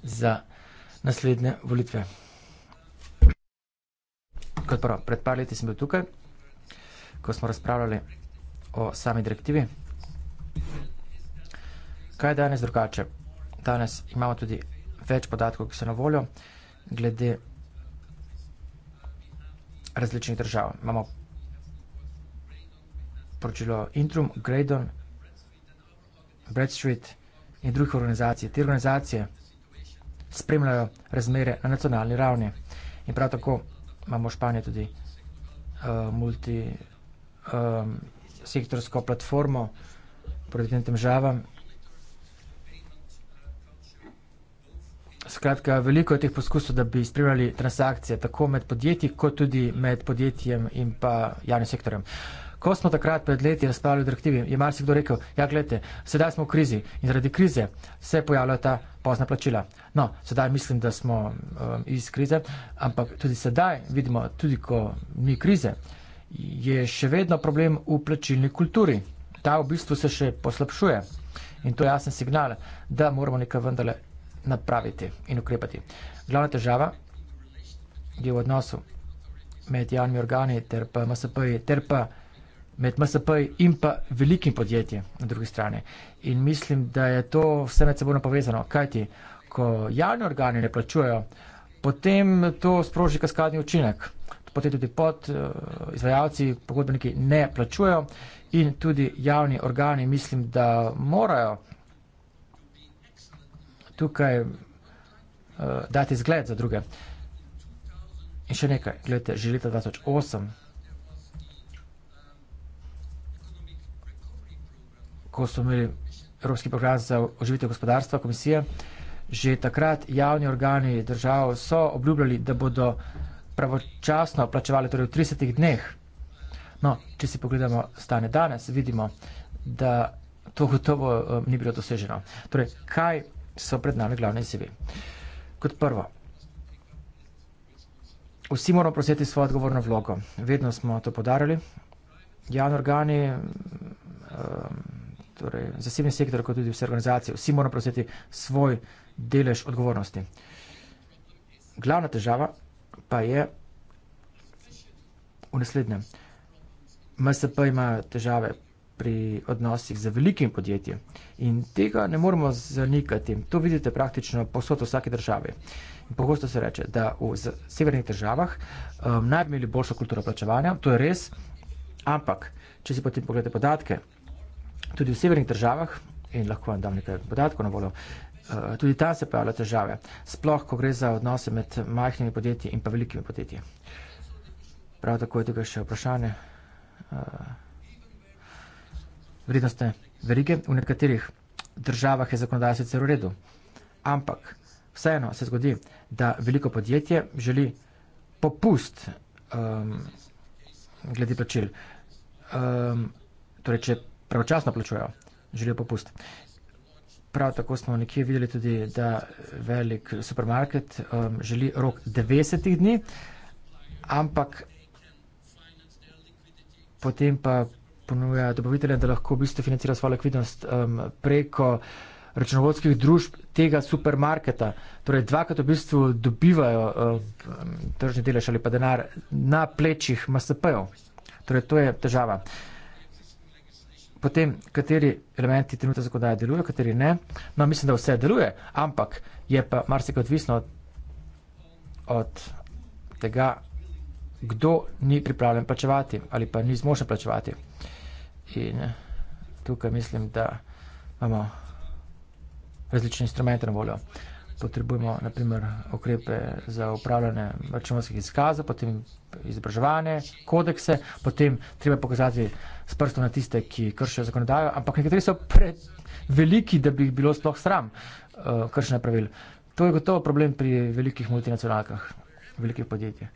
za naslednje volitve. Kot prvo, pred par leti sem bil tukaj ko smo razpravljali o sami direktivi. Kaj je danes drugače? Danes imamo tudi več podatkov, ki so na voljo, glede različnih držav. Imamo poročilo Intrum, Graydon, Bradstreet in drugih organizacij. Te organizacije spremljajo razmere na nacionalni ravni. In prav tako imamo v Španiji tudi uh, multi, um, sektorsko platformo proti tem težavam. Skratka, veliko je teh poskusov, da bi spremljali transakcije tako med podjetji, kot tudi med podjetjem in pa javnim sektorjem. Ko smo takrat pred leti razpravljali o direktivi, je marsikdo rekel, ja, gledajte, sedaj smo v krizi in zaradi krize se pojavljajo ta pozna plačila. No, sedaj mislim, da smo um, iz krize, ampak tudi sedaj vidimo, tudi ko ni krize, uh, je še vedno problem v plačilni kulturi. Ta v bistvu se še poslabšuje in to je jasen signal, da moramo nekaj vendarle napraviti in ukrepati. Glavna težava je v odnosu med javnimi organi ter pa MSP, ter pa med MSP in pa velikim podjetji na drugi strani. In mislim, da je to vse med seboj povezano. Kajti, ko javni organi ne plačujejo, potem to sproži kaskadni učinek potem tudi pod eh, izvajalci, pogodbeniki ne plačujejo in tudi javni organi mislim, da morajo tukaj uh, dati zgled za druge. In še nekaj, gledajte, že leta 2008, ko smo imeli Evropski program za oživitev gospodarstva komisije, že takrat javni organi držav so obljubljali, da bodo uh, pravočasno plačevali, torej v 30 dneh. No, če si pogledamo stane danes, vidimo, da to gotovo um, ni bilo doseženo. Torej, kaj so pred nami glavne izzivi? Kot prvo, vsi moramo prosjeti svojo odgovorno vlogo. Vedno smo to podarili. Javni organi, um, torej zasebni sektor, kot tudi vse organizacije, vsi moramo prosjeti svoj delež odgovornosti. Glavna težava pa je v naslednjem. MSP ima težave pri odnosih z velikim podjetjem in tega ne moramo zanikati. To vidite praktično posod v vsaki državi. In pogosto se reče, da v severnih državah um, naj bi imeli boljšo kulturo plačevanja, to je res, ampak če si potem pogledate podatke, tudi v severnih državah, in lahko vam dam nekaj podatkov na voljo, Eh, tudi tam se pojavljajo težave, sploh, ko gre za odnose med majhnimi podjetji in pa velikimi podjetji. Prav tako je tukaj še vprašanje eh, vrednostne verige. V nekaterih državah je zakonodaja sicer v redu, ampak vseeno se zgodi, da veliko podjetje želi popust eh, glede plačil. Torej, če pravočasno plačujejo, želijo popust. Prav tako smo nekje videli tudi, da velik supermarket um, želi rok 90 dni, ampak potem pa ponuja dobavitelje, da lahko v bistvu financira svojo likvidnost um, preko računovodskih družb tega supermarketa. Torej, dvakrat v bistvu dobivajo um, tržni delež ali pa denar na plečih MSP-jev. Torej, to je težava potem, kateri elementi trenutne zakonodaje delujejo, kateri ne. No, mislim, da vse deluje, ampak je pa marsikaj odvisno od, od tega, kdo ni pripravljen plačevati ali pa ni zmožen plačevati. In tukaj mislim, da imamo različne instrumente na voljo. Potrebujemo naprimer okrepe za upravljanje računovskih izkazov, potem izobraževanje, kodekse, potem treba pokazati s prstom na tiste, ki kršijo zakonodajo, ampak nekateri so preveliki, da bi jih bilo sploh sram uh, eh, kršene pravil. To je gotovo problem pri velikih multinacionalkah, velikih podjetjih.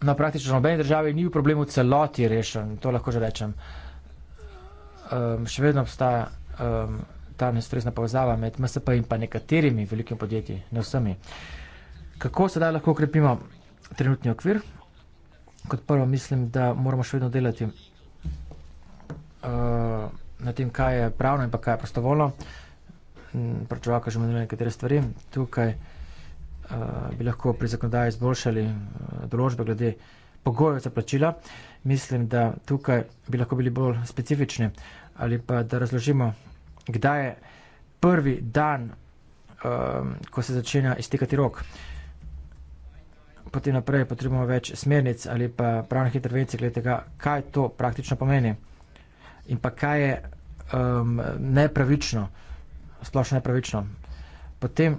Na no, praktično nobeni državi ni v problemu celoti rešen, to lahko že rečem. Um, še vedno obstaja um, ta nestresna povezava med MSP in pa nekaterimi velikimi podjetji, ne vsemi. Kako sedaj lahko ukrepimo trenutni okvir? kot prvo mislim, da moramo še vedno delati uh, na tem, kaj je pravno in pa kaj je prostovoljno. Mm, Pračovaka že menili nekatere stvari. Tukaj uh, bi lahko pri zakonodaji izboljšali uh, določbe glede pogojev za plačila. Mislim, da tukaj bi lahko bili bolj specifični ali pa da razložimo, kdaj je prvi dan, uh, ko se začenja iztekati rok. Uh, potem naprej potrebujemo več smernic ali pa pravnih intervencij glede tega, kaj to praktično pomeni in pa kaj je um, nepravično, splošno nepravično. Potem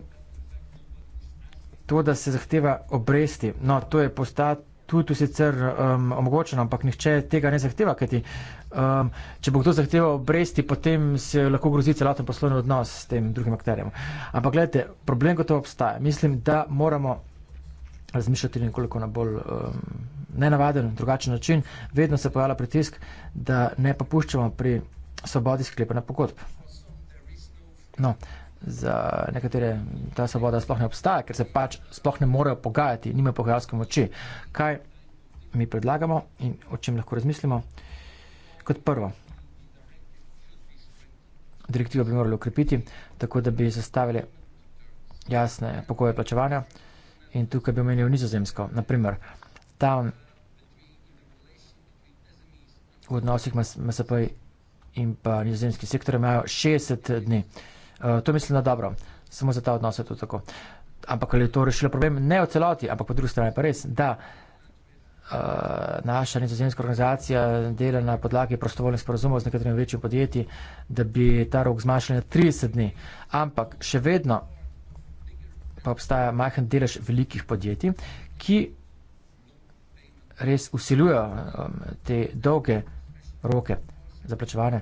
to, da se zahteva obresti, no, to je postati tudi tu sicer um, omogočeno, ampak nihče tega ne zahteva, kajti um, če bo kdo zahteval obresti, potem se lahko grozi celoten poslovni odnos s tem drugim akterjem. Ampak gledajte, problem gotovo obstaja. Mislim, da moramo razmišljati na nekoliko na bolj um, nenavaden, drugačen način, vedno se pojavlja pritisk, da ne popuščamo pri svobodi sklepanja pogodb. No, za nekatere ta svoboda sploh ne obstaja, ker se pač sploh ne morejo pogajati, nimajo pogajalske moči. Kaj mi predlagamo in o čem lahko razmislimo? Kot prvo, direktivo bi morali ukrepiti, tako da bi zastavili jasne pokoje plačevanja. In tukaj bi omenil nizozemsko. Naprimer, tam v odnosih MSP in pa nizozemski sektor imajo 60 dni. Eh, to mislim na dobro. Samo za ta odnos je to tako. Ampak ali je to rešilo problem? Ne v celoti, ampak po drugi strani pa res, da eh, naša nizozemska organizacija dela na podlagi prostovoljnih sporozumov z nekaterimi večjimi podjetji, da bi ta rok zmanjšali na 30 dni. Ampak še vedno pa obstaja majhen delež velikih podjetij, ki res usiljujo um, te dolge roke za plačevanje.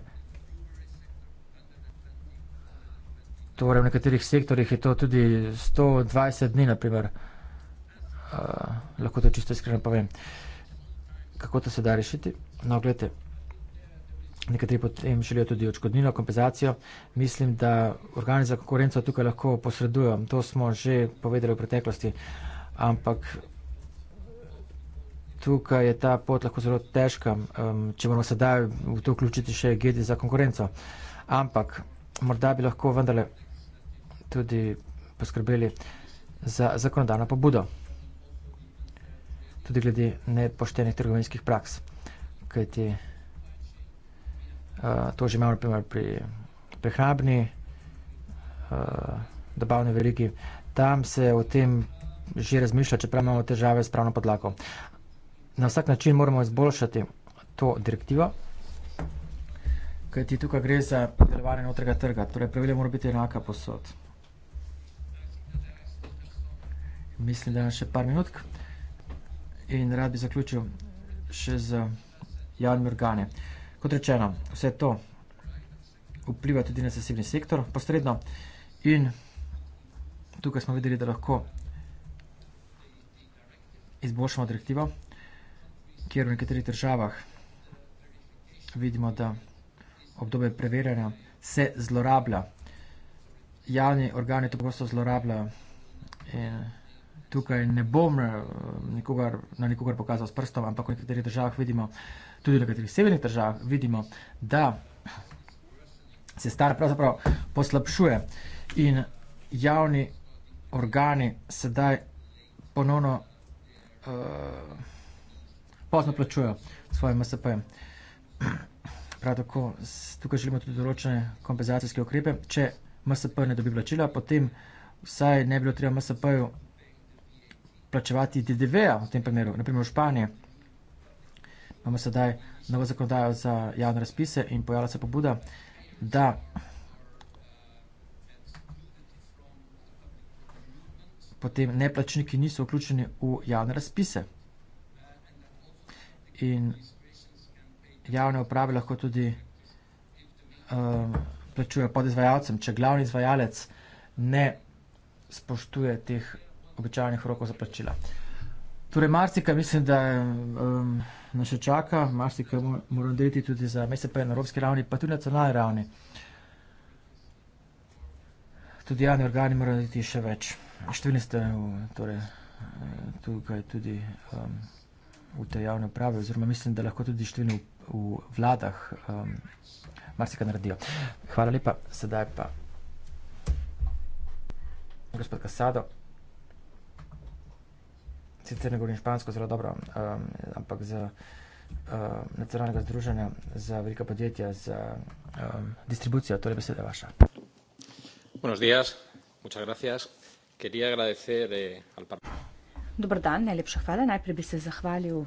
Torej, v nekaterih sektorjih je to tudi 120 dni, naprimer. Uh, lahko to čisto iskreno povem. Kako to se da rešiti? No, gledajte nekateri potem želijo tudi očkodnino, kompenzacijo. Mislim, da organi za konkurenco tukaj lahko posredujo. To smo že povedali v preteklosti, ampak tukaj je ta pot lahko zelo težka, um, če moramo sedaj v to vključiti še gedi za konkurenco. Ampak morda bi lahko vendarle tudi poskrbeli za zakonodajno pobudo, tudi glede nepoštenih trgovinskih praks. Kajti, Eh, to že imamo primer, pri prehrambni uh, eh, dobavni veriki, tam se o tem že razmišlja, čeprav imamo težave s pravno podlako. Na vsak način moramo izboljšati to direktivo, kajti tukaj gre za delovanje notrega trga, torej pravile mora biti enaka posod. Mislim, da je še par minutk in rad bi zaključil še z javnimi organi. Uh, kot rečeno, vse to vpliva tudi na zasebni sektor posredno in tukaj smo videli, da lahko izboljšamo direktivo, kjer v nekaterih državah vidimo, da obdobje preverjanja se zlorablja. Javni organi to prosto zlorabljajo in tukaj ne bom eh, na nikogar pokazal s prstom, ampak v nekaterih državah vidimo, da tudi v nekaterih severnih državah vidimo, da se stara pravzaprav poslabšuje in javni organi sedaj ponovno uh, pozno plačujejo svoje MSP. Prav tako tukaj želimo tudi določene kompenzacijske ukrepe. Če MSP ne dobi plačila, potem vsaj ne bi bilo treba MSP-ju plačevati DDV-ja v tem primeru, naprimer v Španiji imamo sedaj novo zakonodajo za javne razpise in pojavlja se pobuda, da potem neplačniki niso vključeni v javne razpise. In javne uprave lahko tudi um, plačujejo pod izvajalcem, če glavni izvajalec ne spoštuje teh običajnih rokov za plačila. Uh, Torej, marsika mislim, da um, nas še čaka, marsika moramo deliti tudi za mesec na evropski ravni, pa tudi na nacionalni ravni. Tudi javni organi morajo deliti še več. Številni ste uh, torej, uh, tukaj tudi um, v tej javni upravi, oziroma mislim, da lahko tudi številni v, v vladah um, marsika naredijo. Hvala lepa, sedaj pa. Gospod Kasado sicer ne govorim špansko zelo dobro, um, ampak z uh, nacionalnega združenja za velika podjetja za um, distribucijo. Torej, beseda je vaša. Eh, dobro dan, najlepša hvala. Najprej bi se zahvalil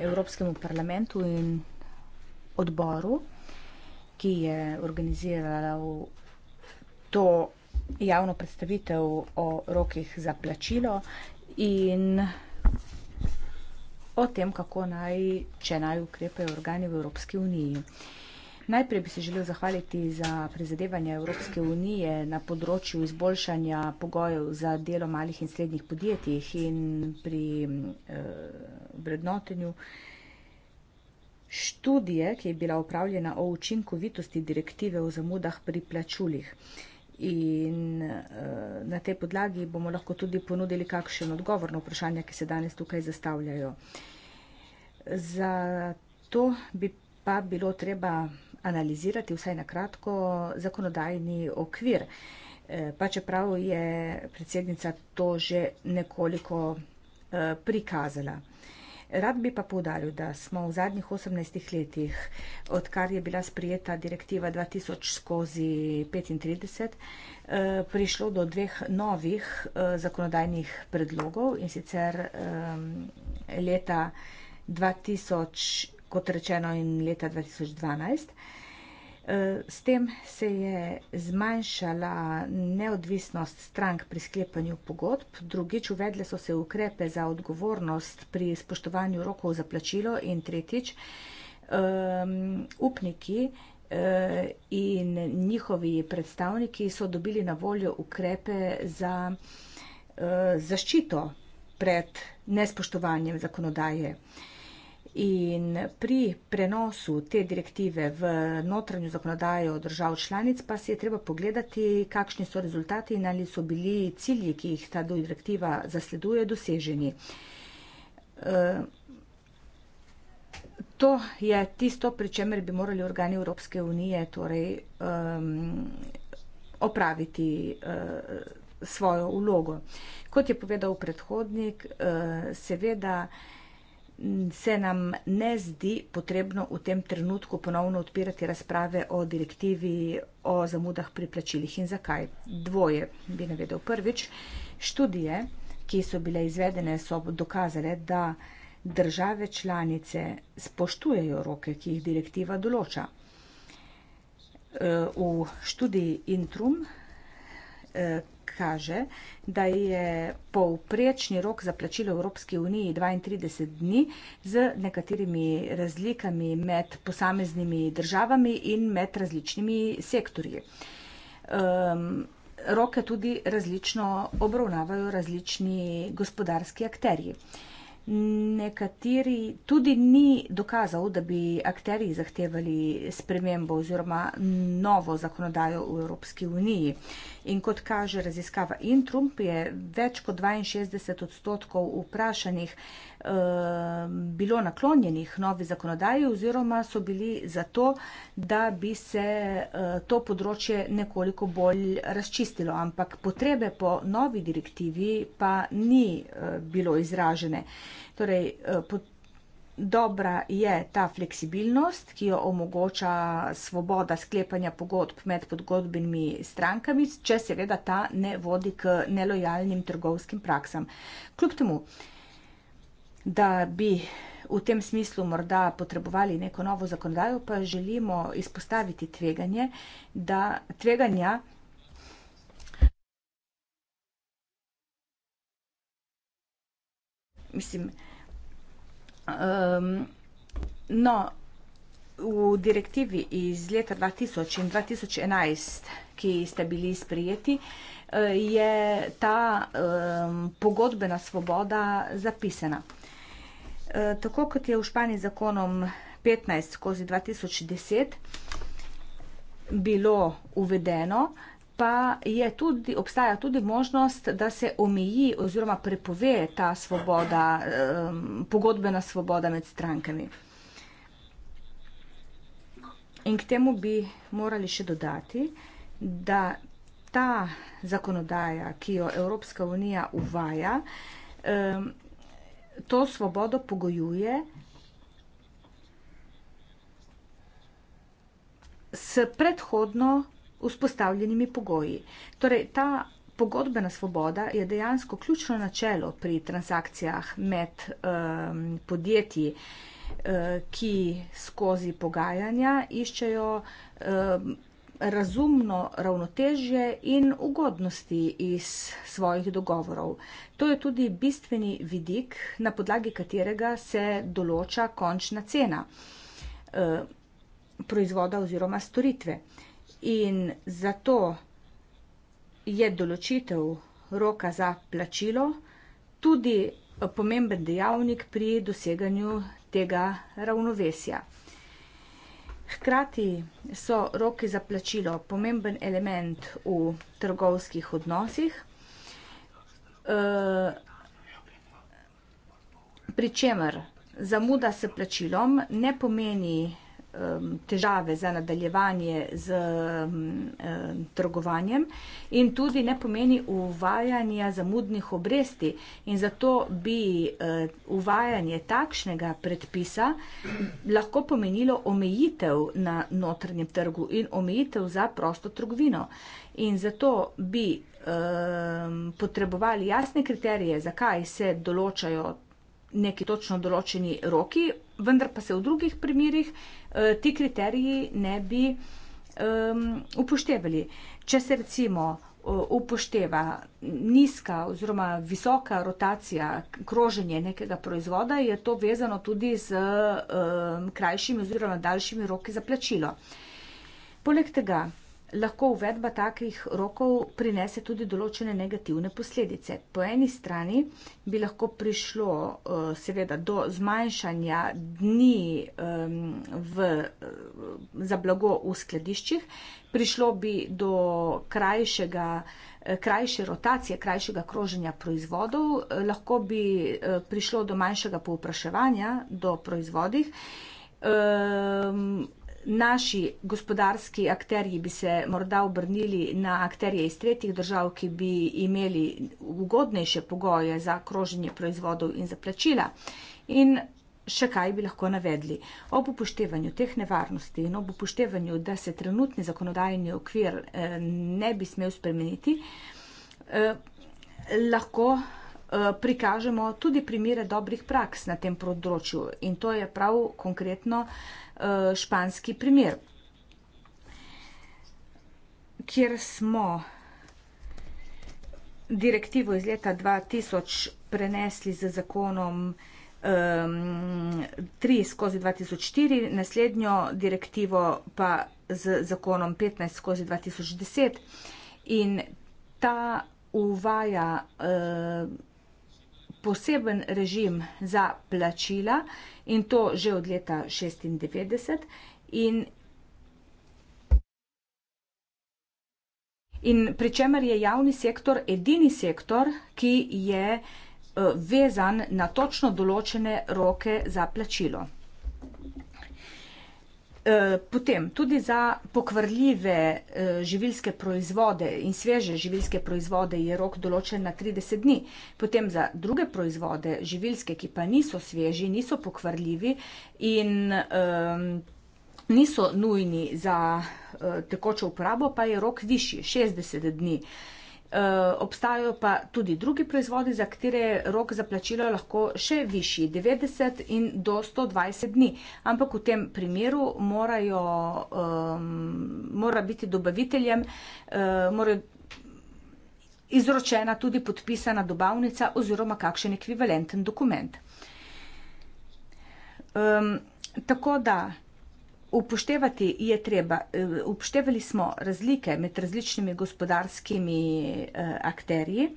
Evropskemu parlamentu in odboru, ki je organiziral to javno predstavitev o rokih za plačilo in o tem, kako naj, če naj ukrepe organi v Evropski uniji. Najprej bi se želel zahvaliti za prizadevanje Evropske unije na področju izboljšanja pogojev za delo malih in srednjih podjetij in pri eh, vrednotenju študije, ki je bila upravljena o učinkovitosti direktive o zamudah pri plačulih. Eh, in eh, na tej podlagi bomo lahko tudi ponudili kakšen odgovor na vprašanja, ki se danes tukaj zastavljajo. Za to bi pa bilo treba analizirati vsaj na kratko zakonodajni okvir. Eh, pa čeprav je predsednica to že nekoliko eh, prikazala. Rad bi pa povdaril, da smo v zadnjih 18 letih, odkar je bila sprijeta direktiva 2000 skozi 35, eh, prišlo do dveh novih eh, zakonodajnih predlogov in sicer eh, leta 2000, kot rečeno, in leta 2012. Eh, s tem se je zmanjšala neodvisnost strank pri sklepanju pogodb, drugič uvedle so se ukrepe za odgovornost pri spoštovanju rokov za plačilo in tretjič ehm, upniki eh, in njihovi predstavniki so dobili na voljo ukrepe za eh, zaščito pred nespoštovanjem zakonodaje. In pri prenosu te direktive v notranjo zakonodajo držav članic pa si je treba pogledati, kakšni so rezultati in ali so bili cilji, ki jih ta direktiva zasleduje, doseženi. E, to je tisto, pri čemer bi morali organi Evropske unije torej, um, opraviti uh, svojo vlogo. Kot je povedal predhodnik, uh, seveda uh, se nam ne zdi potrebno v tem trenutku ponovno odpirati razprave o direktivi o zamudah pri plačilih in zakaj. Dvoje bi navedel. Prvič, študije, ki so bile izvedene, so dokazale, da države članice spoštujejo roke, ki jih direktiva določa. E, v študiji Intrum, e, kaže, da je povprečni rok za plačilo v Evropski uniji 32 dni z nekaterimi razlikami med posameznimi državami in med različnimi sektorji. Um, roke tudi različno obravnavajo različni gospodarski akterji. Uh, nekateri tudi ni dokazal, da bi akteri zahtevali spremembo oziroma novo zakonodajo v Evropski uniji. In kot kaže raziskava Intrump, je več kot 62 odstotkov vprašanih eh, bilo naklonjenih novi zakonodaji oziroma so bili za to, da bi se eh, to področje nekoliko bolj razčistilo. Ampak potrebe po novi direktivi pa ni eh, bilo izražene. Torej, eh, pot, dobra je ta fleksibilnost, ki jo omogoča svoboda sklepanja pogodb med podgodbenimi strankami, če seveda ta ne vodi k nelojalnim trgovskim praksam. Kljub temu, da bi v tem smislu morda potrebovali neko novo zakonodajo, pa želimo izpostaviti tveganje, da tveganja. Mislim, Um, no, v direktivi iz leta 2000 in 2011, ki ste bili sprijeti, eh, je ta um, pogodbena svoboda zapisana. E, tako kot je v Španiji zakonom 15 skozi 2010 bilo uvedeno, pa je tudi, obstaja tudi možnost, da se omeji oziroma prepove ta svoboda, pogodbena svoboda med strankami. In k temu bi morali še dodati, da ta zakonodaja, ki jo Evropska unija uvaja, to svobodo pogojuje s predhodno vzpostavljenimi pogoji. Torej, ta pogodbena svoboda je dejansko ključno načelo pri transakcijah med um, podjetji, eh, ki skozi pogajanja iščejo um, razumno ravnotežje in ugodnosti iz svojih dogovorov. To je tudi bistveni vidik, na podlagi katerega se določa končna cena eh, proizvoda oziroma storitve. Uh, In zato je določitev roka za plačilo tudi pomemben dejavnik pri doseganju tega ravnovesja. Hkrati so roki za plačilo pomemben element v trgovskih odnosih, eh, pri čemer zamuda s plačilom ne pomeni Um, težave za nadaljevanje z um, um, trgovanjem in tudi ne pomeni uvajanja zamudnih obresti. In zato bi uh, uvajanje takšnega predpisa lahko pomenilo omejitev na notranjem trgu in omejitev za prosto trgovino. In zato bi potrebovali jasne kriterije, zakaj se določajo neki točno določeni roki, vendar pa se v drugih primerjih eh, ti kriteriji ne bi um, upoštevali. Če se recimo eh, upošteva nizka oziroma visoka rotacija kroženje nekega proizvoda, je to vezano tudi z um, krajšimi oziroma daljšimi roki za plačilo. Poleg tega, lahko uvedba takih rokov prinese tudi določene negativne posledice. Po eni strani bi lahko prišlo eh, seveda do zmanjšanja dni v, eh, za blago v skladiščih, prišlo bi do krajšega, eh, krajše rotacije, krajšega kroženja proizvodov, lahko bi prišlo do manjšega povpraševanja do proizvodih naši gospodarski akterji bi se morda obrnili na akterje iz tretjih držav, ki bi imeli ugodnejše pogoje za kroženje proizvodov in za plačila. In še kaj bi lahko navedli. Ob upoštevanju teh nevarnosti in ob upoštevanju, da se trenutni zakonodajni okvir eh, ne bi smel spremeniti, eh, lahko eh, prikažemo tudi primere dobrih praks na tem področju. In to je prav konkretno Eh, španski primer, kjer smo direktivo iz leta 2000 prenesli z zakonom um, 3 skozi 2004, naslednjo direktivo pa z zakonom 15 skozi 2010 in ta uvaja uh, poseben režim za plačila in to že od leta 96 in, in pri čemer je javni sektor edini sektor, ki je eh, vezan na točno določene roke za plačilo. Eh, potem tudi za pokvarljive eh, živilske proizvode in sveže živilske proizvode je rok določen na 30 dni. Potem za druge proizvode živilske, ki pa niso sveži, niso pokvarljivi in um, niso nujni za uh, tekočo uporabo, pa je rok višji, 60 dni. Uh, Eh, obstajajo pa tudi drugi proizvodi, za katere je rok za plačilo lahko še višji, 90 in do 120 dni. Ampak v tem primeru morajo, um, mora biti dobaviteljem, uh, mora izročena tudi podpisana dobavnica oziroma kakšen ekvivalenten dokument. Um, tako da, Upoštevati je treba, eh, upoštevali smo razlike med različnimi gospodarskimi eh, akterji.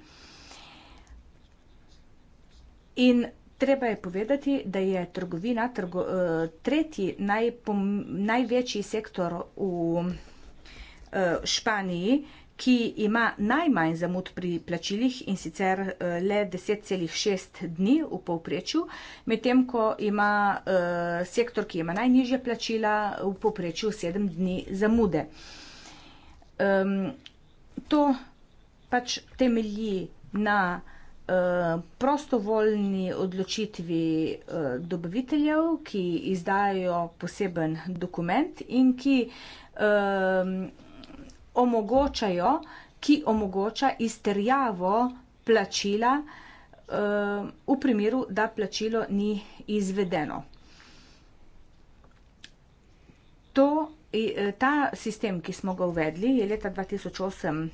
In treba je povedati, da je trgovina trgo, eh, tretji najpom, največji sektor v Španiji, ki ima najmanj zamud pri plačilih in sicer eh, le 10,6 dni v povprečju, medtem ko ima eh, sektor, ki ima najnižje plačila, v povprečju 7 dni zamude. To pač temelji na eh, prostovoljni odločitvi dobaviteljev, ki izdajo poseben dokument in ki omogočajo, ki omogoča izterjavo plačila eh, v primeru, da plačilo ni izvedeno. To, eh, ta sistem, ki smo ga uvedli, je leta 2008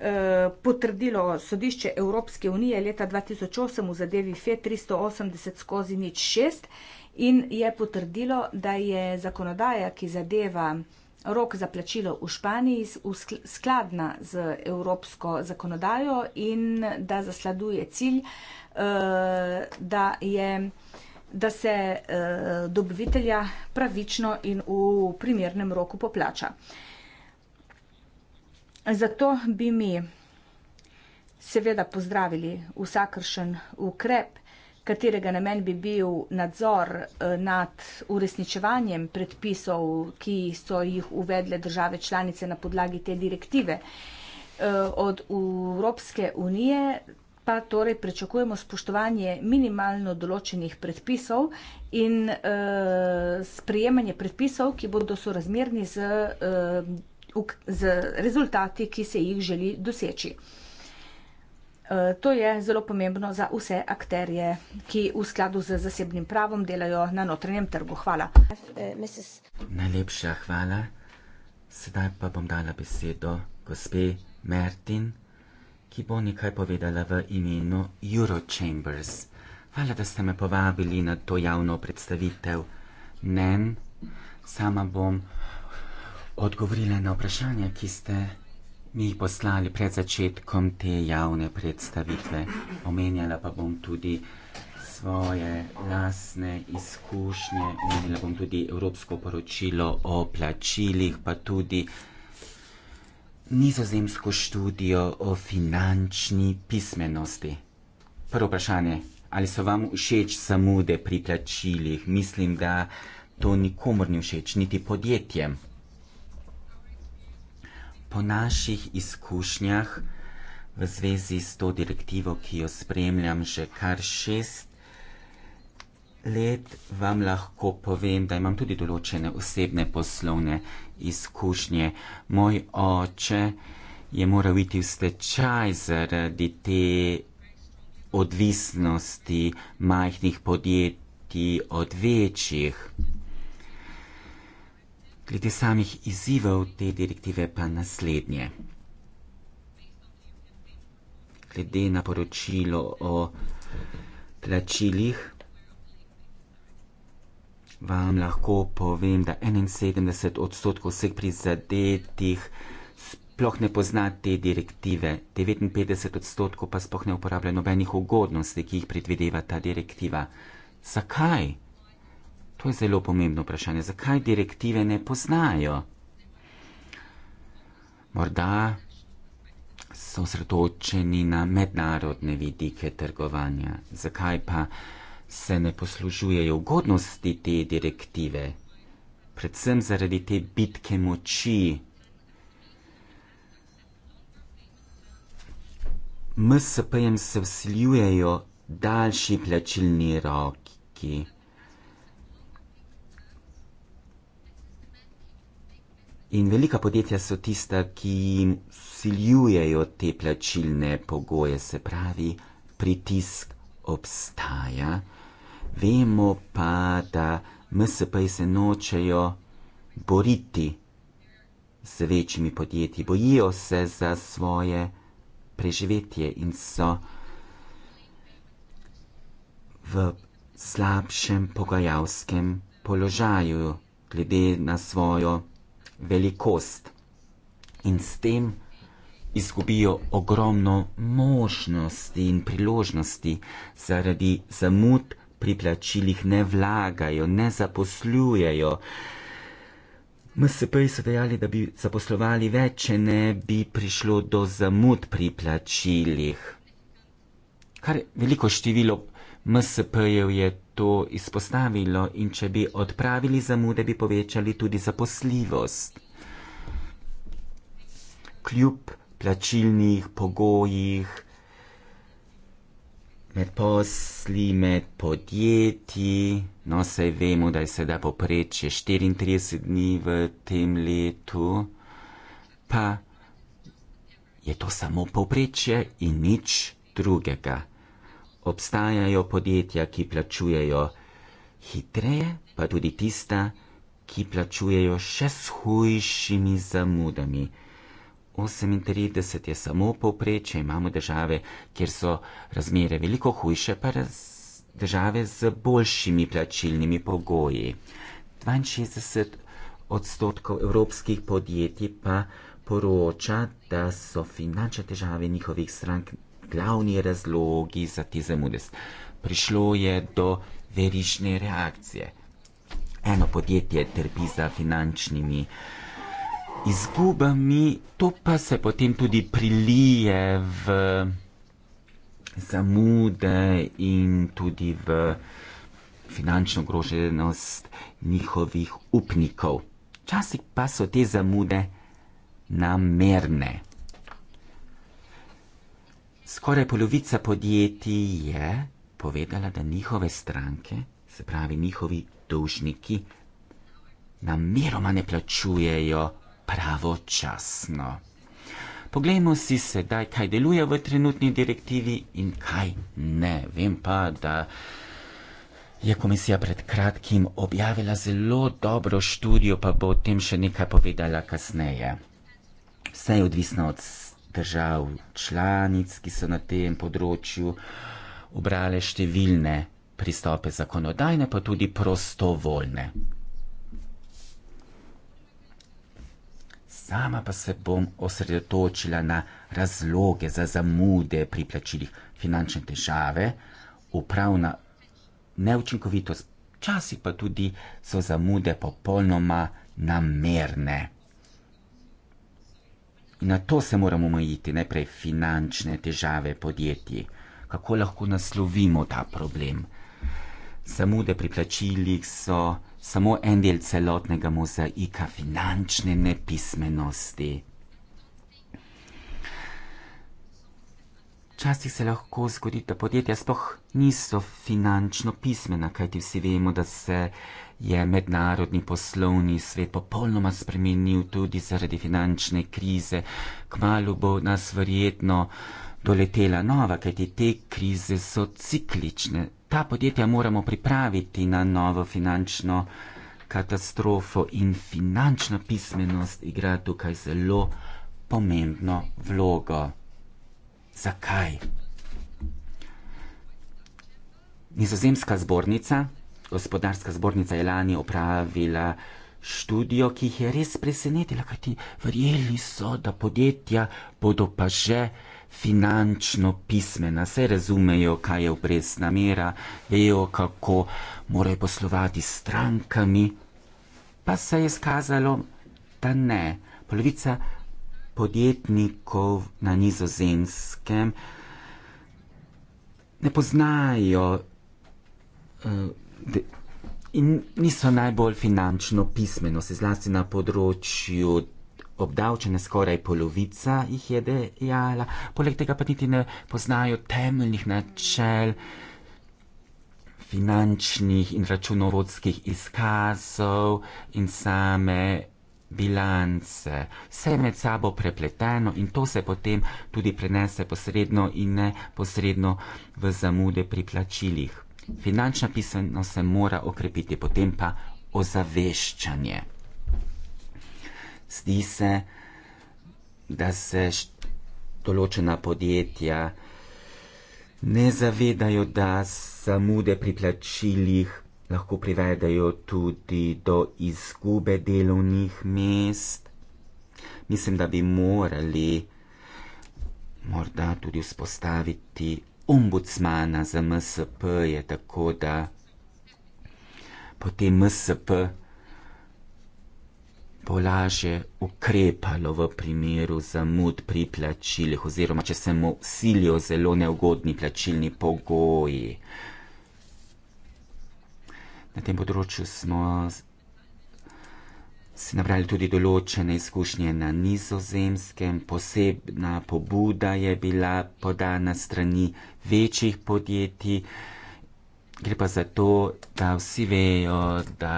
eh, potrdilo sodišče Evropske unije leta 2008 v zadevi FE 380 skozi nič 6 in je potrdilo, da je zakonodaja, ki zadeva rok za plačilo v Španiji, skladna z evropsko zakonodajo in da zasleduje cilj, eh, da, je, da se eh, dobitelja pravično in v primernem roku poplača. Zato bi mi seveda pozdravili vsakršen ukrep, katerega namen bi bil nadzor eh, nad uresničevanjem predpisov, ki so jih uvedle države članice na podlagi te direktive eh, od Evropske unije, pa torej prečakujemo spoštovanje minimalno določenih predpisov in eh, sprejemanje predpisov, ki bodo sorazmerni z, z rezultati, ki se jih želi doseči. Eh, to je zelo pomembno za vse akterje, ki v skladu z zasebnim pravom delajo na notranjem trgu. Hvala. Najlepša hvala. Sedaj pa bom dala besedo gospe Mertin, ki bo nekaj povedala v imenu Eurochambers. Hvala, da ste me povabili na to javno predstavitev. Nen, sama bom odgovorila na vprašanja, ki ste mi jih poslali pred začetkom te javne predstavitve. Omenjala pa bom tudi svoje lastne izkušnje, omenjala bom tudi Evropsko poročilo o plačilih, pa tudi nizozemsko študijo o finančni pismenosti. Prvo vprašanje, ali so vam všeč samude pri plačilih? Mislim, da to nikomor ni všeč, niti podjetjem po naših izkušnjah v zvezi s to direktivo, ki jo spremljam že kar šest let, vam lahko povem, da imam tudi določene osebne poslovne izkušnje. Moj oče je moral iti v stečaj zaradi te odvisnosti majhnih podjetij od večjih. Glede samih izzivov te direktive pa naslednje. Glede na poročilo o plačilih, vam lahko povem, da 71 odstotkov vseh prizadetih sploh ne pozna te direktive, 59 odstotkov pa sploh ne uporablja nobenih ugodnosti, ki jih predvideva ta direktiva. Zakaj? To je zelo pomembno vprašanje. Zakaj direktive ne poznajo? Morda so osredotočeni na mednarodne vidike trgovanja. Zakaj pa se ne poslužujejo ugodnosti te direktive? Predvsem zaradi te bitke moči. MSP-jem se vsiljujejo daljši plačilni roki. In velika podjetja so tista, ki siljujejo te plačilne pogoje, se pravi, pritisk obstaja. Vemo pa, da MSP-ji se nočejo boriti z večjimi podjetji, bojijo se za svoje preživetje in so v slabšem pogajalskem položaju glede na svojo velikost in s tem izgubijo ogromno možnosti in priložnosti zaradi zamud pri plačilih, ne vlagajo, ne zaposlujejo. MSP-ji so dejali, da bi zaposlovali več, če ne bi prišlo do zamud pri plačilih. Kar veliko število MSP-jev je to izpostavilo in če bi odpravili zamude, bi povečali tudi zaposljivost. Kljub plačilnih pogojih med posli, med podjetji, no se vemo, da je sedaj poprečje 34 dni v tem letu, pa je to samo poprečje in nič drugega obstajajo podjetja, ki plačujejo hitreje, pa tudi tista, ki plačujejo še s hujšimi zamudami. 38 je samo povprečje, imamo države, kjer so razmere veliko hujše, pa raz, države z boljšimi plačilnimi pogoji. 62 odstotkov evropskih podjetij pa poroča, da so finančne težave njihovih strank glavni razlogi za te zamude. Prišlo je do verižne reakcije. Eno podjetje trpi za finančnimi izgubami, to pa se potem tudi prilije v zamude in tudi v finančno groženost njihovih upnikov. Včasih pa so te zamude namerne. Skoraj polovica podjetij je povedala, da njihove stranke, se pravi njihovi dolžniki, nameroma ne plačujejo pravočasno. Poglejmo si sedaj, kaj deluje v trenutni direktivi in kaj ne. Vem pa, da je komisija pred kratkim objavila zelo dobro študijo, pa bo o tem še nekaj povedala kasneje. Vse je odvisno od držav članic, ki so na tem področju obrale številne pristope zakonodajne, pa tudi prostovoljne. Sama pa se bom osredotočila na razloge za zamude pri plačilih finančne težave, upravna neučinkovitost, časih pa tudi so zamude popolnoma namerne na to se moramo omejiti, najprej finančne težave podjetij. Kako lahko naslovimo ta problem? Zamude pri plačilih so samo en del celotnega mozaika finančne nepismenosti. Včasih se lahko zgodi, da podjetja sploh niso finančno pismena, kajti vsi vemo, da se je mednarodni poslovni svet popolnoma spremenil tudi zaradi finančne krize. Kmalo bo nas verjetno doletela nova, kajti te krize so ciklične. Ta podjetja moramo pripraviti na novo finančno katastrofo in finančna pismenost igra tukaj zelo pomembno vlogo. Zakaj? Nizozemska zbornica gospodarska zbornica je lani opravila študijo, ki jih je res presenetila, kajti verjeli so, da podjetja bodo pa že finančno pismena, se razumejo, kaj je obrestna mera, vejo, kako morajo poslovati s strankami, pa se je skazalo, da ne. Polovica podjetnikov na nizozemskem ne poznajo uh, De, in niso najbolj finančno pismeno, se zlasti na področju obdavčene, skoraj polovica jih je dejala, poleg tega pa niti ne poznajo temeljnih načel finančnih in računovodskih izkazov in same bilance. Vse je med sabo prepleteno in to se potem tudi prenese posredno in neposredno v zamude pri plačilih finančna pismenost se mora okrepiti, potem pa ozaveščanje. Zdi se, da se določena podjetja ne zavedajo, da zamude pri plačilih lahko privedajo tudi do izgube delovnih mest. Mislim, da bi morali morda tudi vzpostaviti ombudsmana za MSP je tako, da potem MSP bo lažje ukrepalo v primeru zamud pri plačilih oziroma če se mu silijo zelo neugodni plačilni pogoji. Na tem področju smo si nabrali tudi določene izkušnje na nizozemskem, posebna pobuda je bila podana strani večjih podjetij. Gre pa za to, da vsi vejo, da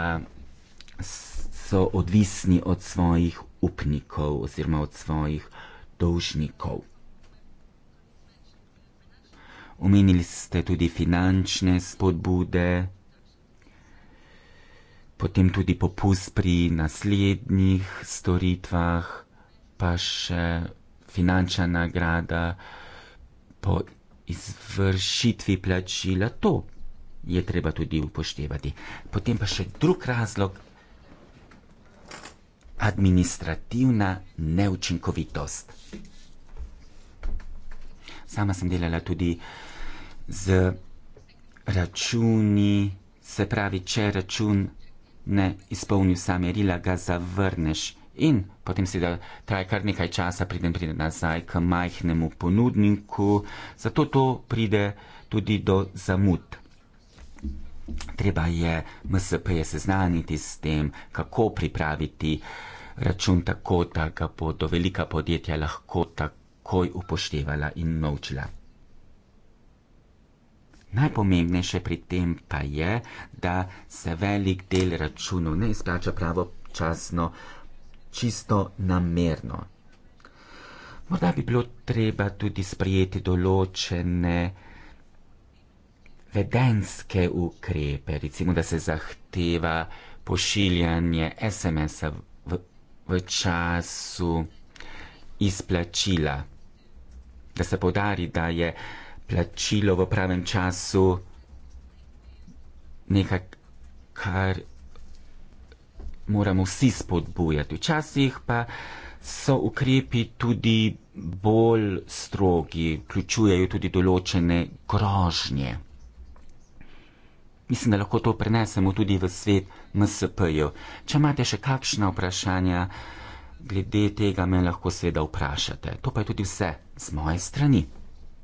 so odvisni od svojih upnikov oziroma od svojih dolžnikov. Omenili ste tudi finančne spodbude potem tudi popust pri naslednjih storitvah, pa še finančna nagrada po izvršitvi plačila. To je treba tudi upoštevati. Potem pa še drug razlog. Administrativna neučinkovitost. Sama sem delala tudi z računi, se pravi, če račun ne izpolni vsa merila, ga zavrneš. In potem se da traja kar nekaj časa, pridem pride nazaj k majhnemu ponudniku, zato to pride tudi do zamud. Treba je MSP -je seznaniti s tem, kako pripraviti račun tako, da ga bodo velika podjetja lahko takoj upoštevala in naučila. Najpomembnejše pri tem pa je, da se velik del računov ne izplača pravočasno, čisto namerno. Morda bi bilo treba tudi sprejeti določene vedenske ukrepe, recimo da se zahteva pošiljanje SMS-a v, v času izplačila, da se podari, da je plačilo v pravem času nekaj, kar moramo vsi spodbujati. Včasih pa so ukrepi tudi bolj strogi, vključujejo tudi določene grožnje. Mislim, da lahko to prenesemo tudi v svet MSP-ju. Če imate še kakšna vprašanja, glede tega me lahko seveda vprašate. To pa je tudi vse z moje strani.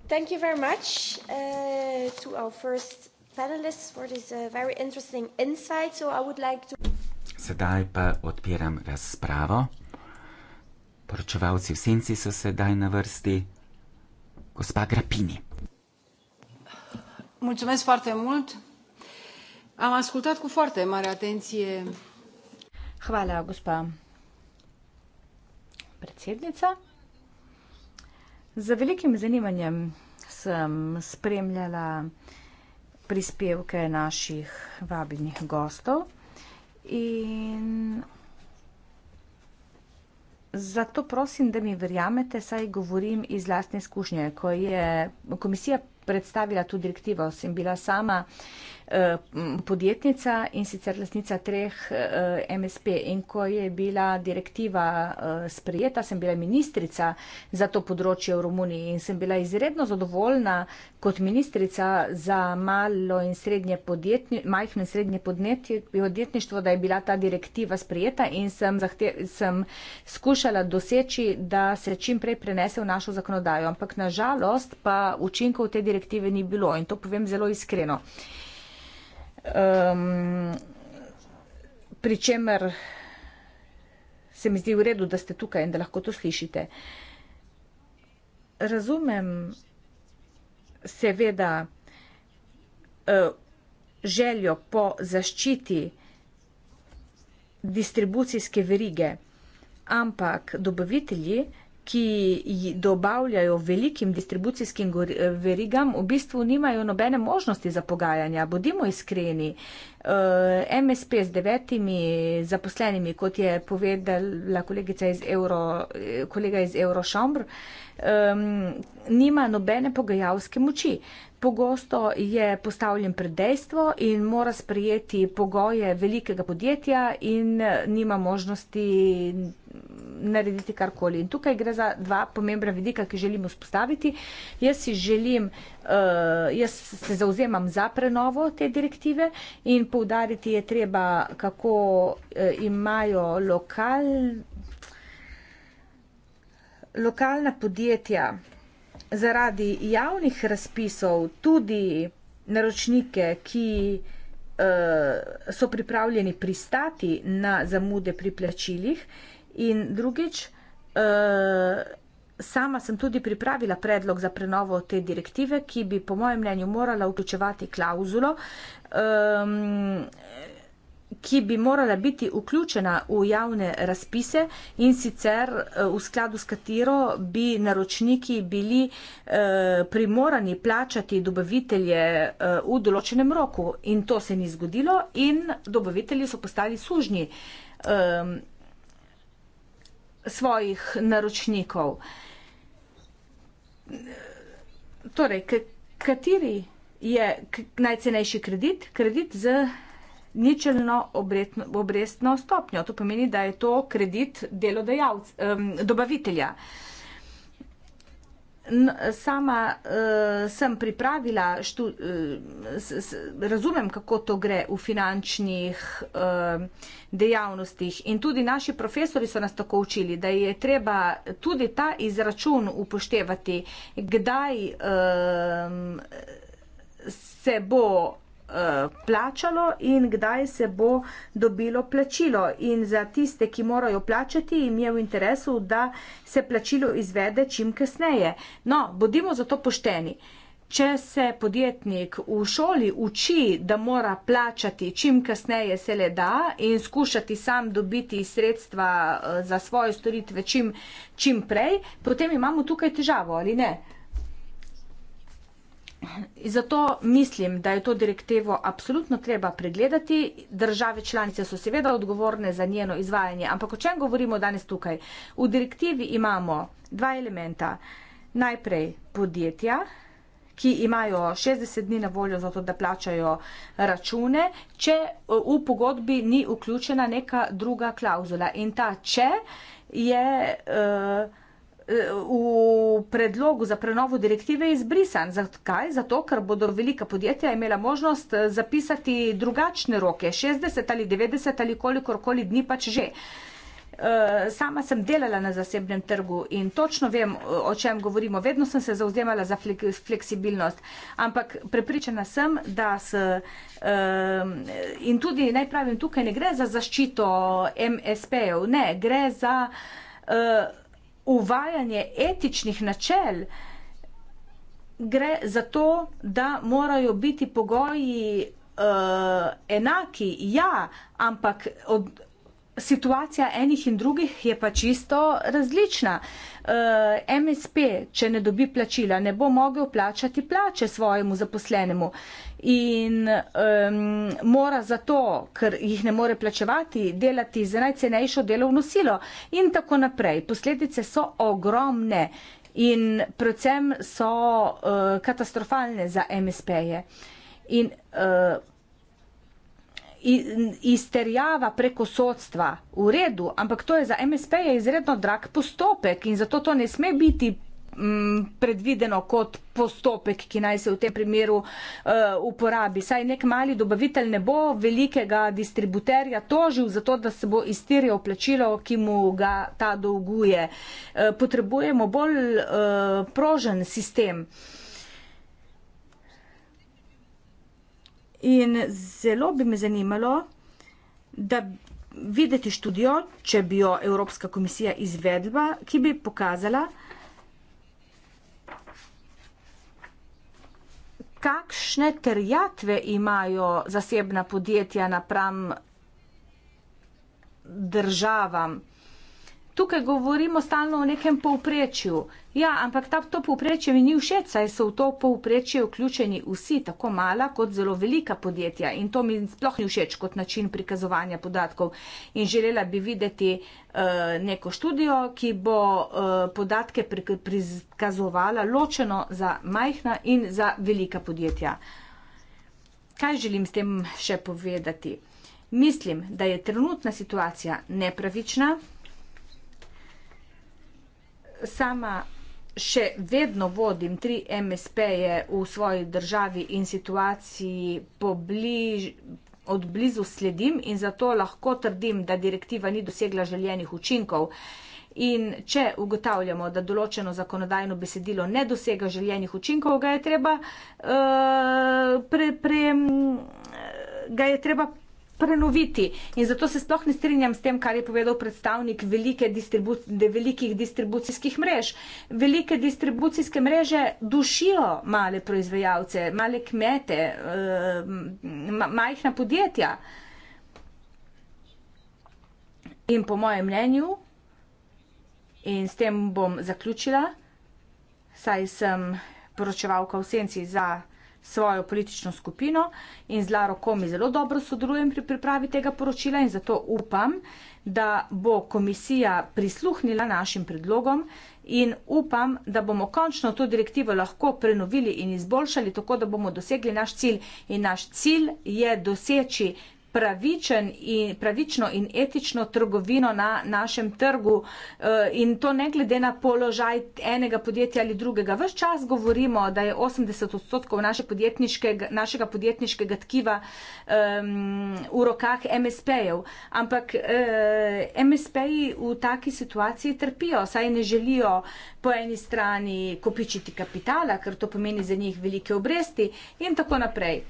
Thank you very much uh, to our first panelists for this uh, very interesting insight. So I would like to. Sedaj pa odpiram razpravo. Poročevalci v senci so sedaj na vrsti. Gospa Grapini. Mulțumesc foarte mult. Am ascultat cu foarte mare atenție. Hvala, gospa predsednica. Z velikim zanimanjem sem spremljala prispevke naših vabilnih gostov in zato prosim, da mi verjamete, saj govorim iz lastne izkušnje, ko je komisija predstavila tu direktivo, sem bila sama Eh, podjetnica in sicer lasnica treh eh, MSP. In ko je bila direktiva eh, sprejeta, sem bila ministrica za to področje v Romuniji in sem bila izredno zadovoljna kot ministrica za malo in srednje podjetje, majhno in srednje podjetništvo, da je bila ta direktiva sprejeta in sem, zahte, sem skušala doseči, da se čim prej prenese v našo zakonodajo. Ampak nažalost pa učinkov te direktive ni bilo in to povem zelo iskreno. Um, ehm, Pričemer se mi zdi v redu, da ste tukaj in da lahko to slišite. Razumem seveda e, željo po zaščiti distribucijske verige, ampak dobavitelji ki dobavljajo velikim distribucijskim eh, verigam, v bistvu nimajo nobene možnosti za pogajanja. Bodimo iskreni, eh, MSP s devetimi zaposlenimi, kot je povedala kolegica iz Euro, eh, kolega iz Eurošambr, nima nobene pogajalske moči. Pogosto je postavljen pred dejstvo in mora sprejeti pogoje velikega podjetja in nima možnosti narediti karkoli. In tukaj gre za dva pomembna vidika, ki želimo spostaviti. Jaz si želim, uh, jaz se zauzemam za prenovo te direktive in poudariti je treba, kako uh, imajo lokal, lokalna podjetja zaradi javnih razpisov tudi naročnike, ki uh, so pripravljeni pristati na zamude pri plačilih. Uh, In drugič, eh, sama sem tudi pripravila predlog za prenovo te direktive, ki bi po mojem mnenju morala vključevati klauzulo, ki bi morala biti vključena v javne razpise in sicer eh, v skladu s katero bi naročniki bili eh, primorani plačati dobavitelje v določenem roku. In to se ni zgodilo in dobavitelji so postali sužnji svojih naročnikov. Torej, kateri je najcenejši kredit? Kredit z ničelno obretno, obrestno stopnjo. To pomeni, da je to kredit delodajalca, um, dobavitelja. Uh, Sama uh, sem pripravila, štu, uh, eh, s, s, razumem, kako to gre v finančnih uh, dejavnostih in tudi naši profesori so nas tako učili, da je treba tudi ta izračun upoštevati, kdaj uh, se bo Eh, plačalo in kdaj se bo dobilo plačilo. In za tiste, ki morajo plačati, jim je v interesu, da se plačilo izvede čim kasneje. No, bodimo zato pošteni. Če se podjetnik v šoli uči, da mora plačati čim kasneje se le da in skušati sam dobiti sredstva eh, za svoje storitve čim, čim prej, potem imamo tukaj težavo, ali ne? Zato mislim, da je to direktivo apsolutno treba pregledati. Države članice so seveda odgovorne za njeno izvajanje, ampak o čem govorimo danes tukaj? V direktivi imamo dva elementa. Najprej podjetja, ki imajo 60 dni na voljo za to, da plačajo račune, če v pogodbi ni vključena neka druga klauzula. In ta če je. Uh, v predlogu za prenovo direktive izbrisan. Zakaj? Zato, ker bodo velika podjetja imela možnost eh, zapisati drugačne roke, 60 ali 90 ali kolikorkoli dni pač že. Eh, sama sem delala na zasebnem trgu in točno vem, o čem govorimo. Vedno sem se zauzemala za fleksibilnost, ampak prepričana sem, da se ehm, in tudi naj pravim, tukaj ne gre za zaščito MSP-jev, ne, gre za eh, uvajanje etičnih načel, gre za to, da morajo biti pogoji uh, enaki, ja, ampak od, situacija enih in drugih je pa čisto različna. Uh, eh, MSP, če ne dobi plačila, ne bo mogel plačati plače svojemu zaposlenemu. Uh, in um, mora zato, ker jih ne more plačevati, delati za najcenejšo delovno silo in tako naprej. Posledice so ogromne in predvsem so uh, katastrofalne za MSP-je. In uh, izterjava preko sodstva v redu, ampak to je za MSP-je izredno drag postopek in zato to ne sme biti m, mm, predvideno kot postopek, ki naj se v tem primeru uh, uporabi. Saj nek mali dobavitelj ne bo velikega distributerja tožil za to, da se bo iztirjal plačilo, ki mu ga ta dolguje. Uh, potrebujemo bolj uh, prožen sistem. In zelo bi me zanimalo, da videti študijo, če bi jo Evropska komisija izvedla, ki bi pokazala, kakšne terjatve imajo zasebna podjetja napram državam? tukaj govorimo stalno o nekem povprečju. Ja, ampak ta, to povprečje mi ni všeč, saj so v to povprečje vključeni vsi, tako mala kot zelo velika podjetja. In to mi sploh ni všeč kot način prikazovanja podatkov. In želela bi videti uh, neko študijo, ki bo uh, podatke prikazovala ločeno za majhna in za velika podjetja. Kaj želim s tem še povedati? Mislim, da je trenutna situacija nepravična sama še vedno vodim tri MSP-je v svoji državi in situaciji bliž, od blizu sledim in zato lahko trdim, da direktiva ni dosegla željenih učinkov. In če ugotavljamo, da določeno zakonodajno besedilo ne dosega željenih učinkov, ga je treba, uh, pre, pre, eh, ga je treba prenoviti. In zato se sploh ne strinjam s tem, kar je povedal predstavnik velike distribu de, velikih distribucijskih mrež. Velike distribucijske mreže dušijo male proizvajalce, male kmete, uh, majhna podjetja. In po mojem mnenju, in s tem bom zaključila, saj sem poročevalka v senci za svojo politično skupino in z Laro Komi zelo dobro sodelujem pri pripravi tega poročila in zato upam, da bo komisija prisluhnila našim predlogom in upam, da bomo končno to direktivo lahko prenovili in izboljšali, tako da bomo dosegli naš cilj. In naš cilj je doseči pravičen in, pravično in etično trgovino na našem trgu eh, in to ne glede na položaj enega podjetja ali drugega. Ves čas govorimo, da je 80 odstotkov naše podjetniškega, našega podjetniškega tkiva um, v rokah MSP-jev, ampak um, eh, MSP-ji v taki situaciji trpijo, saj ne želijo po eni strani kopičiti kapitala, ker to pomeni za njih velike obresti in tako naprej.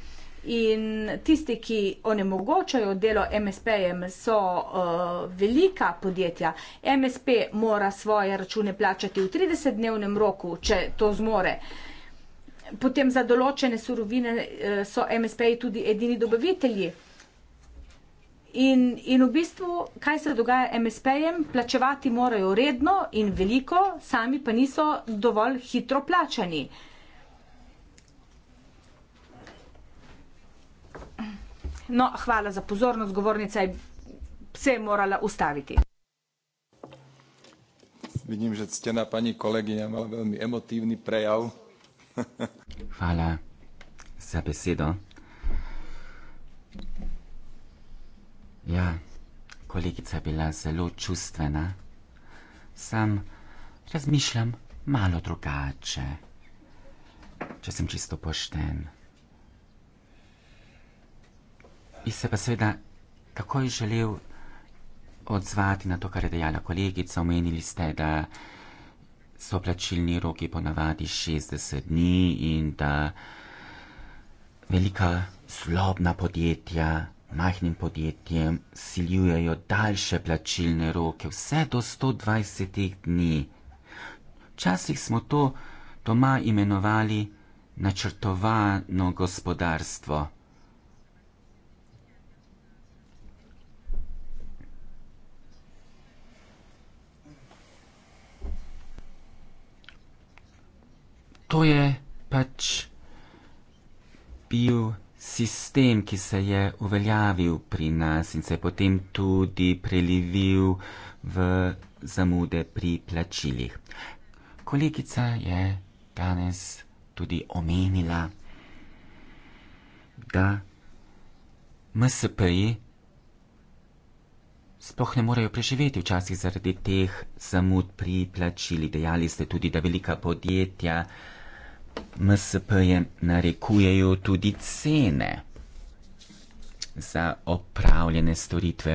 In tisti, ki onemogočajo delo MSP-jem, so uh, velika podjetja. MSP mora svoje račune plačati v 30-dnevnem roku, če to zmore. Potem za določene surovine uh, so MSP-ji tudi edini dobavitelji. In, in v bistvu, kaj se dogaja MSP-jem, plačevati morajo redno in veliko, sami pa niso dovolj hitro plačani. Uh, No, hvala za pozornost, govornica je vse morala ustaviti. Vidim, že ctena pani kolegija imala veľmi emotívny prejav. Hvala za besedo. Ja, kolegica je bila zelo čustvena. Sam razmišljam malo drugače, če sem čisto pošten. bi se pa seveda takoj želel odzvati na to, kar je dejala kolegica. Omenili ste, da so plačilni roki ponavadi 60 dni in da velika slobna podjetja majhnim podjetjem siljujejo daljše plačilne roke, vse do 120 dni. Včasih smo to doma imenovali načrtovano gospodarstvo. to je pač bil sistem, ki se je uveljavil pri nas in se je potem tudi prelivil v zamude pri plačilih. Kolegica je danes tudi omenila, da MSP-ji sploh ne morejo preživeti včasih zaradi teh zamud pri plačilih. Dejali ste tudi, da velika podjetja MSP-je narekujejo tudi cene za opravljene storitve.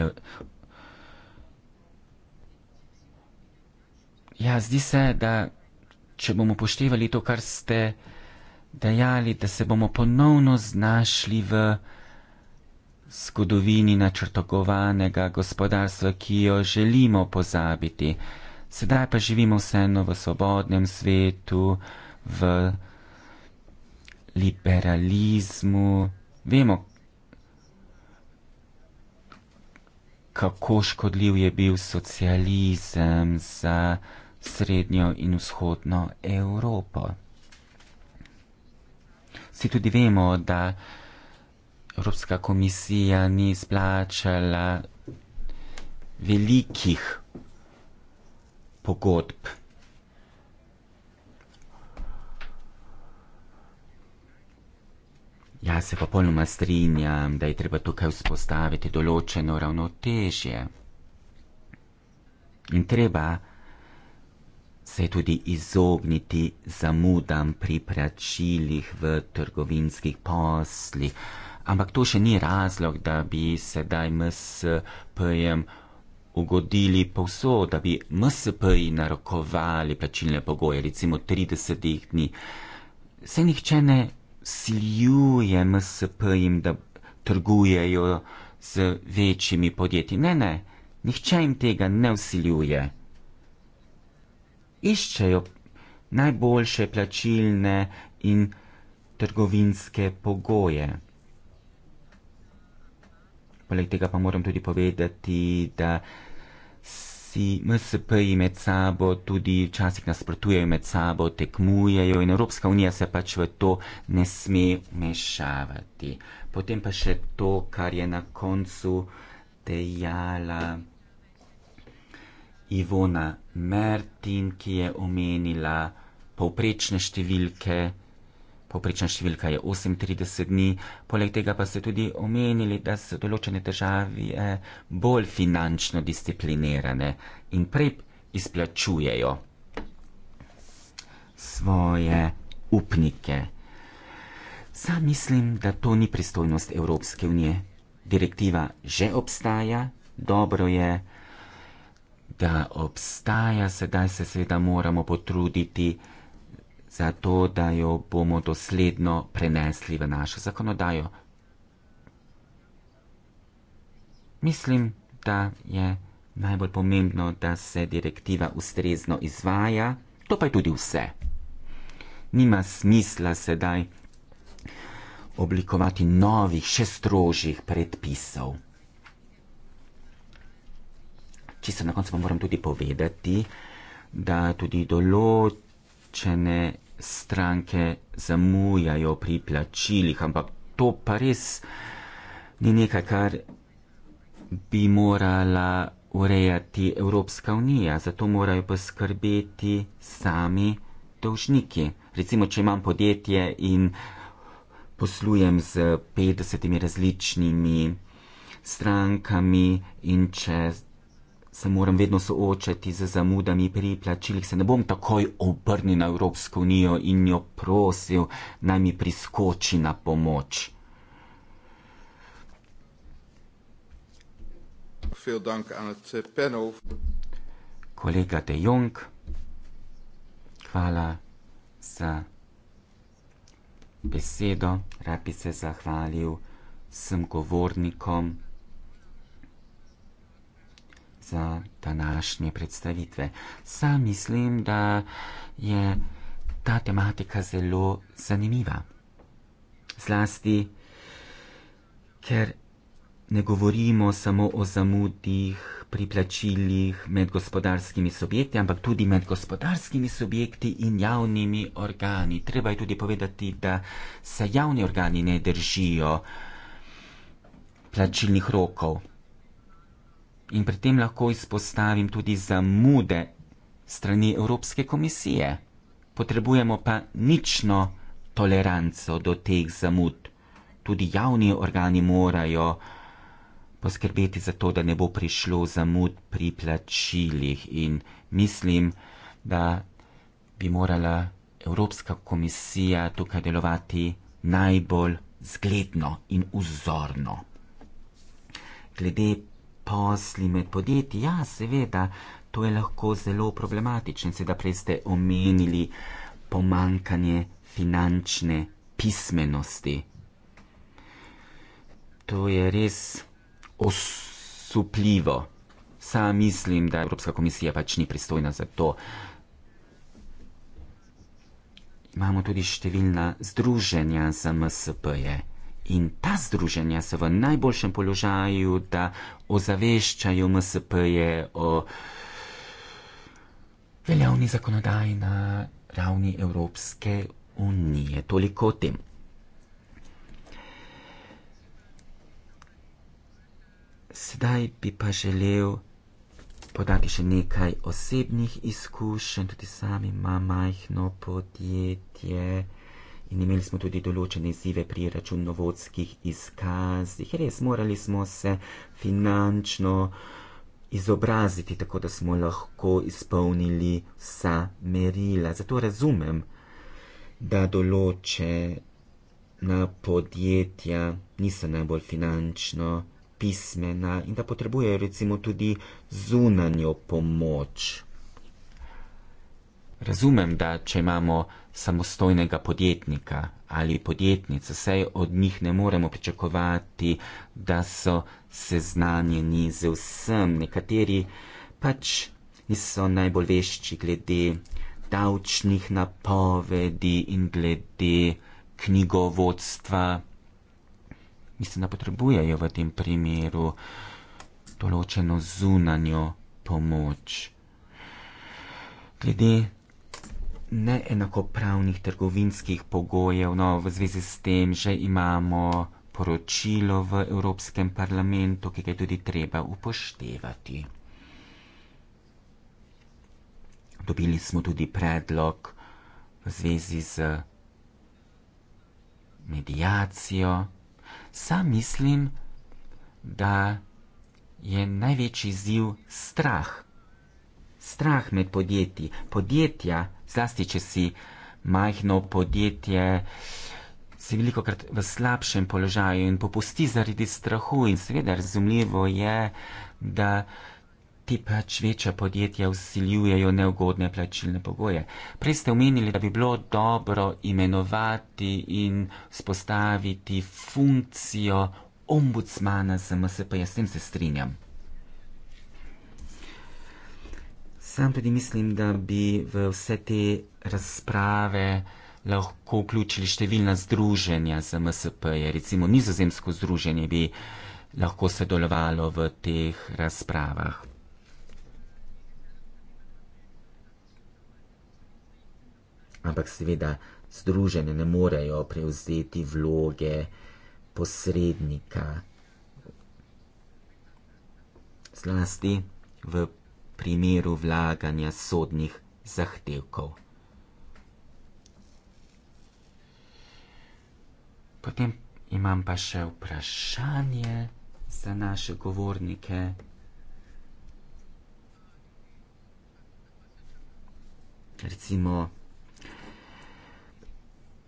Ja, zdi se, da če bomo poštevali to, kar ste dejali, da se bomo ponovno znašli v zgodovini načrtogovanega gospodarstva, ki jo želimo pozabiti. Sedaj pa živimo vseeno v svobodnem svetu, v liberalizmu, vemo, kako škodljiv je bil socializem za srednjo in vzhodno Evropo. Vsi tudi vemo, da Evropska komisija ni splačala velikih pogodb. Jaz se popolnoma strinjam, da je treba tukaj vzpostaviti določeno ravnotežje. In treba se tudi izogniti zamudam pri plačilih v trgovinskih poslih. Ampak to še ni razlog, da bi sedaj MSP-jem ugodili povsod, da bi MSP-ji narokovali plačilne pogoje, recimo 30 dni. Se nihče ne siljuje MSP jim, da trgujejo z večjimi podjetji. Ne, ne, nihče jim tega ne usiljuje. Iščejo najboljše plačilne in trgovinske pogoje. Poleg tega pa moram tudi povedati, da si MSP med sabo tudi včasih nasprotujejo med sabo, tekmujejo in Evropska unija se pač v to ne sme mešavati. Potem pa še to, kar je na koncu dejala Ivona Mertin, ki je omenila povprečne številke. Poprečna številka je 38 dni, poleg tega pa ste tudi omenili, da so določene države eh, bolj finančno disciplinirane in prej izplačujejo svoje upnike. Sam mislim, da to ni pristojnost Evropske unije. Direktiva že obstaja, dobro je, da obstaja, sedaj se seveda moramo potruditi, zato da jo bomo dosledno prenesli v našo zakonodajo. Mislim, da je najbolj pomembno, da se direktiva ustrezno izvaja, to pa je tudi vse. Nima smisla sedaj oblikovati novih, še strožjih predpisov. Čisto na koncu vam moram tudi povedati, da tudi določene stranke zamujajo pri plačilih, ampak to pa res ni nekaj, kar bi morala urejati Evropska unija. Zato morajo poskrbeti sami dolžniki. Recimo, če imam podjetje in poslujem z 50 različnimi strankami in če se moram vedno soočati z zamudami pri plačilih, se ne bom takoj obrnil na Evropsko unijo in jo prosil, naj mi priskoči na pomoč. Eh, Kolega De Jong, hvala za besedo. Rad bi se zahvalil vsem govornikom za današnje predstavitve. Sam mislim, da je ta tematika zelo zanimiva. Zlasti, ker ne govorimo samo o zamudih pri plačilih med gospodarskimi subjekti, ampak tudi med gospodarskimi subjekti in javnimi organi. Treba je tudi povedati, da se javni organi ne držijo plačilnih rokov in pri tem lahko izpostavim tudi zamude strani Evropske komisije. Potrebujemo pa nično toleranco do teh zamud. Tudi javni organi morajo poskrbeti za to, da ne bo prišlo zamud pri plačilih in mislim, da bi morala Evropska komisija tukaj delovati najbolj zgledno in vzorno. Glede posli med podjetji, ja, seveda, to je lahko zelo problematično. Seveda, prej ste omenili pomankanje finančne pismenosti. To je res osupljivo. Sam mislim, da Evropska komisija pač ni pristojna za to. Imamo tudi številna združenja za MSP-je in ta združenja so v najboljšem položaju, da ozaveščajo MSP-je o veljavni zakonodaji na ravni Evropske unije. Toliko o tem. Sedaj bi pa želel podati še nekaj osebnih izkušenj, tudi sam imam majhno podjetje. In imeli smo tudi določene izzive pri računovodskih izkazih. Res, morali smo se finančno izobraziti, tako da smo lahko izpolnili vsa merila. Zato razumem, da določena podjetja niso najbolj finančno pismena in da potrebujejo recimo tudi zunanjo pomoč. Razumem, da če imamo samostojnega podjetnika ali podjetnice, saj od njih ne moremo pričakovati, da so seznanjeni z vsem. Nekateri pač niso najbolj vešči glede davčnih napovedi in glede knjigovodstva. Mislim, da potrebujejo v tem primeru določeno zunanjo pomoč. Glede neenakopravnih trgovinskih pogojev. No, v zvezi s tem že imamo poročilo v Evropskem parlamentu, ki ga je tudi treba upoštevati. Dobili smo tudi predlog v zvezi z medijacijo. Sam mislim, da je največji izziv strah. Strah med podjetji. Podjetja zlasti če si majhno podjetje, si veliko krat v slabšem položaju in popusti zaradi strahu in seveda razumljivo je, da ti pač večja podjetja usiljujejo neugodne plačilne pogoje. Prej ste omenili, da bi bilo dobro imenovati in spostaviti funkcijo ombudsmana ZMSP, jaz s tem se strinjam. Sam tudi mislim, da bi v vse te razprave lahko vključili številna združenja za MSP, -je. recimo nizozemsko združenje bi lahko sodelovalo v teh razpravah. Ampak seveda združene ne morejo prevzeti vloge posrednika. Zlasti v primeru vlaganja sodnih zahtevkov. Potem imam pa še vprašanje za naše govornike. Recimo,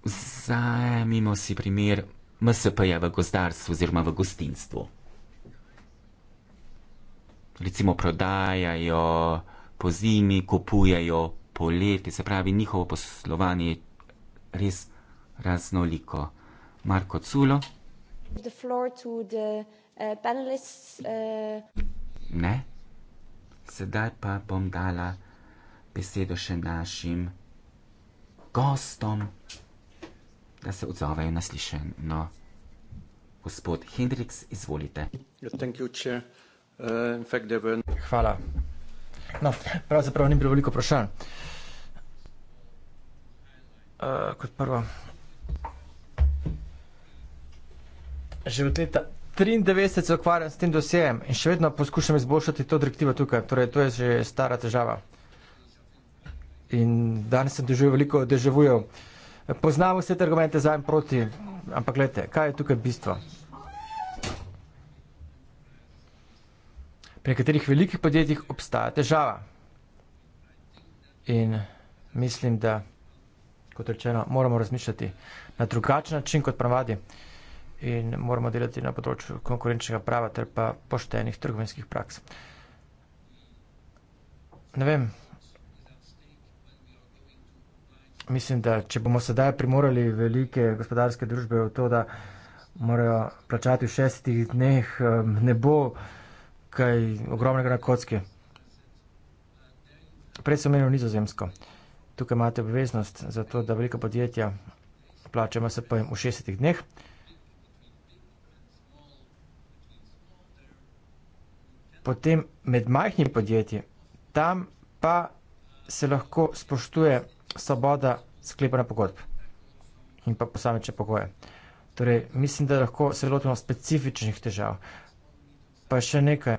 vzamimo si primer MSP-ja v gozdarstvu oziroma v gostinstvu recimo prodajajo po zimi, kupujejo po leti, se pravi, njihovo poslovanje je res raznoliko. Marko Culo. The floor to the, uh, panelists, uh... Ne. Sedaj pa bom dala besedo še našim gostom, da se odzovejo na slišeno. Gospod Hendriks, izvolite. Thank you, chair. Eh, Hvala. No, pravzaprav ni bilo veliko vprašanj. Eh, kot prvo, že od leta 1993 se ukvarjam s tem dosjejem in še vedno poskušam izboljšati to direktivo tukaj. Torej, to je že stara težava. In danes sem doživel veliko deževujev. Poznam vse te argumente za in proti, ampak gledajte, kaj je tukaj bistvo? pri katerih velikih podjetjih obstaja težava. In mislim, da, kot rečeno, moramo razmišljati na drugačen način kot pravadi in moramo delati na področju konkurenčnega prava ter pa poštenih trgovinskih praks. Ne vem. Mislim, da če bomo sedaj primorali velike gospodarske družbe v to, da morajo plačati v šestih dneh, eh, ne bo kaj ogromnega na kocki. Prej sem menil nizozemsko. Tukaj imate obveznost za to, da velika podjetja plačajo MSP v 60 dneh. Potem med majhnimi podjetji, tam pa se lahko spoštuje svoboda sklepanja pogodb in pa posamečne pogoje. Torej, mislim, da lahko se lotimo specifičnih težav. Pa še nekaj.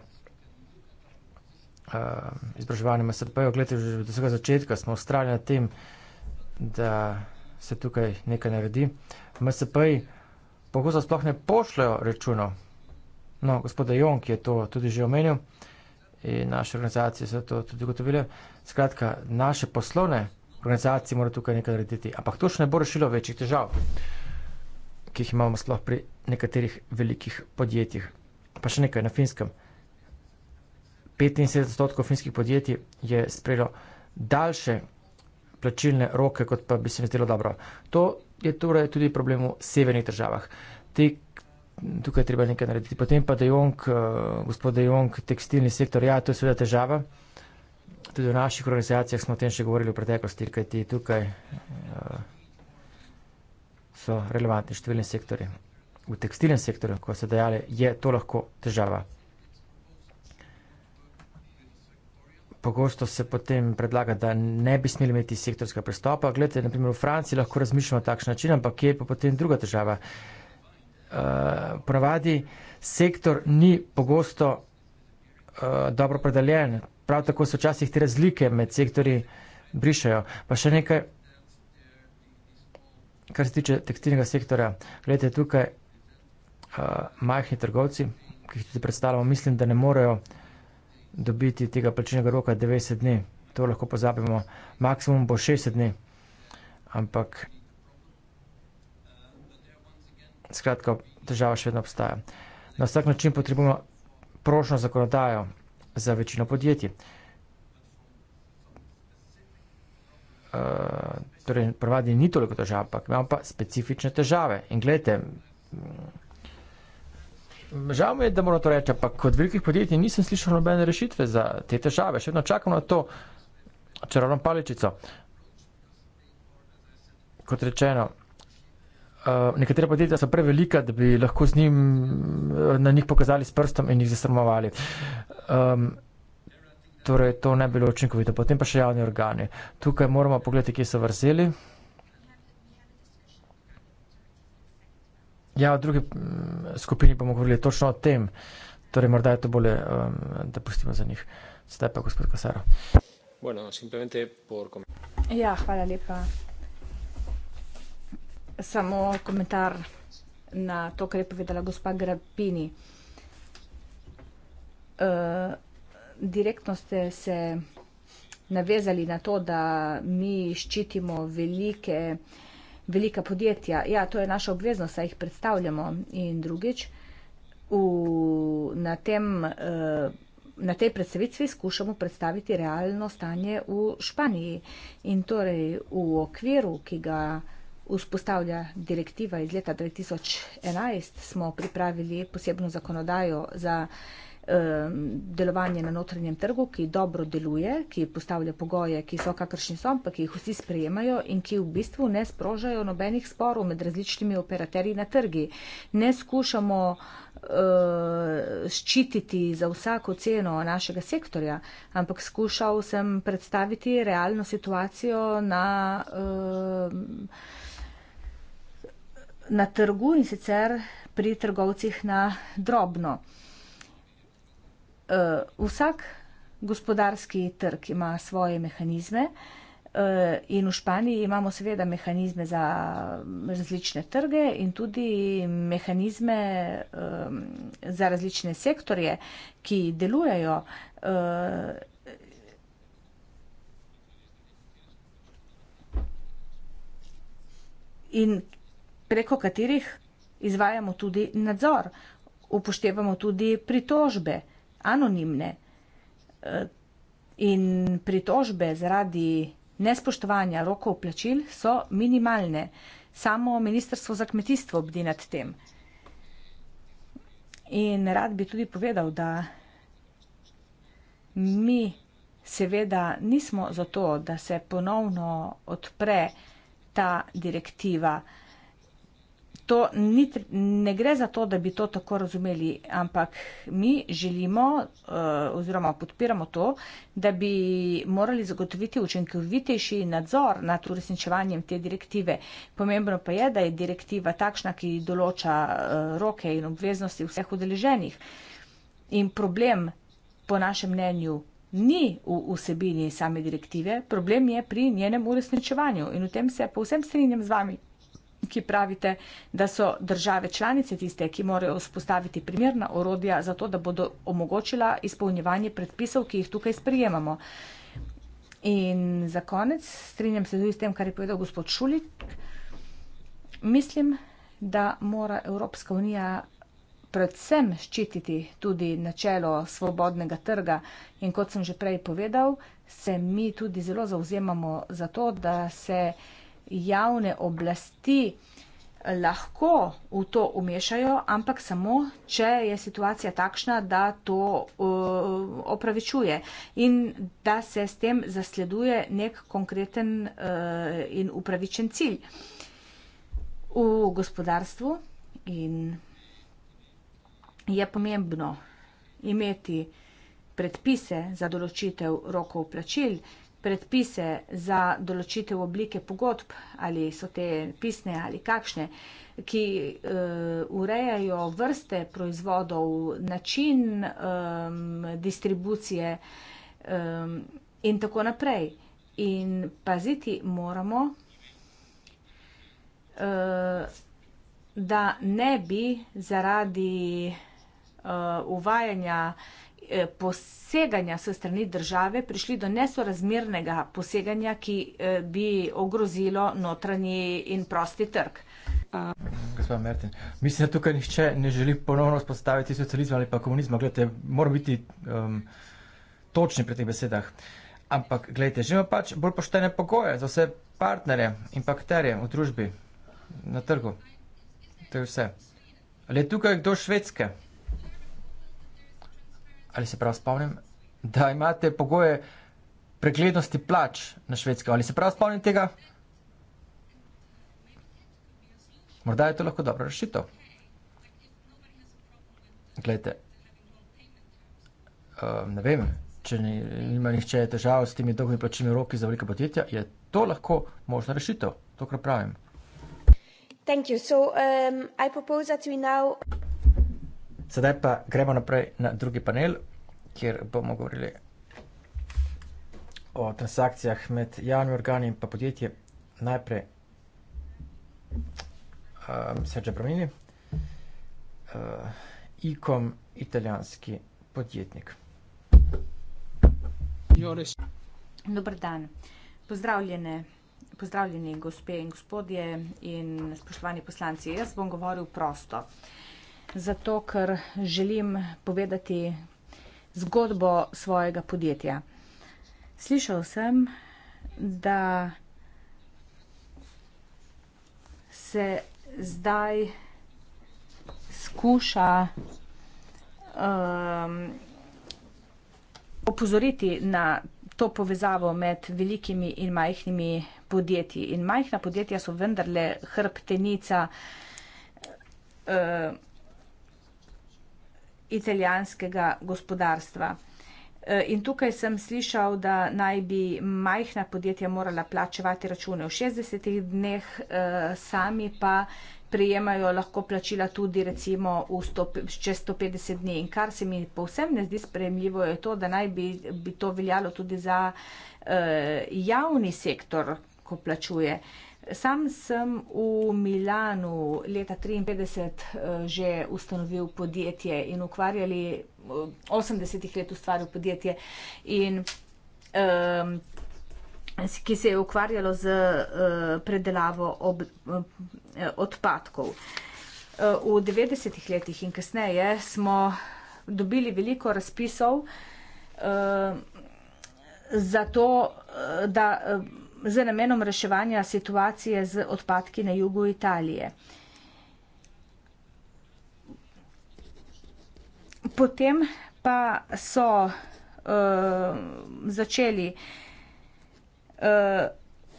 Uh, Izobraževanje MSP-ja, gledajte, že od vsega začetka smo ustrajali na tem, da se tukaj nekaj naredi. MSP-ji pogosto sploh ne pošljajo računov. No, gospod Jon, ki je to tudi že omenil in naše organizacije so to tudi gotovile. Skratka, naše poslovne organizacije morajo tukaj nekaj narediti, ampak to še ne bo rešilo večjih težav, ki jih imamo sploh pri nekaterih velikih podjetjih pa še nekaj na finskem. 75 odstotkov finskih podjetij je sprejelo daljše plačilne roke, kot pa bi se mi zdelo dobro. To je torej tudi problem v severnih državah. Te, tukaj je treba nekaj narediti. Potem pa Dejong, eh, gospod Dejong, tekstilni sektor, ja, to je seveda težava. Tudi v naših organizacijah smo o tem še govorili v preteklosti, kajti tukaj uh, so relevantni številni sektori v tekstilnem sektorju, ko so dejali, je to lahko težava. Pogosto se potem predlaga, da ne bi smeli imeti sektorska pristopa. Glede, naprimer v Franciji lahko razmišljamo takšen način, ampak je pa potem druga država. Uh, eh, Pravadi sektor ni pogosto uh, dobro predeljen. Prav tako se včasih te razlike med sektori brišajo. Pa še nekaj, kar se tiče tekstilnega sektora. Glede, tukaj uh, majhni trgovci, ki jih tudi predstavljamo, mislim, da ne morejo dobiti tega plačilnega roka 90 dni. To lahko pozabimo. Maksimum bo 60 dni. Ampak, skratka, država še vedno obstaja. Na vsak način potrebujemo prošno zakonodajo za večino podjetij. Uh, torej, prvadi ni toliko težav, ampak imamo pa specifične težave. In gledajte, Žal mi je, da moram to reči, ampak kot velikih podjetij nisem slišal nobene rešitve za te težave. Še vedno čakam na to čarobno paličico. Kot rečeno, eh, nekatera podjetja so prevelika, da bi lahko njim, eh, na njih pokazali s prstom in jih zasrmovali. Um, torej, to ne bi bilo učinkovito. Potem pa še javni organi. Tukaj moramo pogledati, kje so vrzeli. Ja, v drugi mm, skupini bomo govorili točno o tem. Torej, morda je to bolje, um, da pustimo za njih. Zdaj pa gospod Kasaro. Bueno, simplemente por Ja, hvala lepa. Samo komentar na to, kar je povedala gospa Grapini. Uh, direktno ste se navezali na to, da mi ščitimo velike uh, velika podjetja. Ja, to je naša obveznost, saj jih predstavljamo. In drugič, v, na, tem, eh, na tej predstavitvi skušamo predstaviti realno stanje v Španiji. In torej v okviru, ki ga vzpostavlja direktiva iz leta 2011, smo pripravili posebno zakonodajo za delovanje na notranjem trgu, ki dobro deluje, ki postavlja pogoje, ki so kakršni so, ampak ki jih vsi sprejemajo in ki v bistvu ne sprožajo nobenih sporov med različnimi operaterji na trgi. Ne skušamo eh, ščititi za vsako ceno našega sektorja, ampak skušal sem predstaviti realno situacijo na, na trgu in sicer pri trgovcih na drobno uh, vsak gospodarski trg ima svoje mehanizme uh, in v Španiji imamo seveda mehanizme za mm, različne trge in tudi mehanizme um, za različne sektorje, ki delujejo. Uh, In preko katerih izvajamo tudi nadzor, upoštevamo tudi pritožbe anonimne eh, in pritožbe zaradi nespoštovanja rokov plačil so minimalne. Samo Ministrstvo za kmetijstvo bdi nad tem. In rad bi tudi povedal, da mi seveda nismo za to, da se ponovno odpre ta direktiva to ni, ne gre za to, da bi to tako razumeli, ampak mi želimo eh, oziroma podpiramo to, da bi morali zagotoviti učinkovitejši nadzor nad uresničevanjem te direktive. Pomembno pa je, da je direktiva takšna, ki določa eh, roke in obveznosti vseh udeleženih. In problem, po našem mnenju, ni v vsebini same direktive, problem je pri njenem uresničevanju in v tem se povsem strinjam z vami ki pravite, da so države članice tiste, ki morajo vzpostaviti primerna orodja za to, da bodo omogočila izpolnjevanje predpisov, ki jih tukaj sprijemamo. In za konec, strinjam se tudi s tem, kar je povedal gospod Šulik, mislim, da mora Evropska unija predvsem ščititi tudi načelo svobodnega trga. In kot sem že prej povedal, se mi tudi zelo zauzemamo za to, da se javne oblasti lahko v to umešajo, ampak samo, če je situacija takšna, da to uh, opravičuje in da se s tem zasleduje nek konkreten uh, in upravičen cilj. V gospodarstvu in je pomembno imeti predpise za določitev rokov plačil, uh, predpise za določitev oblike pogodb, ali so te pisne ali kakšne, ki uh, urejajo vrste proizvodov, način um, distribucije um, in tako naprej. In paziti moramo, uh, da ne bi zaradi uh, uvajanja uh, Eh, poseganja s strani države prišli do nesorazmernega poseganja, ki eh, bi ogrozilo notranji in prosti trg. Gospod Mertin, mislim, da tukaj nihče ne želi ponovno spostaviti socializma ali pa komunizma. Gledajte, moramo biti um, točni pri teh besedah. Ampak, gledajte, želimo pač bolj poštene pogoje za vse partnere in akterje v družbi, na trgu. To je vse. Ali je tukaj kdo švedske? ali se prav spomnim, da imate pogoje preglednosti plač na švedskem. Ali se prav spomnim tega? Morda je to lahko dobro rešitev. Glejte, um, ne vem, če ni, nima nihče težav s temi dolgimi plačimi roki za velike podjetja, je to lahko možna rešitev, to, kar pravim. Thank you. So um, I propose that we now. Sedaj pa gremo naprej na drugi panel, kjer bomo govorili o transakcijah med javnim organom in podjetjem. Najprej um, Sergio Bramini, uh, ehm, ikom italijanski podjetnik. Dobro dan. Pozdravljene. Pozdravljeni, gospe in gospodje, in spoštovani poslanci. Jaz bom govoril prosto. Uh, zato ker želim povedati zgodbo svojega podjetja. Slišal sem, da se zdaj skuša um, opozoriti na to povezavo med velikimi in majhnimi podjetji. In majhna podjetja so vendarle hrbtenica. Um, italijanskega gospodarstva. E, in tukaj sem slišal, da naj bi majhna podjetja morala plačevati račune v 60 dneh, e, sami pa prijemajo lahko plačila tudi recimo v 100, čez 150 dni. In kar se mi povsem ne zdi sprejemljivo, je to, da naj bi, bi to veljalo tudi za uh, javni sektor, ko plačuje. Uh, Sam sem v Milanu leta 1953 eh, že ustanovil podjetje in ukvarjali 80-ih eh, let ustvaril podjetje, in, um, ki se je ukvarjalo z uh, predelavo ob, uh, odpadkov. Uh, v 90-ih letih in kasneje smo dobili veliko razpisov uh, za to, uh, da. Uh, z namenom reševanja situacije z odpadki na jugu Italije. Potem pa so uh, začeli uh,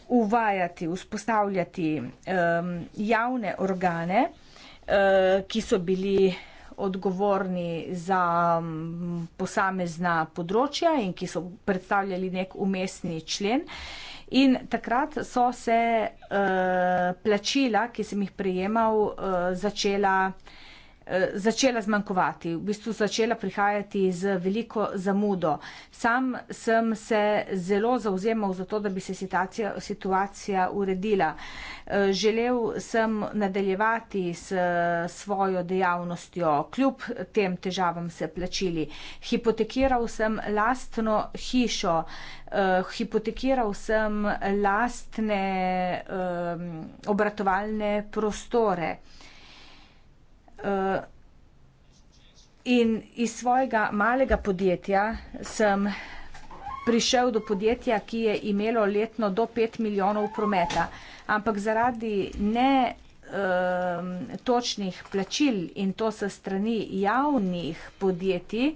uvajati, vzpostavljati um, javne organe, uh, ki so bili odgovorni za mm, posamezna področja in ki so predstavljali nek umestni člen. Uh, In takrat so se uh, plačila, ki sem jih prejemal, uh, začela. Eh, začela zmanjkovati, v bistvu začela prihajati z veliko zamudo. Sam sem se zelo zauzemal za to, da bi se situacija, situacija uredila. Eh, želel sem nadaljevati s eh, svojo dejavnostjo, kljub tem težavam se plačili. Hipotekiral sem lastno hišo, hipotekiral sem lastne obratovalne prostore. Eh, in iz svojega malega podjetja sem prišel do podjetja, ki je imelo letno do 5 milijonov prometa. Ampak zaradi ne ehm, točnih plačil in to se strani javnih podjetij,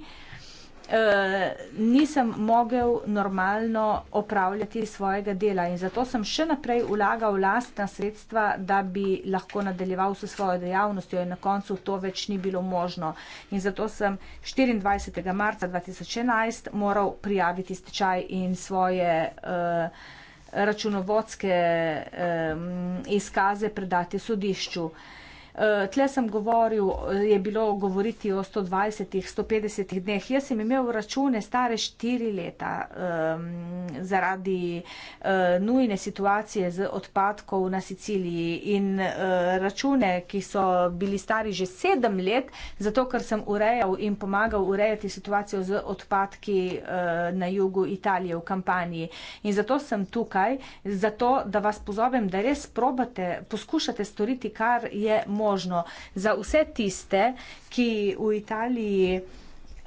Eh, nisem mogel normalno opravljati svojega dela in zato sem še naprej vlagal lastna sredstva, da bi lahko nadaljeval s svojo dejavnostjo in na koncu to več ni bilo možno. In zato sem 24. marca 2011 moral prijaviti stečaj in svoje uh, računovodske um, izkaze predati sodišču. Uh, Eh, tle sem govoril, je bilo govoriti o 120, 150 dneh. Jaz sem imel račune stare 4 leta um, zaradi uh, nujne situacije z odpadkov na Siciliji in uh, račune, ki so bili stari že 7 let, zato ker sem urejal in pomagal urejati situacijo z odpadki uh, na jugu Italije v kampanji. In zato sem tukaj, zato da vas pozovem, da res probate, poskušate storiti, kar je možno možno za vse tiste, ki v Italiji.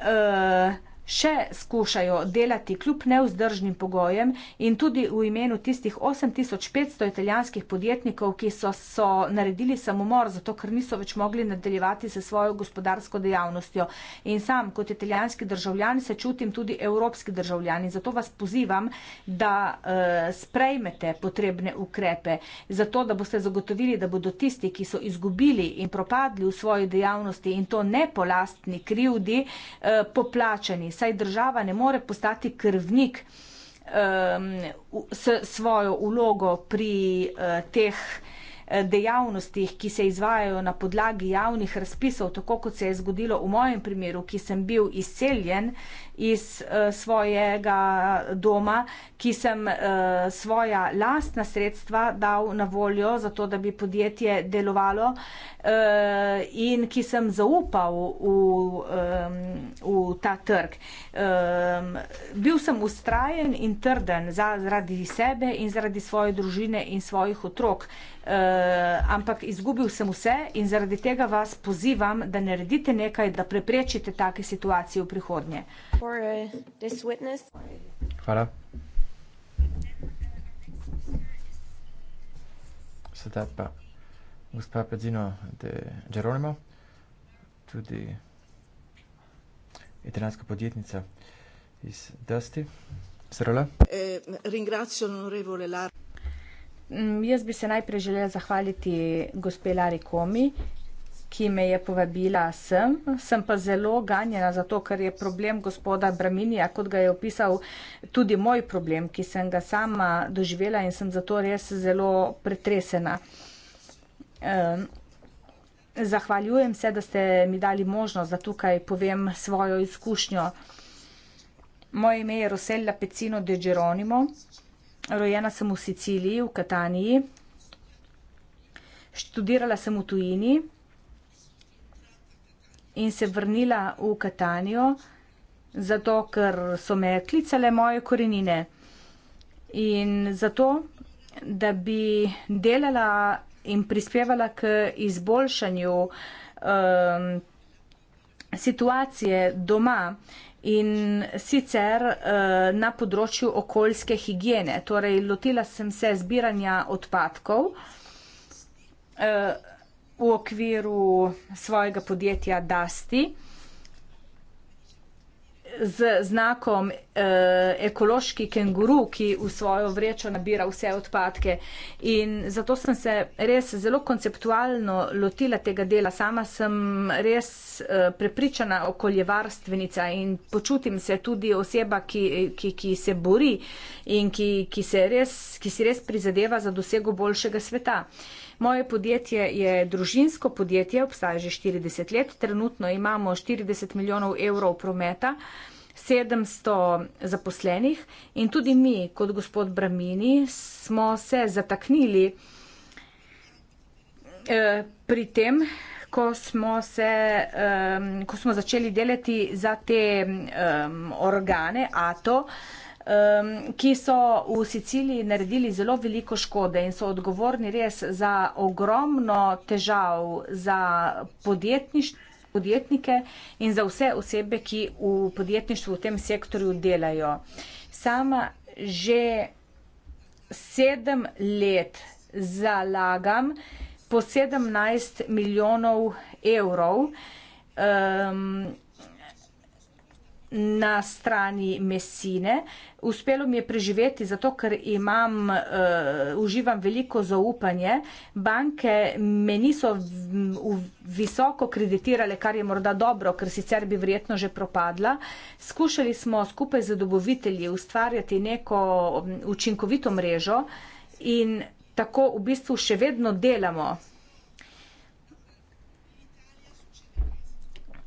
Uh, še skušajo delati kljub nevzdržnim pogojem in tudi v imenu tistih 8500 italijanskih podjetnikov, ki so, so naredili samomor, zato ker niso več mogli nadaljevati se svojo gospodarsko dejavnostjo. In sam kot italijanski državljan se čutim tudi evropski državljan in zato vas pozivam, da eh, sprejmete potrebne ukrepe, zato da boste zagotovili, da bodo tisti, ki so izgubili in propadli v svoji dejavnosti in to ne po lastni krivdi, eh, poplačani saj država ne more postati krvnik um, s svojo ulogo pri uh, teh eh, dejavnostih, ki se izvajajo na podlagi javnih razpisov, tako kot se je zgodilo v mojem primeru, ki sem bil izseljen iz uh, svojega doma, ki sem uh, svoja lastna sredstva dal na voljo, zato da bi podjetje delovalo uh, in ki sem zaupal v, um, v ta trg. Um, bil sem ustrajen in trden za, zaradi sebe in zaradi svoje družine in svojih otrok. Uh, ampak izgubil sem vse in zaradi tega vas pozivam, da naredite nekaj, da preprečite take situacije v prihodnje for uh, this witness. Hvala. Sedaj pa gospa Pedzino de Geronimo, tudi italijanska podjetnica iz Dusty. Srola. E, ringrazio onorevole Lar. Mm, jaz bi se najprej želela zahvaliti gospe Lari Komi, ki me je povabila sem. Sem pa zelo ganjena zato, ker je problem gospoda Braminija, kot ga je opisal, tudi moj problem, ki sem ga sama doživela in sem zato res zelo pretresena. Um, zahvaljujem se, da ste mi dali možnost, da tukaj povem svojo izkušnjo. Moje ime je Roselja Pecino de Geronimo. Rojena sem v Siciliji, v Kataniji. Študirala sem v tujini in se vrnila v Katanijo, zato ker so me klicale moje korenine. In zato, da bi delala in prispevala k izboljšanju um, situacije doma in sicer uh, na področju okoljske higiene. Torej, lotila sem se zbiranja odpadkov. Uh, v okviru svojega podjetja Dusty z znakom eh, ekološki kenguru, ki v svojo vrečo nabira vse odpadke. In zato sem se res zelo konceptualno lotila tega dela. Sama sem res eh, prepričana okoljevarstvenica in počutim se tudi oseba, ki, ki, ki se bori in ki, ki, se res, ki si res prizadeva za dosego boljšega sveta. Eh, Moje podjetje je družinsko podjetje, obstaja že 40 let, trenutno imamo 40 milijonov evrov prometa. 700 zaposlenih in tudi mi, kot gospod Bramini, smo se zataknili eh, pri tem, ko smo, se, eh, ko smo začeli delati za te eh, organe, ATO. Eh, um, ki so v Siciliji naredili zelo veliko škode in so odgovorni res za ogromno težav za podjetnike in za vse osebe, ki v podjetništvu v tem sektorju delajo. Sama že sedem let zalagam po 17 milijonov evrov. Um, na strani mesine. Uspelo mi je preživeti, zato ker imam, uh, uživam veliko zaupanje. Banke me niso v, v, visoko kreditirale, kar je morda dobro, ker sicer bi verjetno že propadla. Skušali smo skupaj z dobovitelji ustvarjati neko učinkovito mrežo in tako v bistvu še vedno delamo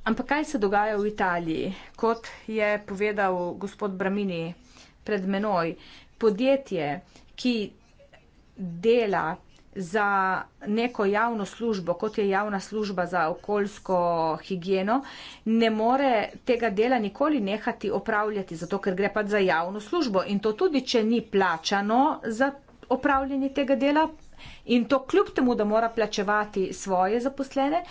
Ampak kaj se dogaja v Italiji? Kot je povedal gospod Bramini pred menoj, podjetje, ki dela za neko javno službo, kot je javna služba za okoljsko higieno, ne more tega dela nikoli nehati opravljati, zato ker gre pa za javno službo in to tudi, če ni plačano za opravljanje tega dela in to kljub temu, da mora plačevati svoje zaposlene,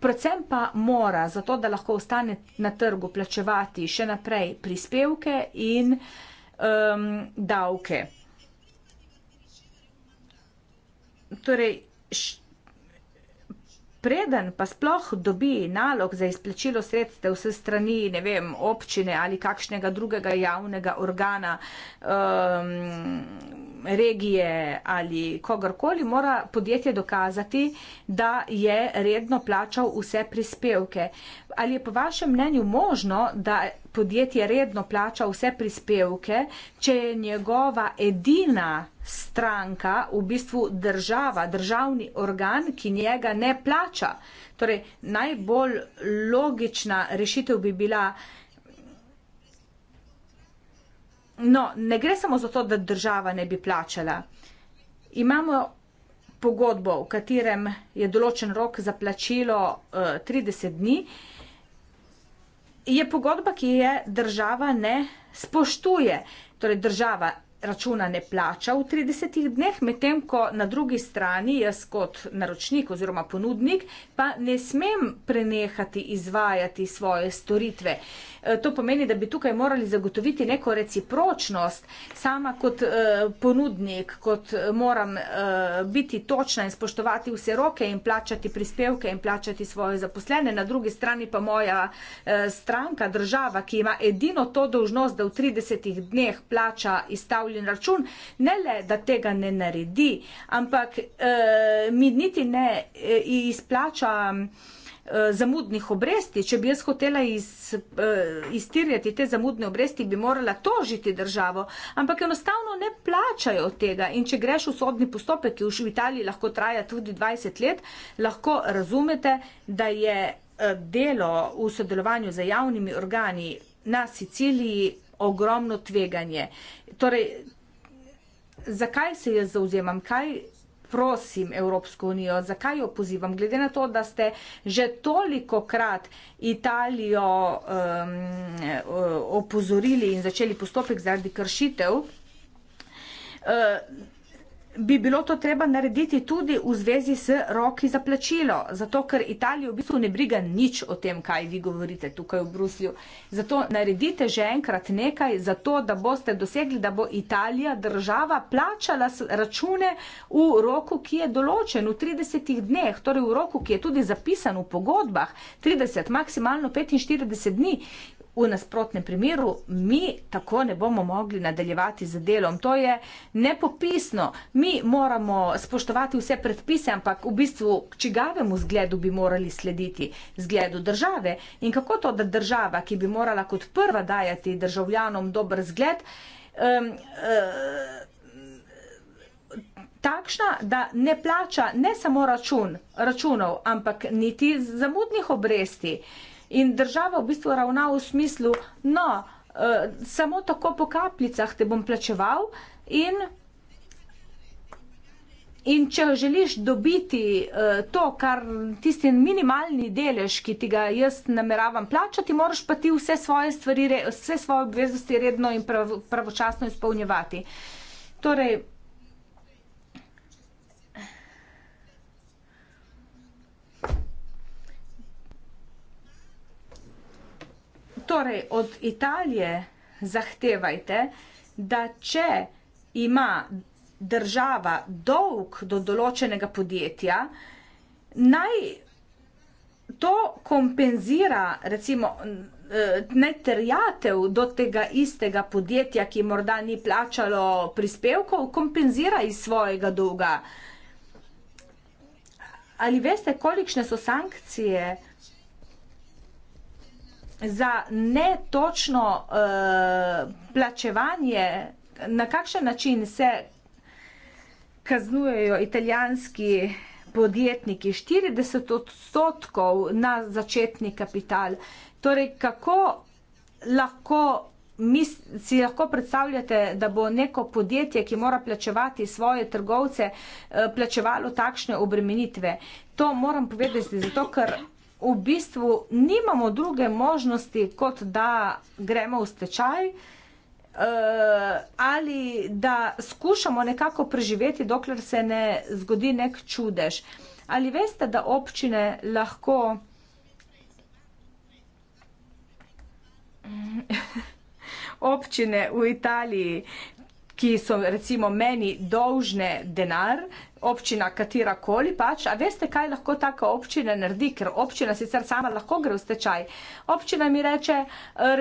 predvsem pa mora, zato da lahko ostane na trgu, plačevati še naprej prispevke in um, davke. Torej, preden pa sploh dobi nalog za izplačilo sredstev s strani, ne vem, občine ali kakšnega drugega javnega organa, um, regije ali kogarkoli, mora podjetje dokazati, da je redno plačal vse prispevke. Ali je po vašem mnenju možno, da podjetje redno plača vse prispevke, če je njegova edina stranka v bistvu država, državni organ, ki njega ne plača. Torej, najbolj logična rešitev bi bila. No, ne gre samo za to, da država ne bi plačala. Imamo pogodbo, v katerem je določen rok za plačilo 30 eh, dni je pogodba, ki je država ne spoštuje. Torej, država računa ne plača v 30 dneh, medtem ko na drugi strani jaz kot naročnik oziroma ponudnik pa ne smem prenehati izvajati svoje storitve. Eh, to pomeni, da bi tukaj morali zagotoviti neko recipročnost. Sama kot eh, ponudnik, kot eh, moram biti točna in spoštovati vse roke in plačati prispevke in plačati svoje zaposlene, na drugi strani pa moja stranka, država, ki ima edino to dožnost, da v 30 dneh plača izstavljen račun, ne le, da tega ne naredi, ampak mi niti ne izplača. Eh, zamudnih obresti, če bi jaz hotela iz, eh, iztirjati te zamudne obresti, bi morala tožiti državo, ampak enostavno ne plačajo tega in če greš v sodni postopek, ki už v Italiji lahko traja tudi 20 let, lahko razumete, da je eh, delo v sodelovanju za javnimi organi na Siciliji ogromno tveganje. Torej, zakaj se jaz zauzemam? Kaj prosim Evropsko unijo, zakaj jo pozivam, glede na to, da ste že toliko krat Italijo um, opozorili in začeli postopek zaradi kršitev. Uh, bi bilo to treba narediti tudi v zvezi s roki za plačilo, zato ker Italijo v bistvu ne briga nič o tem, kaj vi govorite tukaj v Bruslju. Zato naredite že enkrat nekaj, zato da boste dosegli, da bo Italija država plačala račune v roku, ki je določen v 30 dneh, torej v roku, ki je tudi zapisan v pogodbah, 30, maksimalno 45 dni v nasprotnem primeru mi tako ne bomo mogli nadaljevati z delom. To je nepopisno. Mi moramo spoštovati vse predpise, ampak v bistvu čigavemu zgledu bi morali slediti, zgledu države. In kako to, da država, ki bi morala kot prva dajati državljanom dober zgled, um, uh, Takšna, da ne plača ne samo račun, računov, ampak niti zamudnih obresti. Uh, In država v bistvu ravna v smislu, no, uh, samo tako po kapljicah te bom plačeval in, in če želiš dobiti uh, to, kar tisti minimalni delež, ki ti ga jaz nameravam plačati, moraš pa ti vse svoje stvari, vse svoje obveznosti redno in prav, pravočasno izpolnjevati. Torej, torej od Italije zahtevajte, da če ima država dolg do določenega podjetja, naj to kompenzira, recimo, naj terjatev do tega istega podjetja, ki morda ni plačalo prispevkov, kompenzira iz svojega dolga. Ali veste, kolikšne so sankcije? za netočno uh, plačevanje, na kakšen način se kaznujejo italijanski podjetniki, 40 odstotkov na začetni kapital. Torej, kako lahko mi si lahko predstavljate, da bo neko podjetje, ki mora plačevati svoje trgovce, eh, plačevalo takšne obremenitve. To moram povedati, zato ker v bistvu nimamo druge možnosti, kot da gremo v stečaj eh, ali da skušamo nekako preživeti, dokler se ne zgodi nek čudež. Ali veste, da občine lahko. občine v Italiji, ki so recimo meni dolžne denar, občina, katera koli pač, a veste, kaj lahko taka občina naredi, ker občina sicer sama lahko gre v stečaj. Občina mi reče, e,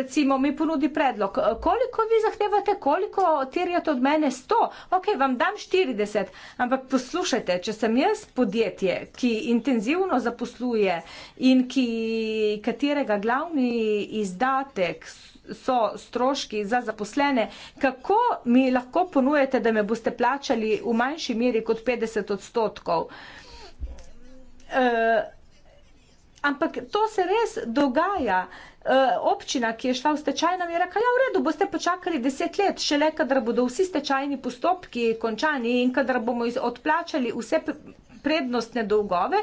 recimo, mi ponudi predlog, e, koliko vi zahtevate, koliko terjate od mene? 100, ok, vam dam 40, ampak poslušajte, če sem jaz podjetje, ki intenzivno zaposluje in ki, katerega glavni izdatek so, so stroški za zaposlene, kako mi lahko ponujete, da me boste plačali v manjši meri kot 50 odstotkov? E, ampak to se res dogaja. E, občina, ki je šla v stečaj, nam je rekla, ja, v redu, boste počakali deset let, šele kadar bodo vsi stečajni postopki končani in kadar bomo odplačali vse prednostne dolgove,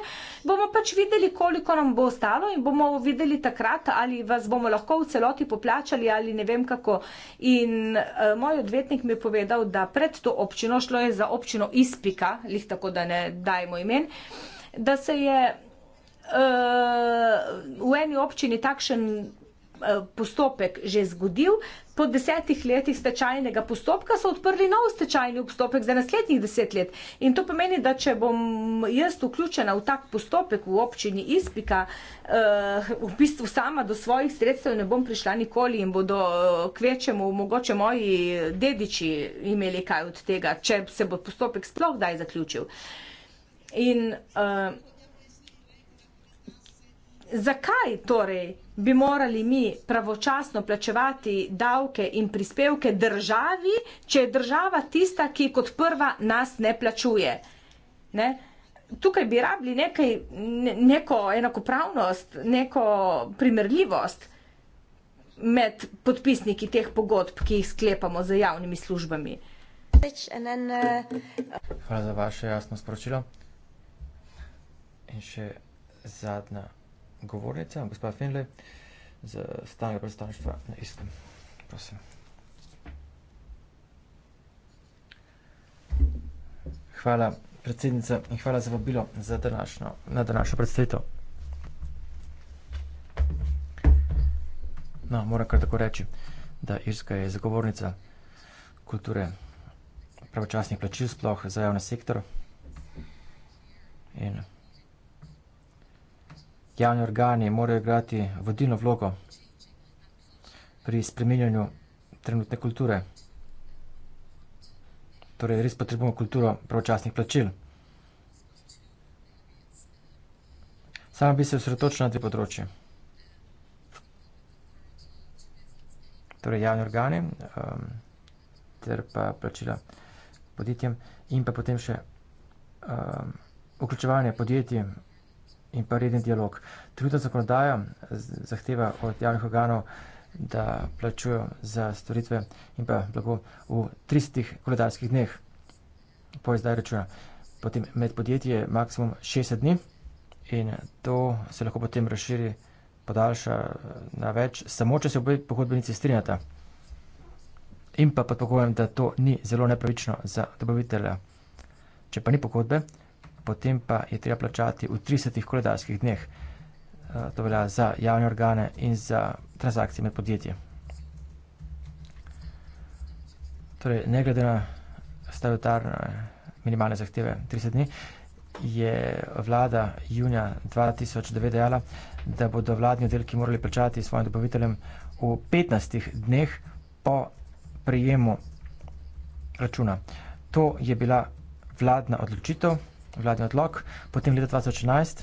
bomo pač videli, koliko nam bo ostalo in bomo videli takrat, ali vas bomo lahko v celoti poplačali ali ne vem kako. In uh, moj odvetnik mi je povedal, da pred to občino šlo je za občino Ispika, lih tako, da ne dajmo imen, da se je uh, v eni občini takšen eh, postopek že zgodil, po desetih letih stečajnega postopka so odprli nov stečajni postopek za naslednjih deset let. In to pomeni, da če bom jaz vključena v tak postopek v občini Ispika, eh, v bistvu sama do svojih sredstev ne bom prišla nikoli in bodo eh, k večjemu mogoče moji dediči imeli kaj od tega, če se bo postopek sploh daj zaključil. In uh, zakaj torej? bi morali mi pravočasno plačevati davke in prispevke državi, če je država tista, ki kot prva nas ne plačuje. Ne? Tukaj bi rabili nekaj, ne, neko enakopravnost, neko primerljivost med podpisniki teh pogodb, ki jih sklepamo z javnimi službami. Hvala za vaše jasno sporočilo. In še zadnja govornica, gospa Finle, z stanega predstavništva na istem. Prosim. Hvala, predsednica, in hvala za vabilo za današnjo, na današnjo predstavitev. No, moram kar tako reči, da Irska je zagovornica kulture pravočasnih plačil, sploh za javni sektor. In javni organi morajo igrati vodilno vlogo pri spreminjanju trenutne kulture. Torej, res potrebujemo kulturo pravočasnih plačil. Sam bi se osredotočil na dve področji. Torej, javni organi um, ter pa plačila podjetjem in pa potem še um, vključevanje podjetij in pa redni dialog. Trenutna zakonodaja zahteva od javnih organov, da plačujo za storitve in pa blago v 300 koledarskih dneh po izdaji računa. Potem med podjetje je maksimum 60 dni in to se lahko potem razširi, podaljša eh, na več, samo če se obe pogodbenici strinjata. In pa podpogojem, da to ni zelo nepravično za dobavitelja. Če pa ni pogodbe, potem pa je treba plačati v 30 koledarskih dneh. Eh, to velja za javne organe in za transakcije med podjetje. Torej, ne glede na statutarne minimalne zahteve 30 dni, je vlada junija 2009 dejala, da bodo vladni oddelki morali plačati svojim dobaviteljem v 15 dneh po prijemu računa. To je bila vladna odločitev vladni odlog, potem leta 2011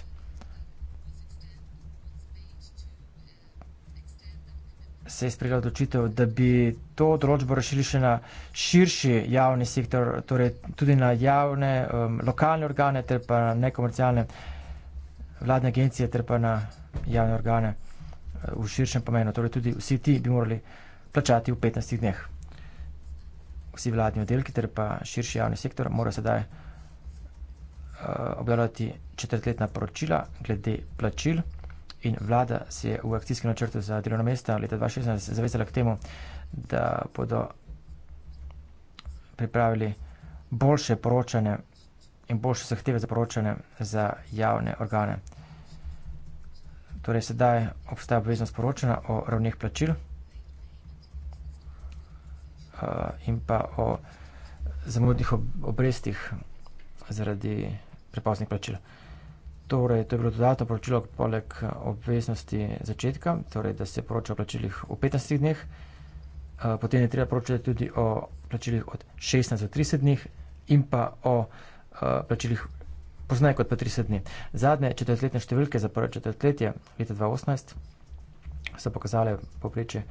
se je sprejela odločitev, da bi to določbo rešili še na širši javni sektor, torej tudi na javne um, lokalne organe ter pa na nekomercialne vladne agencije ter pa na javne organe uh, v širšem pomenu. Torej tudi vsi ti bi morali plačati v 15 dneh. Vsi vladni oddelki ter pa širši javni sektor mora sedaj Eh, objavljati četrtletna poročila glede plačil in vlada se je v akcijskem načrtu za delovno mesto leta 2016 zavezala k temu, da bodo pripravili boljše poročanje in boljše zahteve za poročanje za javne organe. Torej sedaj obstaja obveznost poročanja o ravnih plačil eh, in pa o zamudnih obrestih zaradi prepoznih plačil. Torej, to je bilo dodatno poročilo poleg eh, obveznosti začetka, torej, da se poroča o plačilih v 15 dneh, eh, potem je treba poročati tudi o plačilih od 16 do 30 dneh in pa o eh, plačilih poznaj kot pa 30 dni. Zadnje četrtletne številke za prvo četrtletje leta 2018 so pokazale popreče,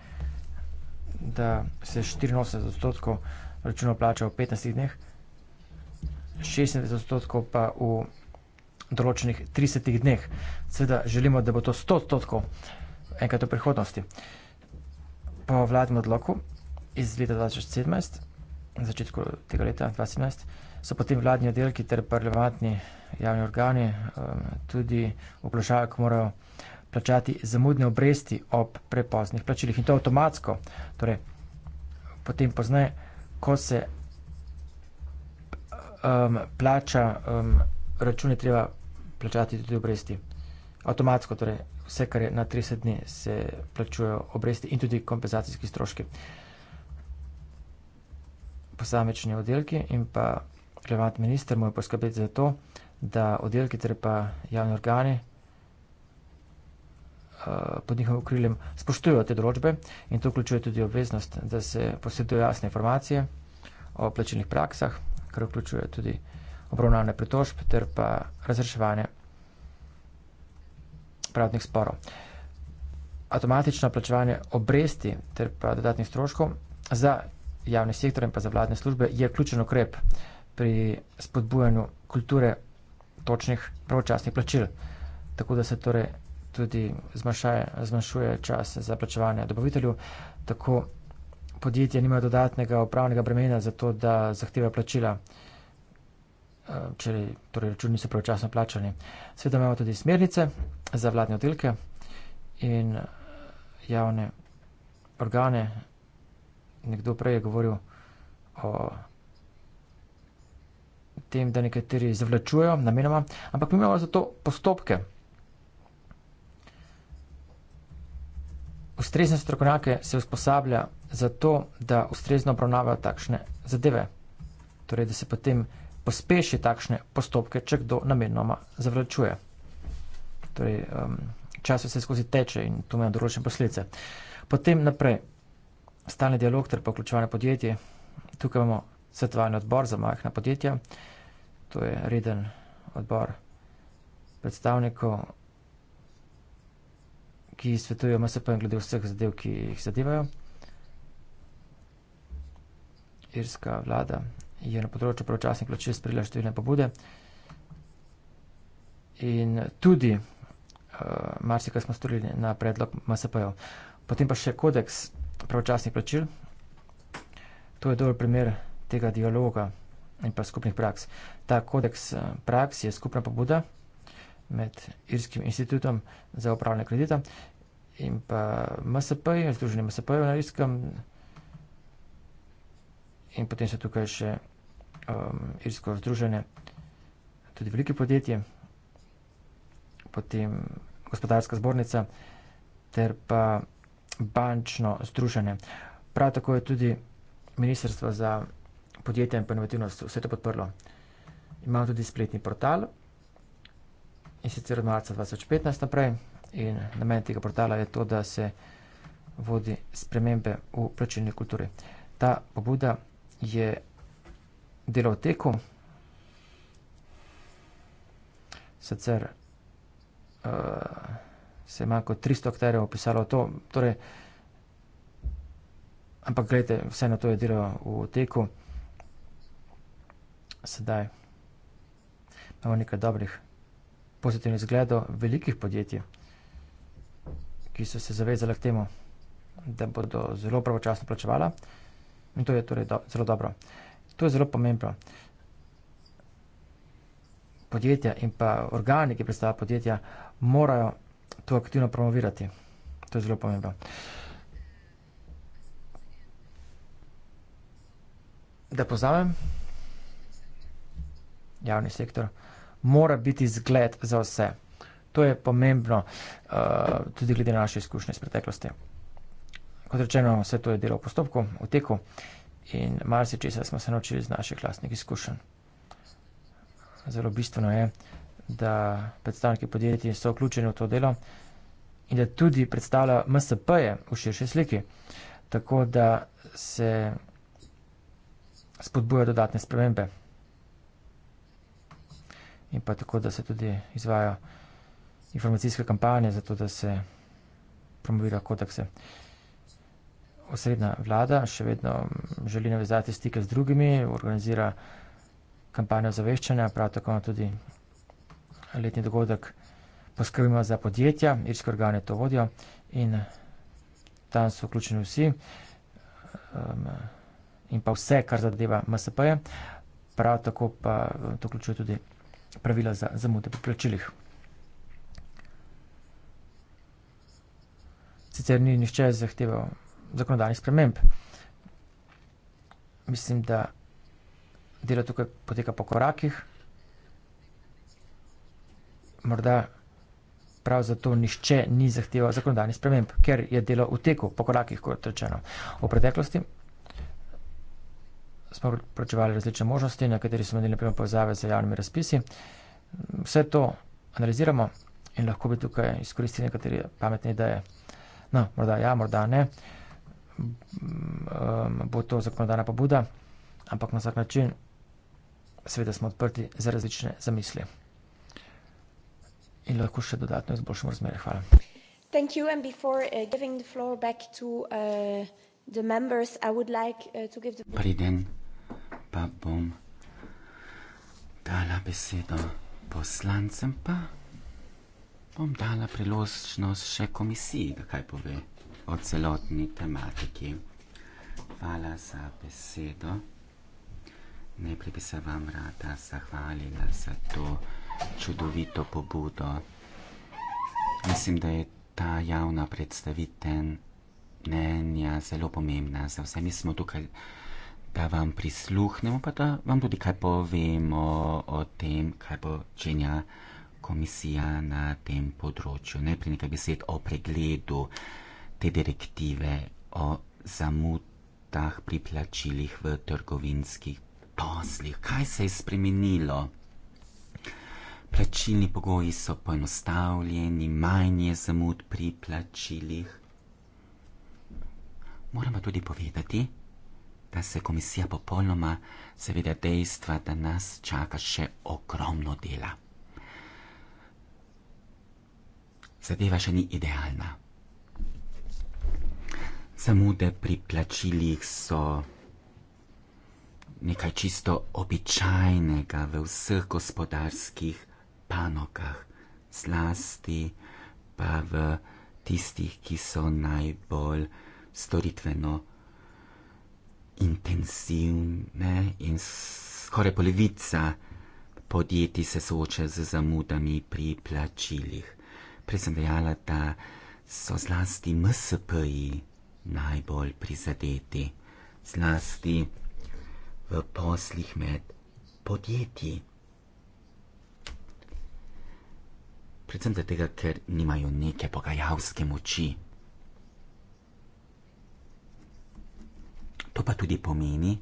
da se 84 odstotkov računov plača v 15 dneh. 60 odstotkov pa v določenih 30 dneh. Seveda želimo, da bo to 100 odstotkov enkrat v prihodnosti. Po vladnem odloku iz leta 2017, na začetku tega leta 2017, so potem vladni oddelki ter parlamentni javni organi um, tudi vplašali, ko morajo plačati zamudne obresti ob prepoznih plačilih. In to avtomatsko, torej potem poznaje, ko se um, plača, um, račune treba plačati tudi obresti. Avtomatsko, torej vse, kar je na 30 dni, se plačujejo obresti in tudi kompenzacijski stroški. Posamečni oddelki in pa relevant minister mora poskrbeti za to, da oddelki ter torej pa javni organi uh, pod njihovim okriljem spoštujejo te določbe in to vključuje tudi obveznost, da se posedujo jasne informacije o plačilnih praksah kar vključuje tudi obravnavanje pritožb ter pa razreševanje pravnih sporov. Automatično plačevanje obresti ter pa dodatnih stroškov za javni sektor in pa za vladne službe je ključen ukrep pri spodbujanju kulture točnih pravočasnih plačil, tako da se torej tudi zmanjšuje čas za plačevanje dobavitelju, tako podjetja nimajo dodatnega upravnega bremena za to, da zahteva plačila, eh, če torej računi so pravočasno plačani. Sveda imamo tudi smernice za vladne oddelke in eh, javne organe. Nekdo prej je govoril o tem, da nekateri zavlačujejo namenoma, ampak mi imamo za to postopke. Ustrezne strokovnjake se usposablja zato, da ustrezno obravnavajo takšne zadeve. Torej, da se potem pospeši takšne postopke, če kdo namenoma zavračuje. Torej, um, čas se skozi teče in to ima določene posledice. Potem naprej, stalni dialog ter poključevanje podjetje. Tukaj imamo svetovalni odbor za majhna podjetja. To je reden odbor predstavnikov, ki svetujejo MSP in glede vseh zadev, ki jih zadevajo irska vlada je na področju pravočasnih plačil sprejela številne pobude in tudi uh, marsikaj smo storili na predlog MSP-jev. Potem pa še kodeks pravočasnih plačil. To je dober primer tega dialoga in pa skupnih praks. Ta kodeks eh, praks je skupna pobuda med Irskim inštitutom za upravljanje kredita in pa MSP, Združenim MSP-jem na Irskem in potem so tukaj še um, irsko združene, tudi velike podjetje, potem gospodarska zbornica ter pa bančno združene. Prav tako je tudi Ministrstvo za podjetje in inovativnost vse to podprlo. Imamo tudi spletni portal in sicer od marca 2015 naprej in namen tega portala je to, da se vodi spremembe v plačilni kulturi. Ta pobuda je delal teko, sicer uh, se je manj kot 300 akterjev opisalo to, torej, ampak gledajte, vse na to je delal v teku. Sedaj imamo nekaj dobrih pozitivnih zgledov velikih podjetij, ki so se zavezali k temu, da bodo zelo pravočasno plačevala. In to je torej do, zelo dobro. To je zelo pomembno. Podjetja in pa organi, ki predstavljajo podjetja, morajo to aktivno promovirati. To je zelo pomembno. Da povzamem, javni sektor mora biti zgled za vse. To je pomembno uh, tudi glede na naše izkušnje iz preteklosti kot rečeno, vse to je delo v postopku, v teku in marsičesa smo se naučili iz naših lastnih izkušenj. Zelo bistveno je, da predstavniki podjetij so vključeni v to delo in da tudi predstavlja MSP-je v širši sliki, tako da se spodbuja dodatne spremembe in pa tako, da se tudi izvajo informacijske kampanje, zato da se promovira kodekse osrednja vlada še vedno mm, želi navezati stike z drugimi, organizira kampanjo zaveščanja, prav tako tudi letni dogodek poskrbimo za podjetja, irske organe to vodijo in tam so vključeni vsi um, in pa vse, kar zadeva MSP-je, prav tako pa to vključuje tudi pravila za zamude po plačilih. Sicer ni nihče zahteval zakonodajnih sprememb. Mislim, da delo tukaj poteka po korakih. Morda prav zato nišče ni zahteval zakonodajnih sprememb, ker je delo v teku po korakih, kot rečeno. V preteklosti smo pročevali različne možnosti, na kateri smo imeli naprimer povzave z javnimi razpisi. Vse to analiziramo in lahko bi tukaj izkoristili nekatere pametne ideje. No, morda ja, morda ne. Uh, Mm, um, bo to zakonodajna pobuda, ampak na vsak način, seveda, smo odprti za različne zamisli in lahko še dodatno izboljšamo razmere. Hvala. Thank you and before uh, giving the floor back to uh, the members I would like uh, to give the Pariden pa bom dala besedo poslancem pa bom dala priložnost še komisiji da kaj pove o celotni tematiki. Hvala za besedo. Najprej bi se vam rada zahvalila za to čudovito pobudo. Mislim, da je ta javna predstaviten mnenja zelo pomembna za vse. Mi smo tukaj, da vam prisluhnemo, pa da vam tudi kaj povemo o tem, kaj bo činja komisija na tem področju. Najprej nekaj besed o pregledu te direktive o zamudah pri plačilih v trgovinskih poslih. Kaj se je spremenilo? Plačilni pogoji so poenostavljeni, manj je zamud pri plačilih. Moramo tudi povedati, da se komisija popolnoma zaveda dejstva, da nas čaka še ogromno dela. Zadeva še ni idealna samo da pri plačilih so nekaj čisto običajnega v vseh gospodarskih panogah, zlasti pa v tistih, ki so najbolj storitveno intenzivne in skoraj polovica podjetij se sooča z zamudami pri plačilih. Prej sem dejala, da so zlasti MSP-ji najbolj prizadeti, zlasti v poslih med podjetji. Predvsem zato, ker nimajo neke pogajalske moči. To pa tudi pomeni,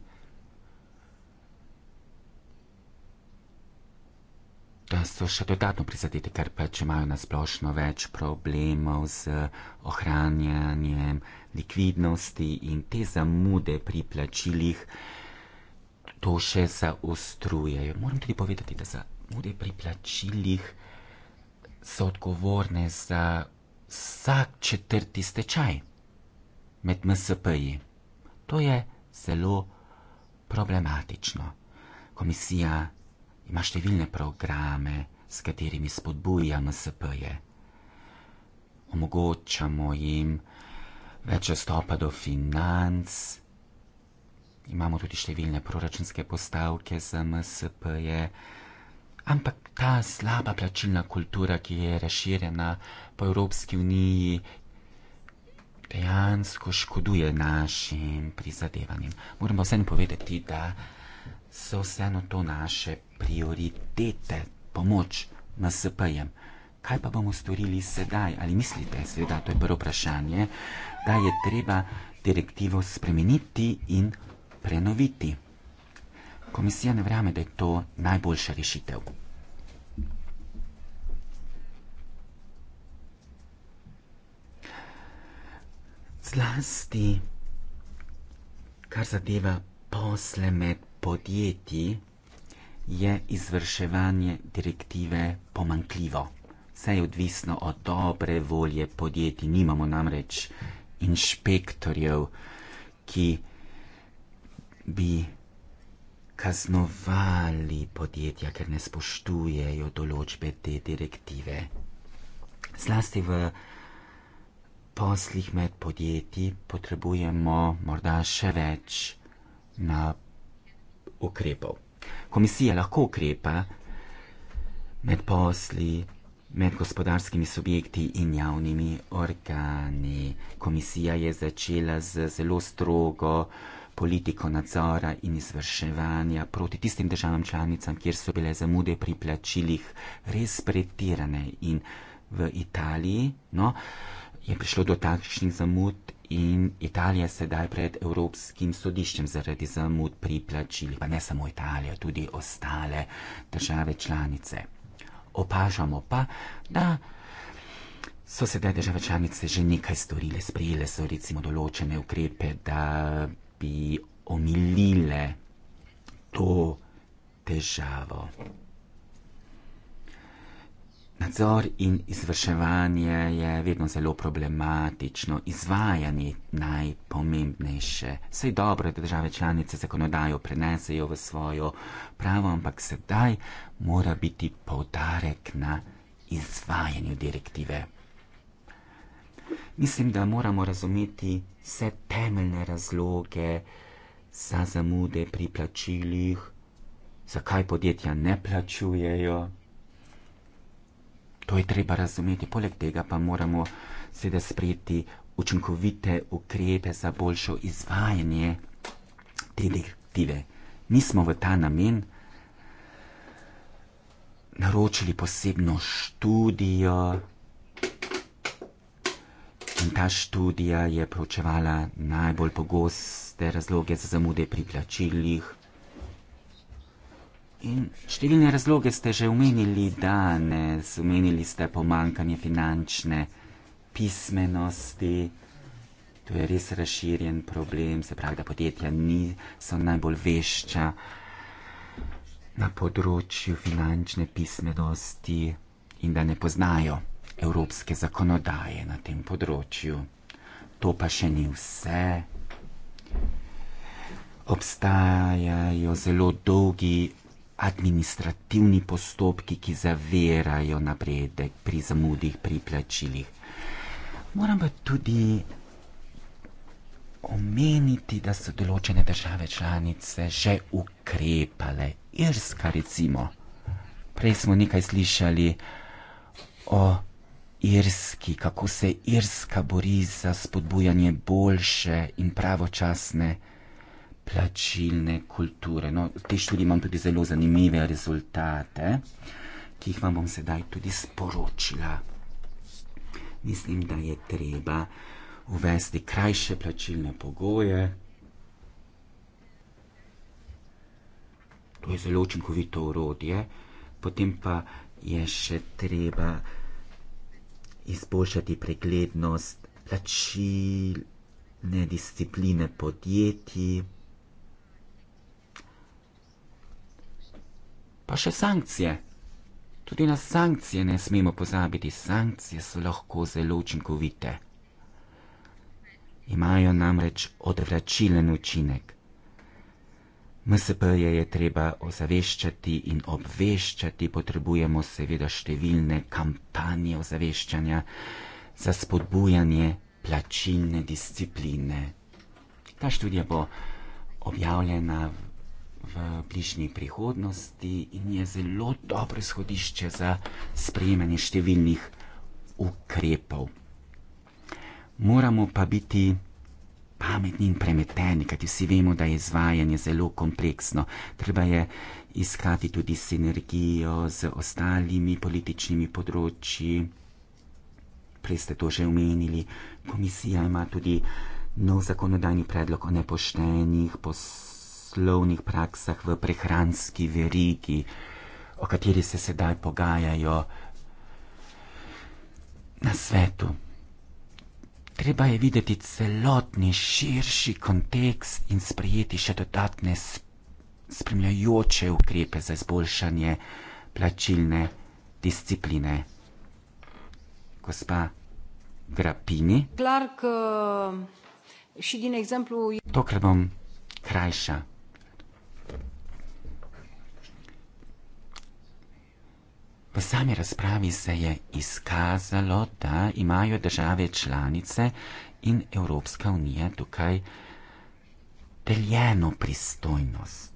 da eh, so še dodatno prizadeti, ker pač imajo na splošno več problemov z ohranjanjem likvidnosti in te zamude pri plačilih to še zaostrujejo. Moram tudi povedati, da zamude pri plačilih so odgovorne za vsak četrti stečaj med MSP-ji. To je zelo problematično. Komisija ima številne programe, s katerimi spodbuja MSP-je. Omogočamo jim več dostopa do financ, imamo tudi številne proračunske postavke za MSP-je, ampak ta slaba plačilna kultura, ki je razširjena po Evropski uniji, dejansko škoduje našim prizadevanjem. Moramo vseeno povedati, da so vseeno to naše prioritete, pomoč MSP-jem. Kaj pa bomo storili sedaj? Ali mislite, seveda, to je prvo vprašanje, da je treba direktivo spremeniti in prenoviti? Komisija ne verjame, da je to najboljša rešitev. Zlasti, kar zadeva posle med podjetji, je izvrševanje direktive pomankljivo. Vse je odvisno od dobre volje podjetij. Nimamo namreč inšpektorjev, ki bi kaznovali podjetja, ker ne spoštujejo določbe te direktive. Zlasti v poslih med podjetji potrebujemo morda še več na ukrepov komisija lahko ukrepa med posli, med gospodarskimi subjekti in javnimi organi. Komisija je začela z zelo strogo politiko nadzora in izvrševanja proti tistim državam članicam, kjer so bile zamude pri plačilih res pretirane in v Italiji. No, je prišlo do takšnih zamud in Italija je sedaj pred Evropskim sodiščem zaradi zamud pri plačilih, pa ne samo Italija, tudi ostale države članice. Opažamo pa, da so sedaj države članice že nekaj storile, sprejele so recimo določene ukrepe, da bi omilile to težavo. Nadzor in izvrševanje je vedno zelo problematično, izvajanje najpomembnejše. Sej dobro, da države članice zakonodajo prenesejo v svojo pravo, ampak sedaj mora biti povdarek na izvajanju direktive. Mislim, da moramo razumeti vse temeljne razloge za zamude pri plačilih, zakaj podjetja ne plačujejo. To je treba razumeti, poleg tega pa moramo seveda sprejeti učinkovite ukrepe za boljšo izvajanje te direktive. Nismo v ta namen naročili posebno študijo in ta študija je pročevala najbolj pogoste razloge za zamude pri plačilih, In številne razloge ste že omenili danes. Omenili ste pomankanje finančne pismenosti. To je res razširjen problem, se pravi, da podjetja niso najbolj vešča na področju finančne pismenosti in da ne poznajo evropske zakonodaje na tem področju. To pa še ni vse. Obstajajo zelo dolgi administrativni postopki, ki zavirajo napredek pri zamudih, pri plačilih. Moram pa tudi omeniti, da so določene države članice že ukrepale. Irska, recimo. Prej smo nekaj slišali o Irski, kako se Irska bori za spodbujanje boljše in pravočasne plačilne kulture. No, te študije imam tudi zelo zanimive rezultate, ki jih vam bom sedaj tudi sporočila. Mislim, da je treba uvesti krajše plačilne pogoje. To je zelo učinkovito orodje, potem pa je še treba izboljšati preglednost plačilne discipline podjetij. Pa še sankcije. Tudi na sankcije ne smemo pozabiti, sankcije so lahko zelo učinkovite. Imajo namreč odvračilen učinek. MSP-je je treba ozaveščati in obveščati, potrebujemo seveda številne kampanje ozaveščanja za spodbujanje plačilne discipline. Ta študija bo objavljena v v bližnji prihodnosti in je zelo dobro izhodišče za sprejemanje številnih ukrepov. Moramo pa biti pametni in premeteni, kajti vsi vemo, da je izvajanje zelo kompleksno. Treba je iskati tudi sinergijo z ostalimi političnimi področji. Prej ste to že omenili. Komisija ima tudi nov zakonodajni predlog o nepoštenih poslovnih poslovnih praksah v prehranski verigi, o kateri se sedaj pogajajo na svetu. Treba je videti celotni širši kontekst in sprejeti še dodatne spremljajoče ukrepe za izboljšanje plačilne discipline. Gospa Grapini. Clark, uh, to, kar bom krajša. V sami razpravi se je izkazalo, da imajo države članice in Evropska unija tukaj deljeno pristojnost.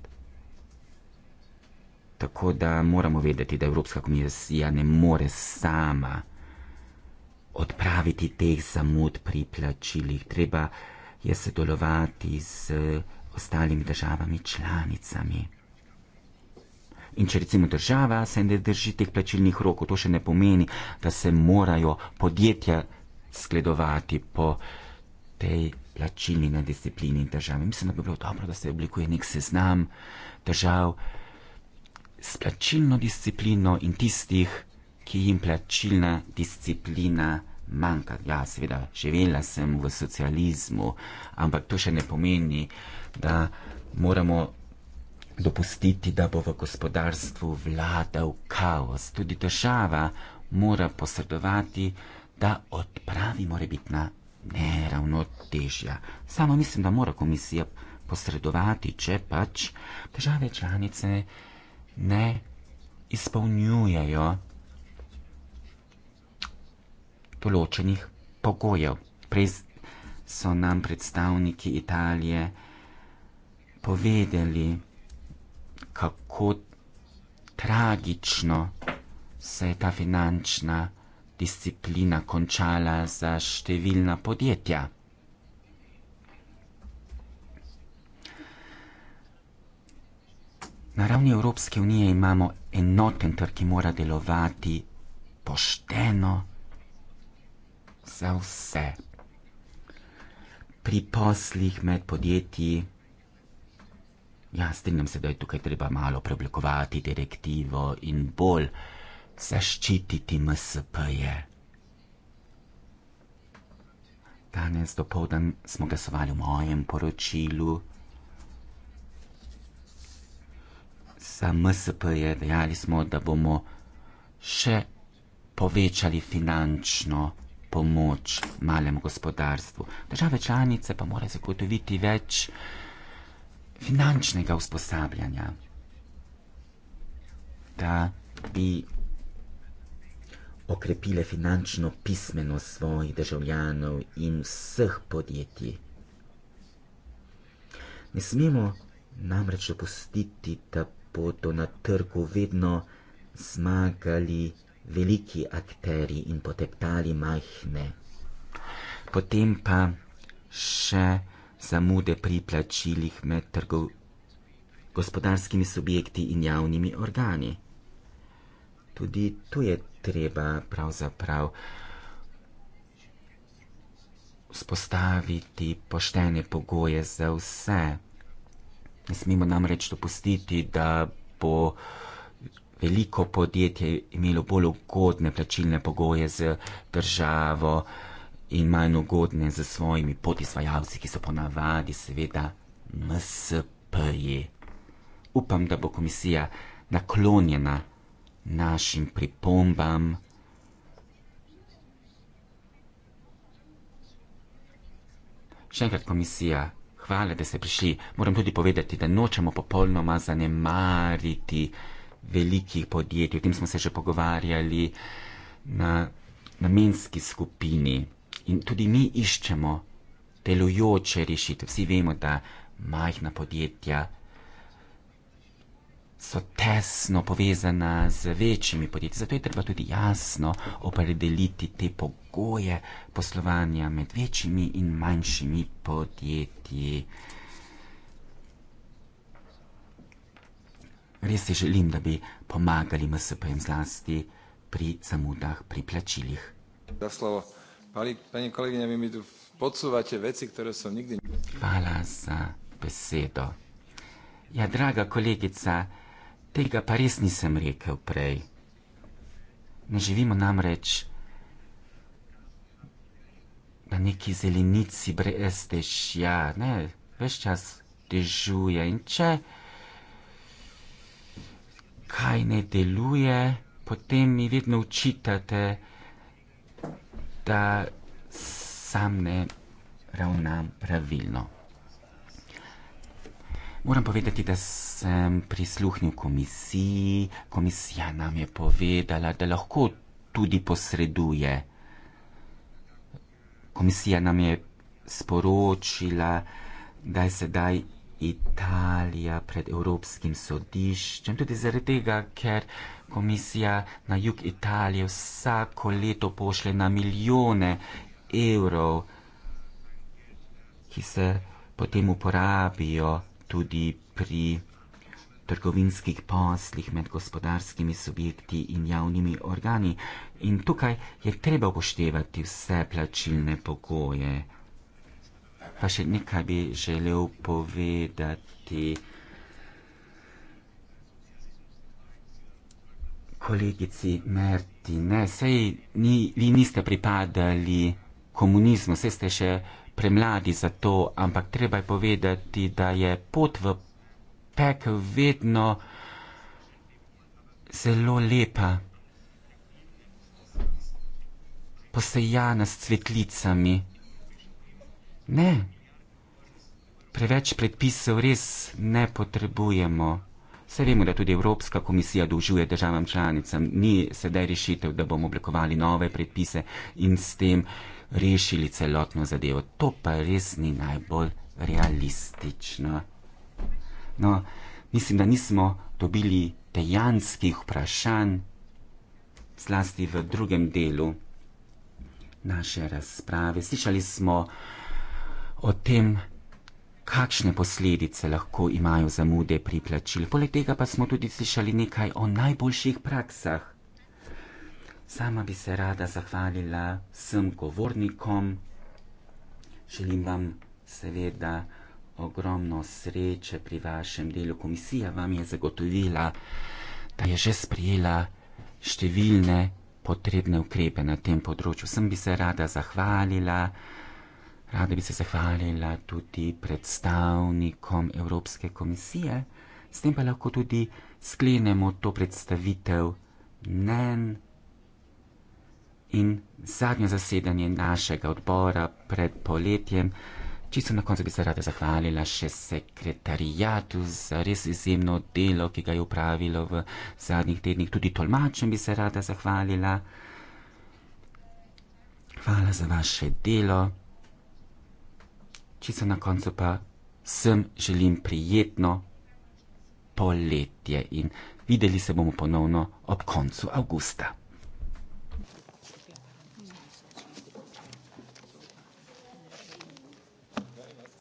Tako da moramo vedeti, da Evropska komisija ne more sama odpraviti teh zamud pri plačilih. Treba je sodelovati z ostalimi državami članicami. In če recimo država se ne drži teh plačilnih rokov, to še ne pomeni, da se morajo podjetja skledovati po tej plačilni nedisciplini in državi. Mislim, da bi bilo dobro, da se oblikuje nek seznam držav s plačilno disciplino in tistih, ki jim plačilna disciplina manjka. Ja, seveda, živela sem v socializmu, ampak to še ne pomeni, da moramo dopustiti, da bo v gospodarstvu vladal kaos. Tudi država mora posredovati, da odpravi morebitna neravnotežja. Samo mislim, da mora komisija posredovati, če pač države članice ne izpolnjujejo določenih pogojev. Prej so nam predstavniki Italije povedali, kako tragično se je ta finančna disciplina končala za številna podjetja. Na ravni Evropske unije imamo enoten trg, ki mora delovati pošteno za vse. Pri poslih med podjetji Ja, strengam se, da je tukaj treba malo preoblikovati direktivo in bolj zaščititi MSP-je. Danes dopoldan smo glasovali o mojem poročilu. Za MSP-je dejali smo, da bomo še povečali finančno pomoč malemu gospodarstvu. Države članice pa morajo zagotoviti več finančnega usposabljanja. Da bi okrepile finančno pismeno svojih državljanov in vseh podjetij. Ne smemo namreč dopustiti, da bodo na trgu vedno zmagali veliki akteri in poteptali majhne. Potem pa še zamude pri plačilih med trgov, gospodarskimi subjekti in javnimi organi. Tudi tu je treba pravzaprav spostaviti poštene pogoje za vse. Ne smemo namreč dopustiti, da bo veliko podjetje imelo bolj ugodne plačilne pogoje z državo, in manj ugodne z svojimi podizvajalci, ki so ponavadi seveda MSP-ji. Upam, da bo komisija naklonjena našim pripombam. Še enkrat komisija, hvala, da ste prišli. Moram tudi povedati, da nočemo popolnoma zanemariti velikih podjetij. O tem smo se že pogovarjali na namenski skupini. In tudi mi iščemo delujoče rešitve. Vsi vemo, da majhna podjetja so tesno povezana z večjimi podjetji. Zato je treba tudi jasno opredeliti te pogoje poslovanja med večjimi in manjšimi podjetji. Res si želim, da bi pomagali MSP-jem zlasti pri zamudah, pri plačilih. Da slovo. Pani, pani kolegyňa, vy mi tu podsúvate veci, ktoré som nikdy... Hvala za besedo. Ja, draga kolegica, tega pa res nisem rekel prej. Ne živimo namreč na neki zelenici brez dežja, ne, veš čas dežuje in če kaj ne deluje, potem mi vedno učitate, da sam ne ravnam pravilno. Moram povedati, da sem prisluhnil komisiji, komisija nam je povedala, da lahko tudi posreduje. Komisija nam je sporočila, da je sedaj Italija pred Evropskim sodiščem, tudi zaradi tega, ker komisija na jug Italije vsako leto pošle na milijone evrov, ki se potem uporabijo tudi pri trgovinskih poslih med gospodarskimi subjekti in javnimi organi. In tukaj je treba upoštevati vse plačilne pogoje. Pa še nekaj bi želel povedati kolegici Merti. Ne, sej ni, vi niste pripadali komunizmu, sej ste še premladi za to, ampak treba je povedati, da je pot v pekel vedno zelo lepa, posejana s cvetlicami. Ne preveč predpisov res ne potrebujemo. Vse vemo, da tudi Evropska komisija dolžuje državam članicam, ni sedaj rešitev, da bomo oblikovali nove predpise in s tem rešili celotno zadevo. To pa res ni najbolj realistično. No, mislim, da nismo dobili dejanskih vprašanj, zlasti v drugem delu naše razprave. Slišali smo o tem, kakšne posledice lahko imajo zamude pri plačilu. Poleg tega pa smo tudi slišali nekaj o najboljših praksah. Sama bi se rada zahvalila vsem govornikom. Želim vam seveda ogromno sreče pri vašem delu. Komisija vam je zagotovila, da je že sprijela številne potrebne ukrepe na tem področju. Sem bi se rada zahvalila. Radi bi se zahvalila tudi predstavnikom Evropske komisije, s tem pa lahko tudi sklenemo to predstavitev mnen in zadnje zasedanje našega odbora pred poletjem. Čisto na koncu bi se rada zahvalila še sekretarijatu za res izjemno delo, ki ga je upravilo v zadnjih tednih. Tudi tolmačem bi se rada zahvalila. Hvala za vaše delo čisto na koncu pa sem želim prijetno poletje in videli se bomo ponovno ob koncu avgusta.